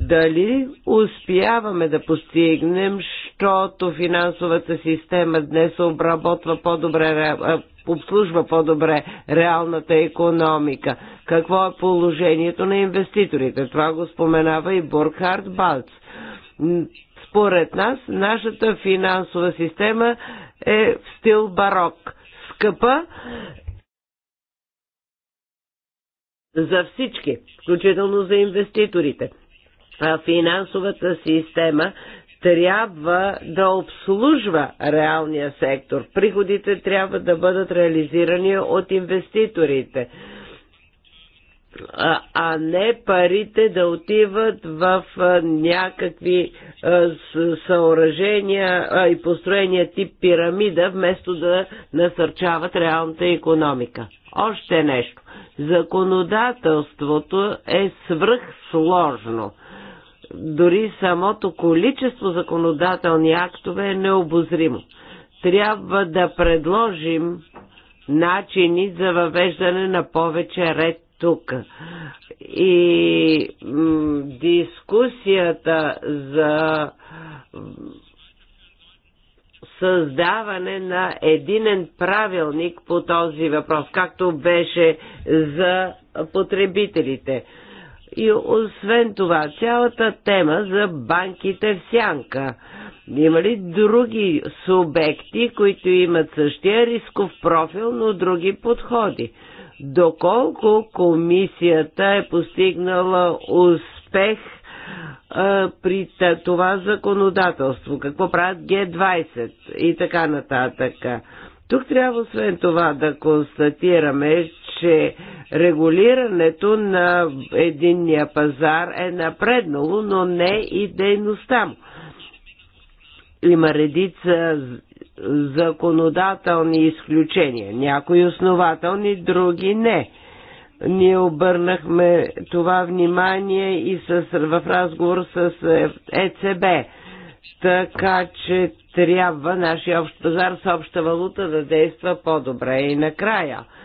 дали успяваме да постигнем, защото финансовата система днес обработва по-добре, обслужва по-добре реалната економика. Какво е положението на инвеститорите? Това го споменава и Бурхард Балц. Според нас, нашата финансова система е в стил барок. Скъпа за всички, включително за инвеститорите финансовата система трябва да обслужва реалния сектор. Приходите трябва да бъдат реализирани от инвеститорите, а не парите да отиват в някакви съоръжения и построения тип пирамида, вместо да насърчават реалната економика. Още нещо. Законодателството е свръхсложно. сложно дори самото количество законодателни актове е необозримо. Трябва да предложим начини за въвеждане на повече ред тук. И дискусията за създаване на единен правилник по този въпрос, както беше за потребителите. И освен това, цялата тема за банките в сянка. Има ли други субекти, които имат същия рисков профил, но други подходи? Доколко комисията е постигнала успех а, при това законодателство? Какво правят Г20 и така нататък? Тук трябва освен това да констатираме, че регулирането на единния пазар е напреднало, но не и дейността му. Има редица законодателни изключения, някои основателни, други не. Ние обърнахме това внимание и с, в разговор с ЕЦБ. Така че трябва нашия общ пазар с обща валута да действа по-добре и накрая –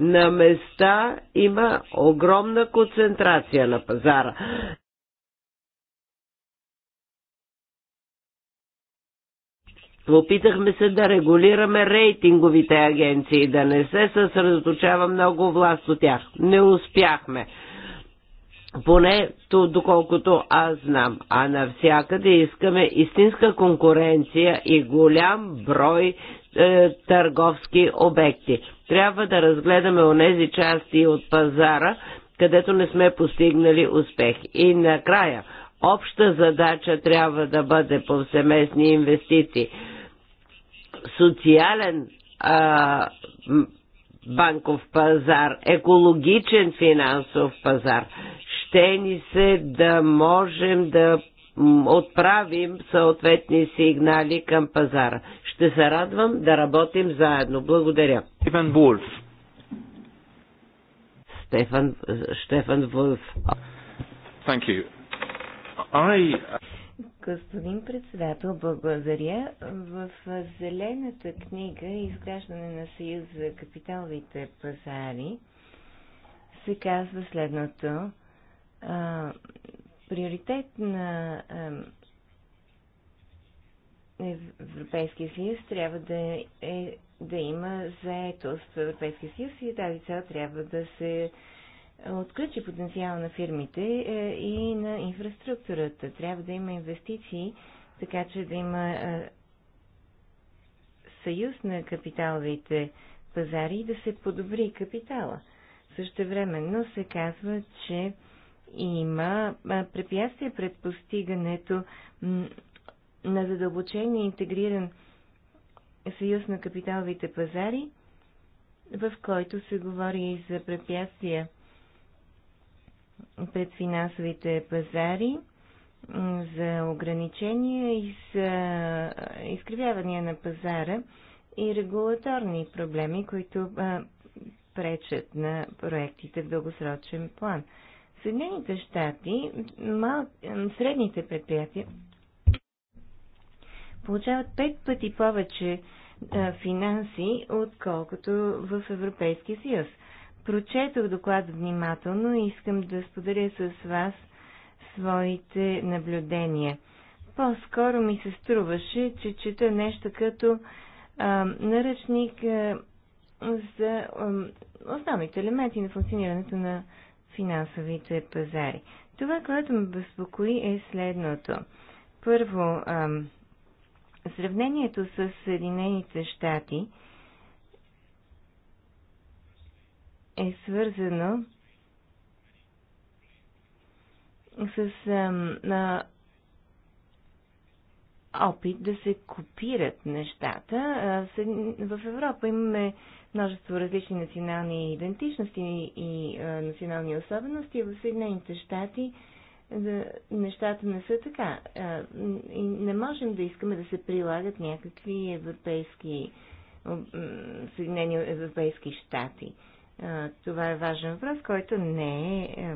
на места има огромна концентрация на пазара. Опитахме се да регулираме рейтинговите агенции, да не се съсредоточава много власт от тях. Не успяхме. Поне то, доколкото аз знам, а навсякъде искаме истинска конкуренция и голям брой е, търговски обекти. Трябва да разгледаме онези части от пазара, където не сме постигнали успех. И накрая, обща задача трябва да бъде повсеместни инвестиции. Социален а, банков пазар, екологичен финансов пазар. Ще ни се да можем да отправим съответни сигнали към пазара. Ще се радвам да работим заедно. Благодаря. Стефан Вулф. Стефан, Стефан Вулф. Thank you. I... Господин председател, благодаря. В Зелената книга Изграждане на съюз за капиталовите пазари се казва следното приоритет на Европейския съюз трябва да, е, да има заетост в Европейския съюз и тази цел трябва да се отключи потенциал на фирмите е, и на инфраструктурата. Трябва да има инвестиции, така че да има е, съюз на капиталовите пазари и да се подобри капитала. Също времено се казва, че има препятствия пред постигането на задълбочен и интегриран съюз на капиталовите пазари, в който се говори и за препятствия пред финансовите пазари, за ограничения и за изкривявания на пазара и регулаторни проблеми, които пречат на проектите в дългосрочен план. Съединените щати, мал... средните предприятия получават пет пъти повече а, е, финанси, отколкото в Европейския съюз. Прочетох доклада внимателно и искам да споделя с вас своите наблюдения. По-скоро ми се струваше, че чета нещо като а, е, наръчник а, е, за а, основните елементи на функционирането на финансовите пазари. Това, което ме безпокои е следното. Първо, ам, сравнението с Съединените щати е свързано с ам, опит да се копират нещата. В Европа имаме множество различни национални идентичности и национални особености. В Съединените щати нещата не са така. И не можем да искаме да се прилагат някакви европейски Съединени европейски щати. Това е важен въпрос, който не е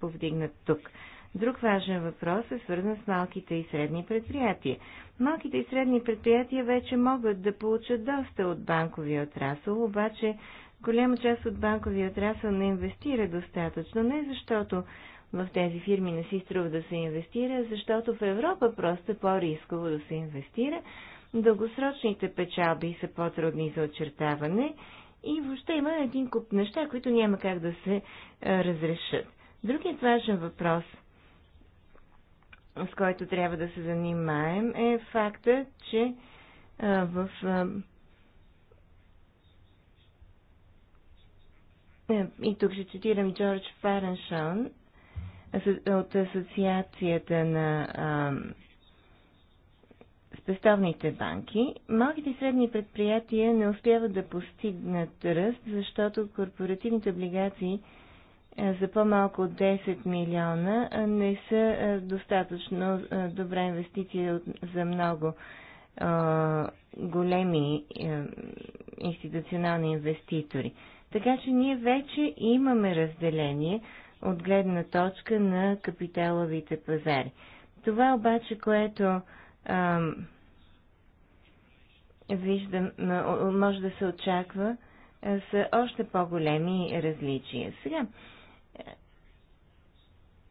повдигнат тук. Друг важен въпрос е свързан с малките и средни предприятия. Малките и средни предприятия вече могат да получат доста от банковия отрасъл, обаче голяма част от банковия отрасъл не инвестира достатъчно, не защото в тези фирми не си струва да се инвестира, защото в Европа просто е по-рисково да се инвестира, дългосрочните печалби са по-трудни за очертаване и въобще има един куп неща, които няма как да се а, разрешат. Другият важен въпрос – с който трябва да се занимаем, е факта, че в е, и тук ще цитирам Джордж Фареншон от Асоциацията на а, спестовните банки. Малките и средни предприятия не успяват да постигнат ръст, защото корпоративните облигации – е, за по-малко от 10 милиона е, не са е, достатъчно добра инвестиция за много големи институционални инвеститори. Така че ние вече имаме разделение от гледна точка на капиталовите пазари. Това обаче, което виждам, може да се очаква, са още по-големи различия. Сега,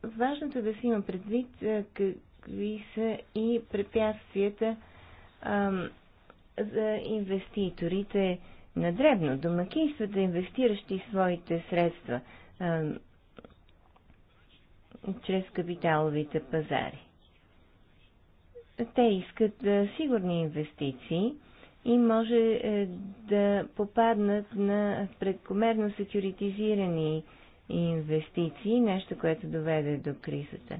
важното е да се има предвид какви са и препятствията за инвеститорите на дребно, домакинствата, инвестиращи своите средства чрез капиталовите пазари. Те искат а, сигурни инвестиции и може е, да попаднат на прекомерно секюритизирани а, и инвестиции, нещо, което доведе до кризата.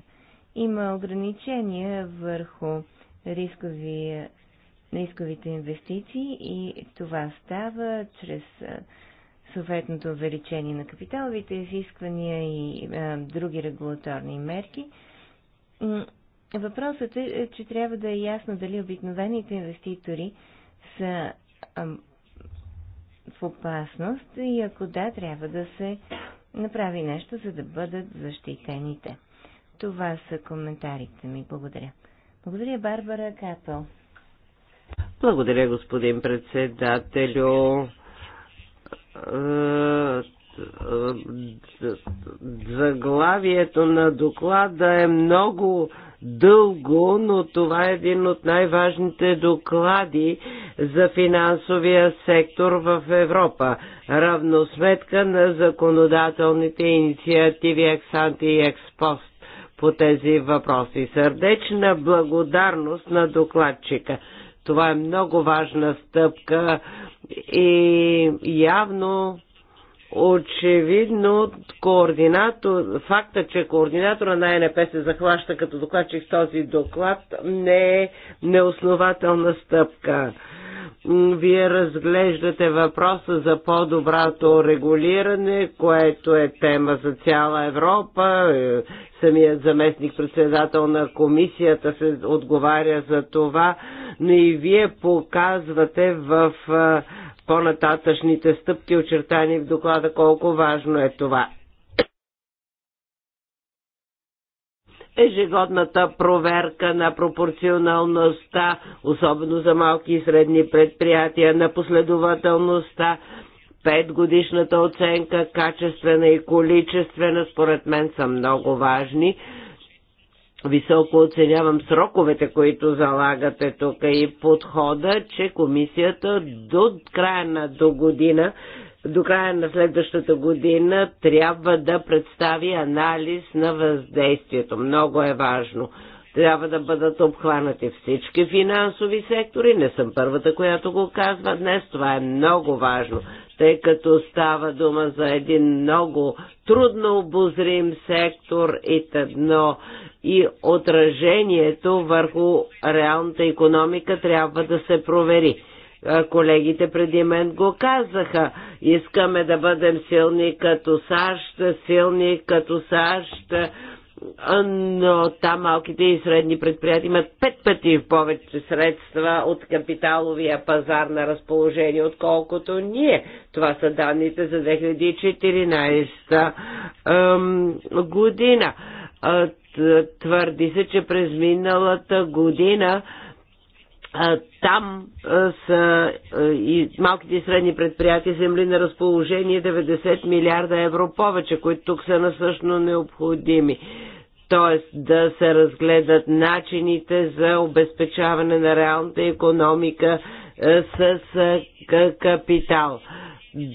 Има ограничения върху рискови, рисковите инвестиции и това става чрез съответното увеличение на капиталовите изисквания и а, други регулаторни мерки. Въпросът е, е, че трябва да е ясно дали обикновените инвеститори са а, в опасност и ако да, трябва да се направи нещо, за да бъдат защитените. Това са коментарите ми. Благодаря. Благодаря, Барбара Капел. Благодаря, господин председателю е, е, е, заглавието на доклада е много дълго, но това е един от най-важните доклади за финансовия сектор в Европа. Равносметка на законодателните инициативи Ексанти и Експост по тези въпроси. Сърдечна благодарност на докладчика. Това е много важна стъпка и явно Очевидно, координатор, факта, че координатора на НП се захваща като докладчик в този доклад, не е неоснователна стъпка. Вие разглеждате въпроса за по-доброто регулиране, което е тема за цяла Европа. Е, Самият заместник-председател на комисията се отговаря за това, но и вие показвате в по-нататъчните стъпки, очертани в доклада, колко важно е това. ежегодната проверка на пропорционалността, особено за малки и средни предприятия, на последователността, петгодишната оценка, качествена и количествена, според мен са много важни, Високо оценявам сроковете, които залагате тук и подхода, че комисията до края на до година до края на следващата година трябва да представи анализ на въздействието. Много е важно трябва да бъдат обхванати всички финансови сектори. Не съм първата, която го казва днес. Това е много важно, тъй като става дума за един много трудно обозрим сектор и тъдно и отражението върху реалната економика трябва да се провери колегите преди мен го казаха. Искаме да бъдем силни като САЩ, силни като САЩ, но там малките и средни предприятия имат пет пъти в повече средства от капиталовия пазар на разположение, отколкото ние. Това са данните за 2014 година. Твърди се, че през миналата година там са и малките и средни предприятия земли на разположение 90 милиарда евро повече, които тук са насъщно необходими. Тоест да се разгледат начините за обезпечаване на реалната економика с капитал.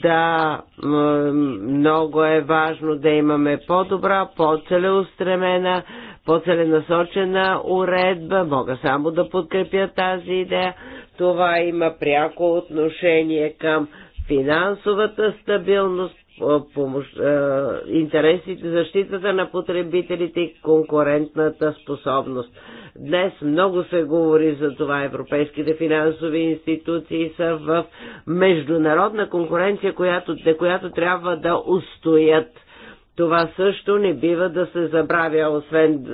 Да, много е важно да имаме по-добра, по-целеустремена по-целенасочена уредба. Мога само да подкрепя тази идея. Това има пряко отношение към финансовата стабилност, помощ, е, интересите, защитата на потребителите и конкурентната способност. Днес много се говори за това. Европейските финансови институции са в международна конкуренция, която, която трябва да устоят това също не бива да се забравя, освен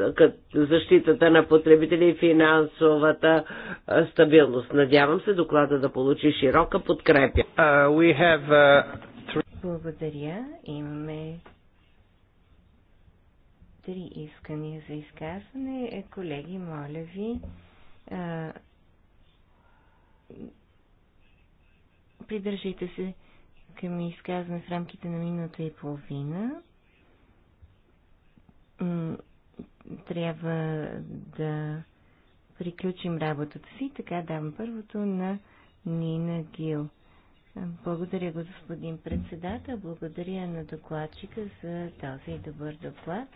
защитата на потребители и финансовата стабилност. Надявам се доклада да получи широка подкрепя. Uh, we have, uh, three... Благодаря. Имаме три искания за изказване. Е, колеги, моля ви, Uh, придържайте се към изказване в рамките на минута и половина трябва да приключим работата си. Така давам първото на Нина Гил. Благодаря, господин председател. Благодаря на докладчика за този добър доклад.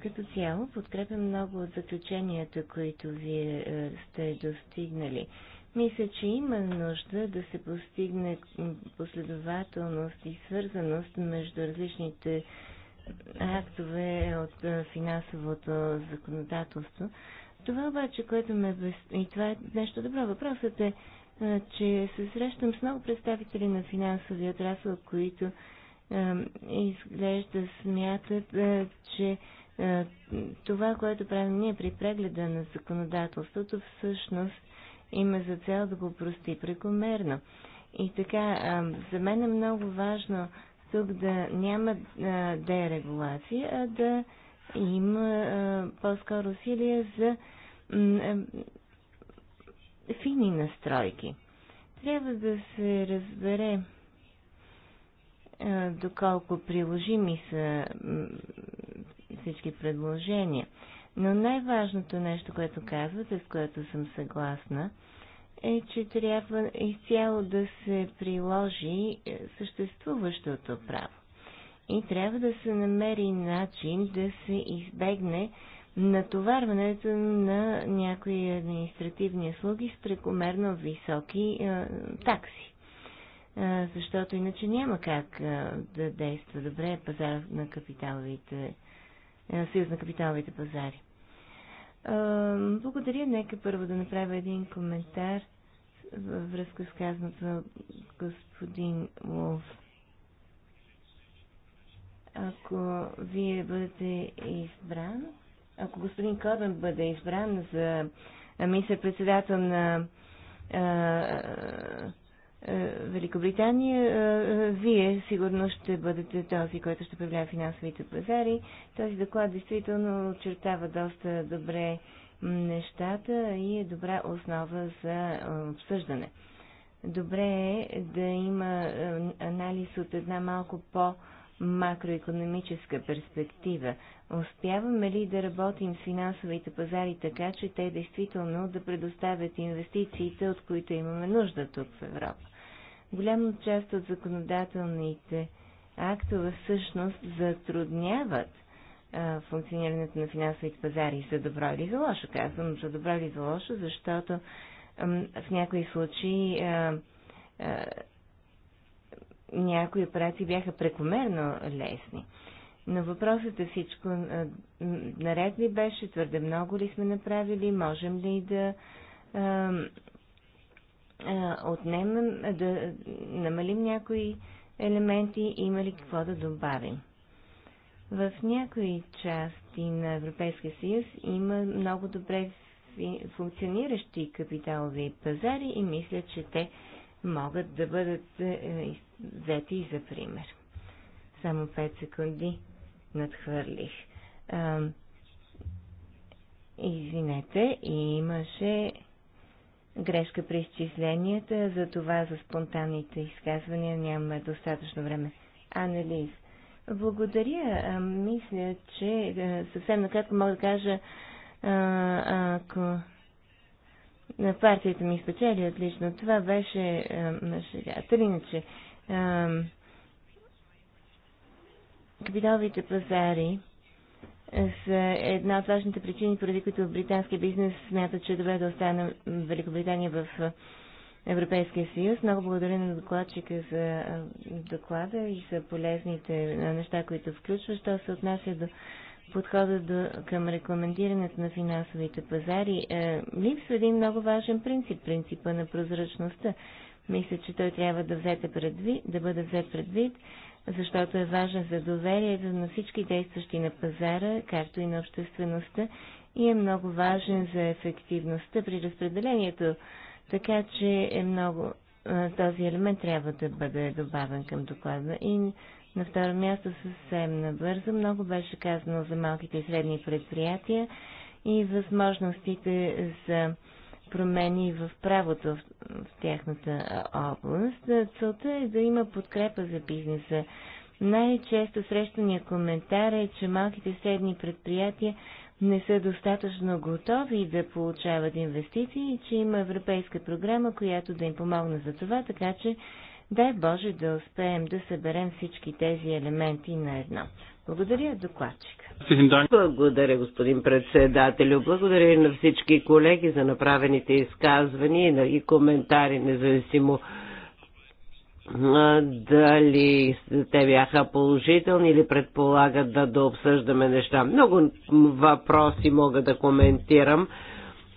Като цяло подкрепям много от заключенията, които вие е, сте достигнали. Мисля, че има нужда да се постигне последователност и свързаност между различните актове от финансовото законодателство. Това обаче, което ме... И това е нещо добро. Въпросът е, че се срещам с много представители на финансовия отрасъл, които изглежда смятат, че това, което правим ние при прегледа на законодателството, всъщност има за цел да го прости прекомерно. И така, за мен е много важно тук да няма дерегулация, а да има по-скоро усилия за фини настройки. Трябва да се разбере доколко приложими са всички предложения. Но най-важното нещо, което казвате, с което съм съгласна, е, че трябва изцяло да се приложи е, съществуващото право. И трябва да се намери начин да се избегне натоварването на някои административни услуги с прекомерно високи е, такси. Е, защото иначе няма как е, да действа добре пазар на капиталовите, е, съюз на капиталовите пазари. Е, благодаря. Нека първо да направя един коментар във връзка с казаното господин Лов. Ако вие бъдете избран, ако господин Корбен бъде избран за мисля председател на а, а, Великобритания, а, вие сигурно ще бъдете този, който ще проявлява финансовите пазари. Този доклад действително очертава доста добре нещата и е добра основа за обсъждане. Добре е да има анализ от една малко по- макроекономическа перспектива. Успяваме ли да работим с финансовите пазари така, че те действително да предоставят инвестициите, от които имаме нужда тук в Европа? Голяма част от законодателните актове всъщност затрудняват функционирането на финансовите пазари за добро или за лошо. Казвам за добро или за лошо, защото в някои случаи някои операции бяха прекомерно лесни. Но въпросът е всичко наред ли беше, твърде много ли сме направили, можем ли да а, а, отнемем, да намалим някои елементи, има ли какво да добавим. В някои части на Европейския съюз има много добре функциониращи капиталови пазари и мисля, че те могат да бъдат е, е, взети за пример. Само 5 секунди надхвърлих. Извинете, имаше грешка при изчисленията, за това за спонтанните изказвания нямаме достатъчно време. Анализ. Благодаря. Мисля, че съвсем накратко мога да кажа, ако партията ми спечели отлично, това беше на шегата. Иначе, капиталовите пазари са една от важните причини, поради които британския бизнес смята, че е добре да остане Великобритания в Европейския съюз. Много благодаря на докладчика за доклада и за полезните неща, които включва. Що се отнася до подхода до, към рекламентирането на финансовите пазари, е, липсва един много важен принцип, принципа на прозрачността. Мисля, че той трябва да, взете предвид, да бъде взет предвид, защото е важен за доверието на всички действащи на пазара, както и на обществеността и е много важен за ефективността при разпределението така че е много, този елемент трябва да бъде добавен към доклада. И на второ място съвсем набързо. Много беше казано за малките и средни предприятия и възможностите за промени в правото в, тяхната област. Целта е да има подкрепа за бизнеса. Най-често срещания коментар е, че малките и средни предприятия не са достатъчно готови да получават инвестиции и че има европейска програма, която да им помогне за това, така че дай Боже да успеем да съберем всички тези елементи на едно. Благодаря, докладчик. Благодаря, господин председателю. Благодаря и на всички колеги за направените изказвания и коментари, независимо дали те бяха положителни или предполагат да дообсъждаме да неща. Много въпроси мога да коментирам,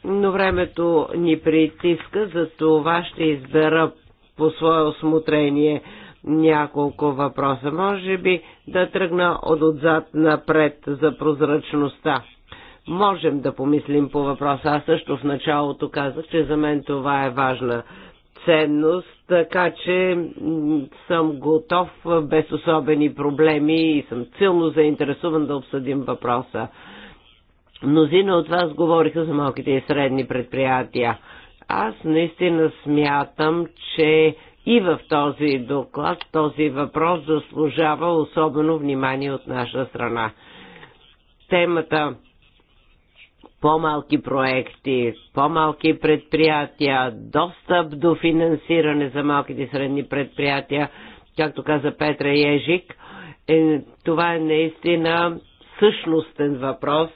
но времето ни притиска, за това ще избера по свое осмотрение няколко въпроса. Може би да тръгна от отзад напред за прозрачността. Можем да помислим по въпроса. Аз също в началото казах, че за мен това е важна ценност, така че съм готов без особени проблеми и съм силно заинтересуван да обсъдим въпроса. Мнозина от вас говориха за малките и средни предприятия. Аз наистина смятам, че и в този доклад този въпрос заслужава особено внимание от наша страна. Темата по-малки проекти, по-малки предприятия, достъп до финансиране за малките и средни предприятия, както каза Петра Ежик. Е, това е наистина същностен въпрос,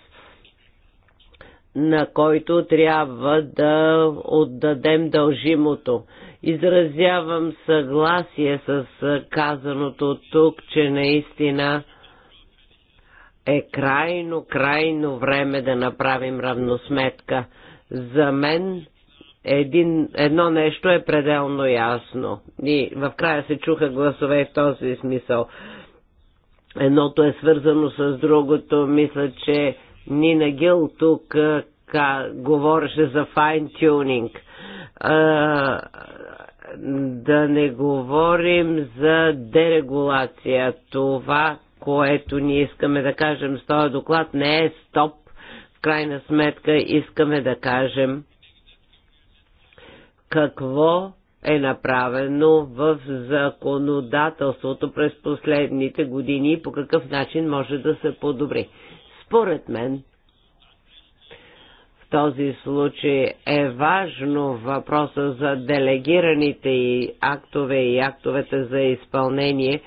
на който трябва да отдадем дължимото. Изразявам съгласие с казаното тук, че наистина е крайно, крайно време да направим равносметка. За мен един, едно нещо е пределно ясно. И в края се чуха гласове в този смисъл. Едното е свързано с другото. Мисля, че Нина Гил тук ка, говореше за файн-тюнинг. Да не говорим за дерегулация. Това което ние искаме да кажем с този доклад, не е стоп. В крайна сметка искаме да кажем какво е направено в законодателството през последните години и по какъв начин може да се подобри. Според мен, в този случай е важно въпроса за делегираните и актове и актовете за изпълнение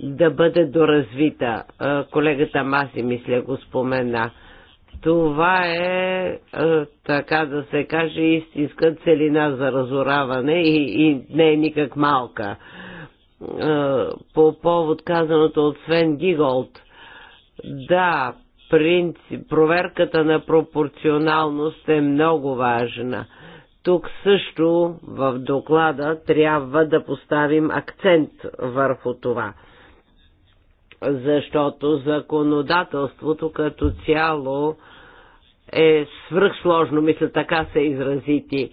да бъде доразвита. Колегата Маси, мисля, го спомена. Това е, така да се каже, истинска целина за разораване и, и не е никак малка. По повод казаното от Свен Гиголд, да, принцип, проверката на пропорционалност е много важна. Тук също в доклада трябва да поставим акцент върху това – защото законодателството като цяло е свръхсложно, мисля така се изразити. ти.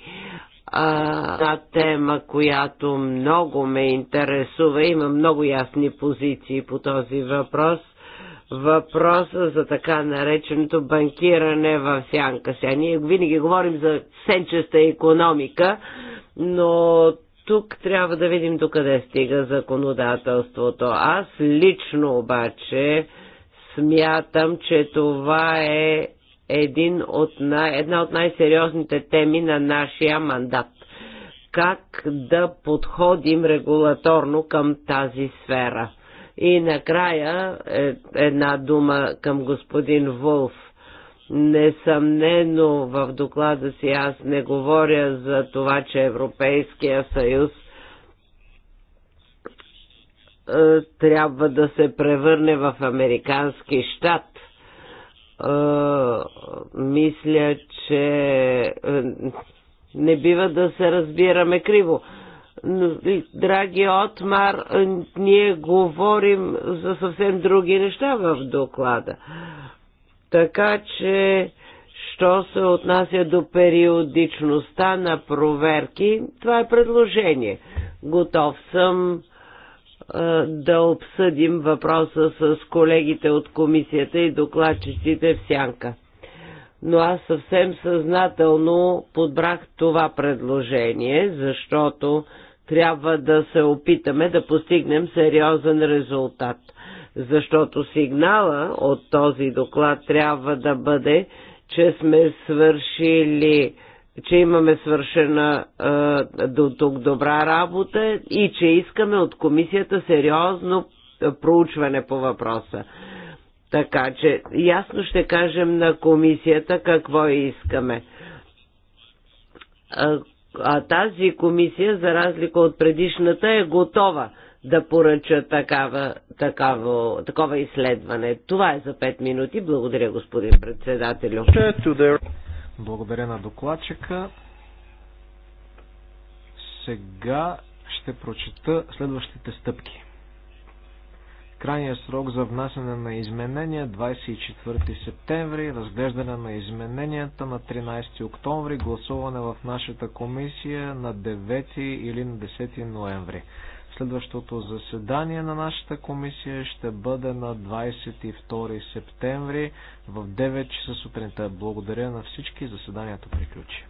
Та тема, която много ме интересува, има много ясни позиции по този въпрос. Въпроса за така нареченото банкиране в сянка. Сега ние винаги говорим за сенчеста економика, но тук трябва да видим докъде стига законодателството. Аз лично обаче смятам, че това е един от най- една от най-сериозните теми на нашия мандат. Как да подходим регулаторно към тази сфера? И накрая е, една дума към господин Вулф – Несъмнено в доклада си аз не говоря за това, че Европейския съюз е, трябва да се превърне в американски щат. Е, мисля, че е, не бива да се разбираме криво. Драги Отмар, ние говорим за съвсем други неща в доклада. Така че, що се отнася до периодичността на проверки, това е предложение. Готов съм да обсъдим въпроса с колегите от комисията и докладчиците в сянка. Но аз съвсем съзнателно подбрах това предложение, защото трябва да се опитаме да постигнем сериозен резултат. Защото сигнала от този доклад трябва да бъде, че сме свършили че имаме свършена е, до тук добра работа и че искаме от комисията сериозно е, проучване по въпроса. Така че ясно ще кажем на комисията какво искаме. А, е, а тази комисия, за разлика от предишната, е готова да поръча такава, такава, такова изследване. Това е за 5 минути. Благодаря, господин председателю. Благодаря на докладчика. Сега ще прочета следващите стъпки. Крайният срок за внасяне на изменения 24 септември, разглеждане на измененията на 13 октомври, гласуване в нашата комисия на 9 или на 10 ноември. Следващото заседание на нашата комисия ще бъде на 22 септември в 9 часа сутринта. Благодаря на всички. Заседанието приключи.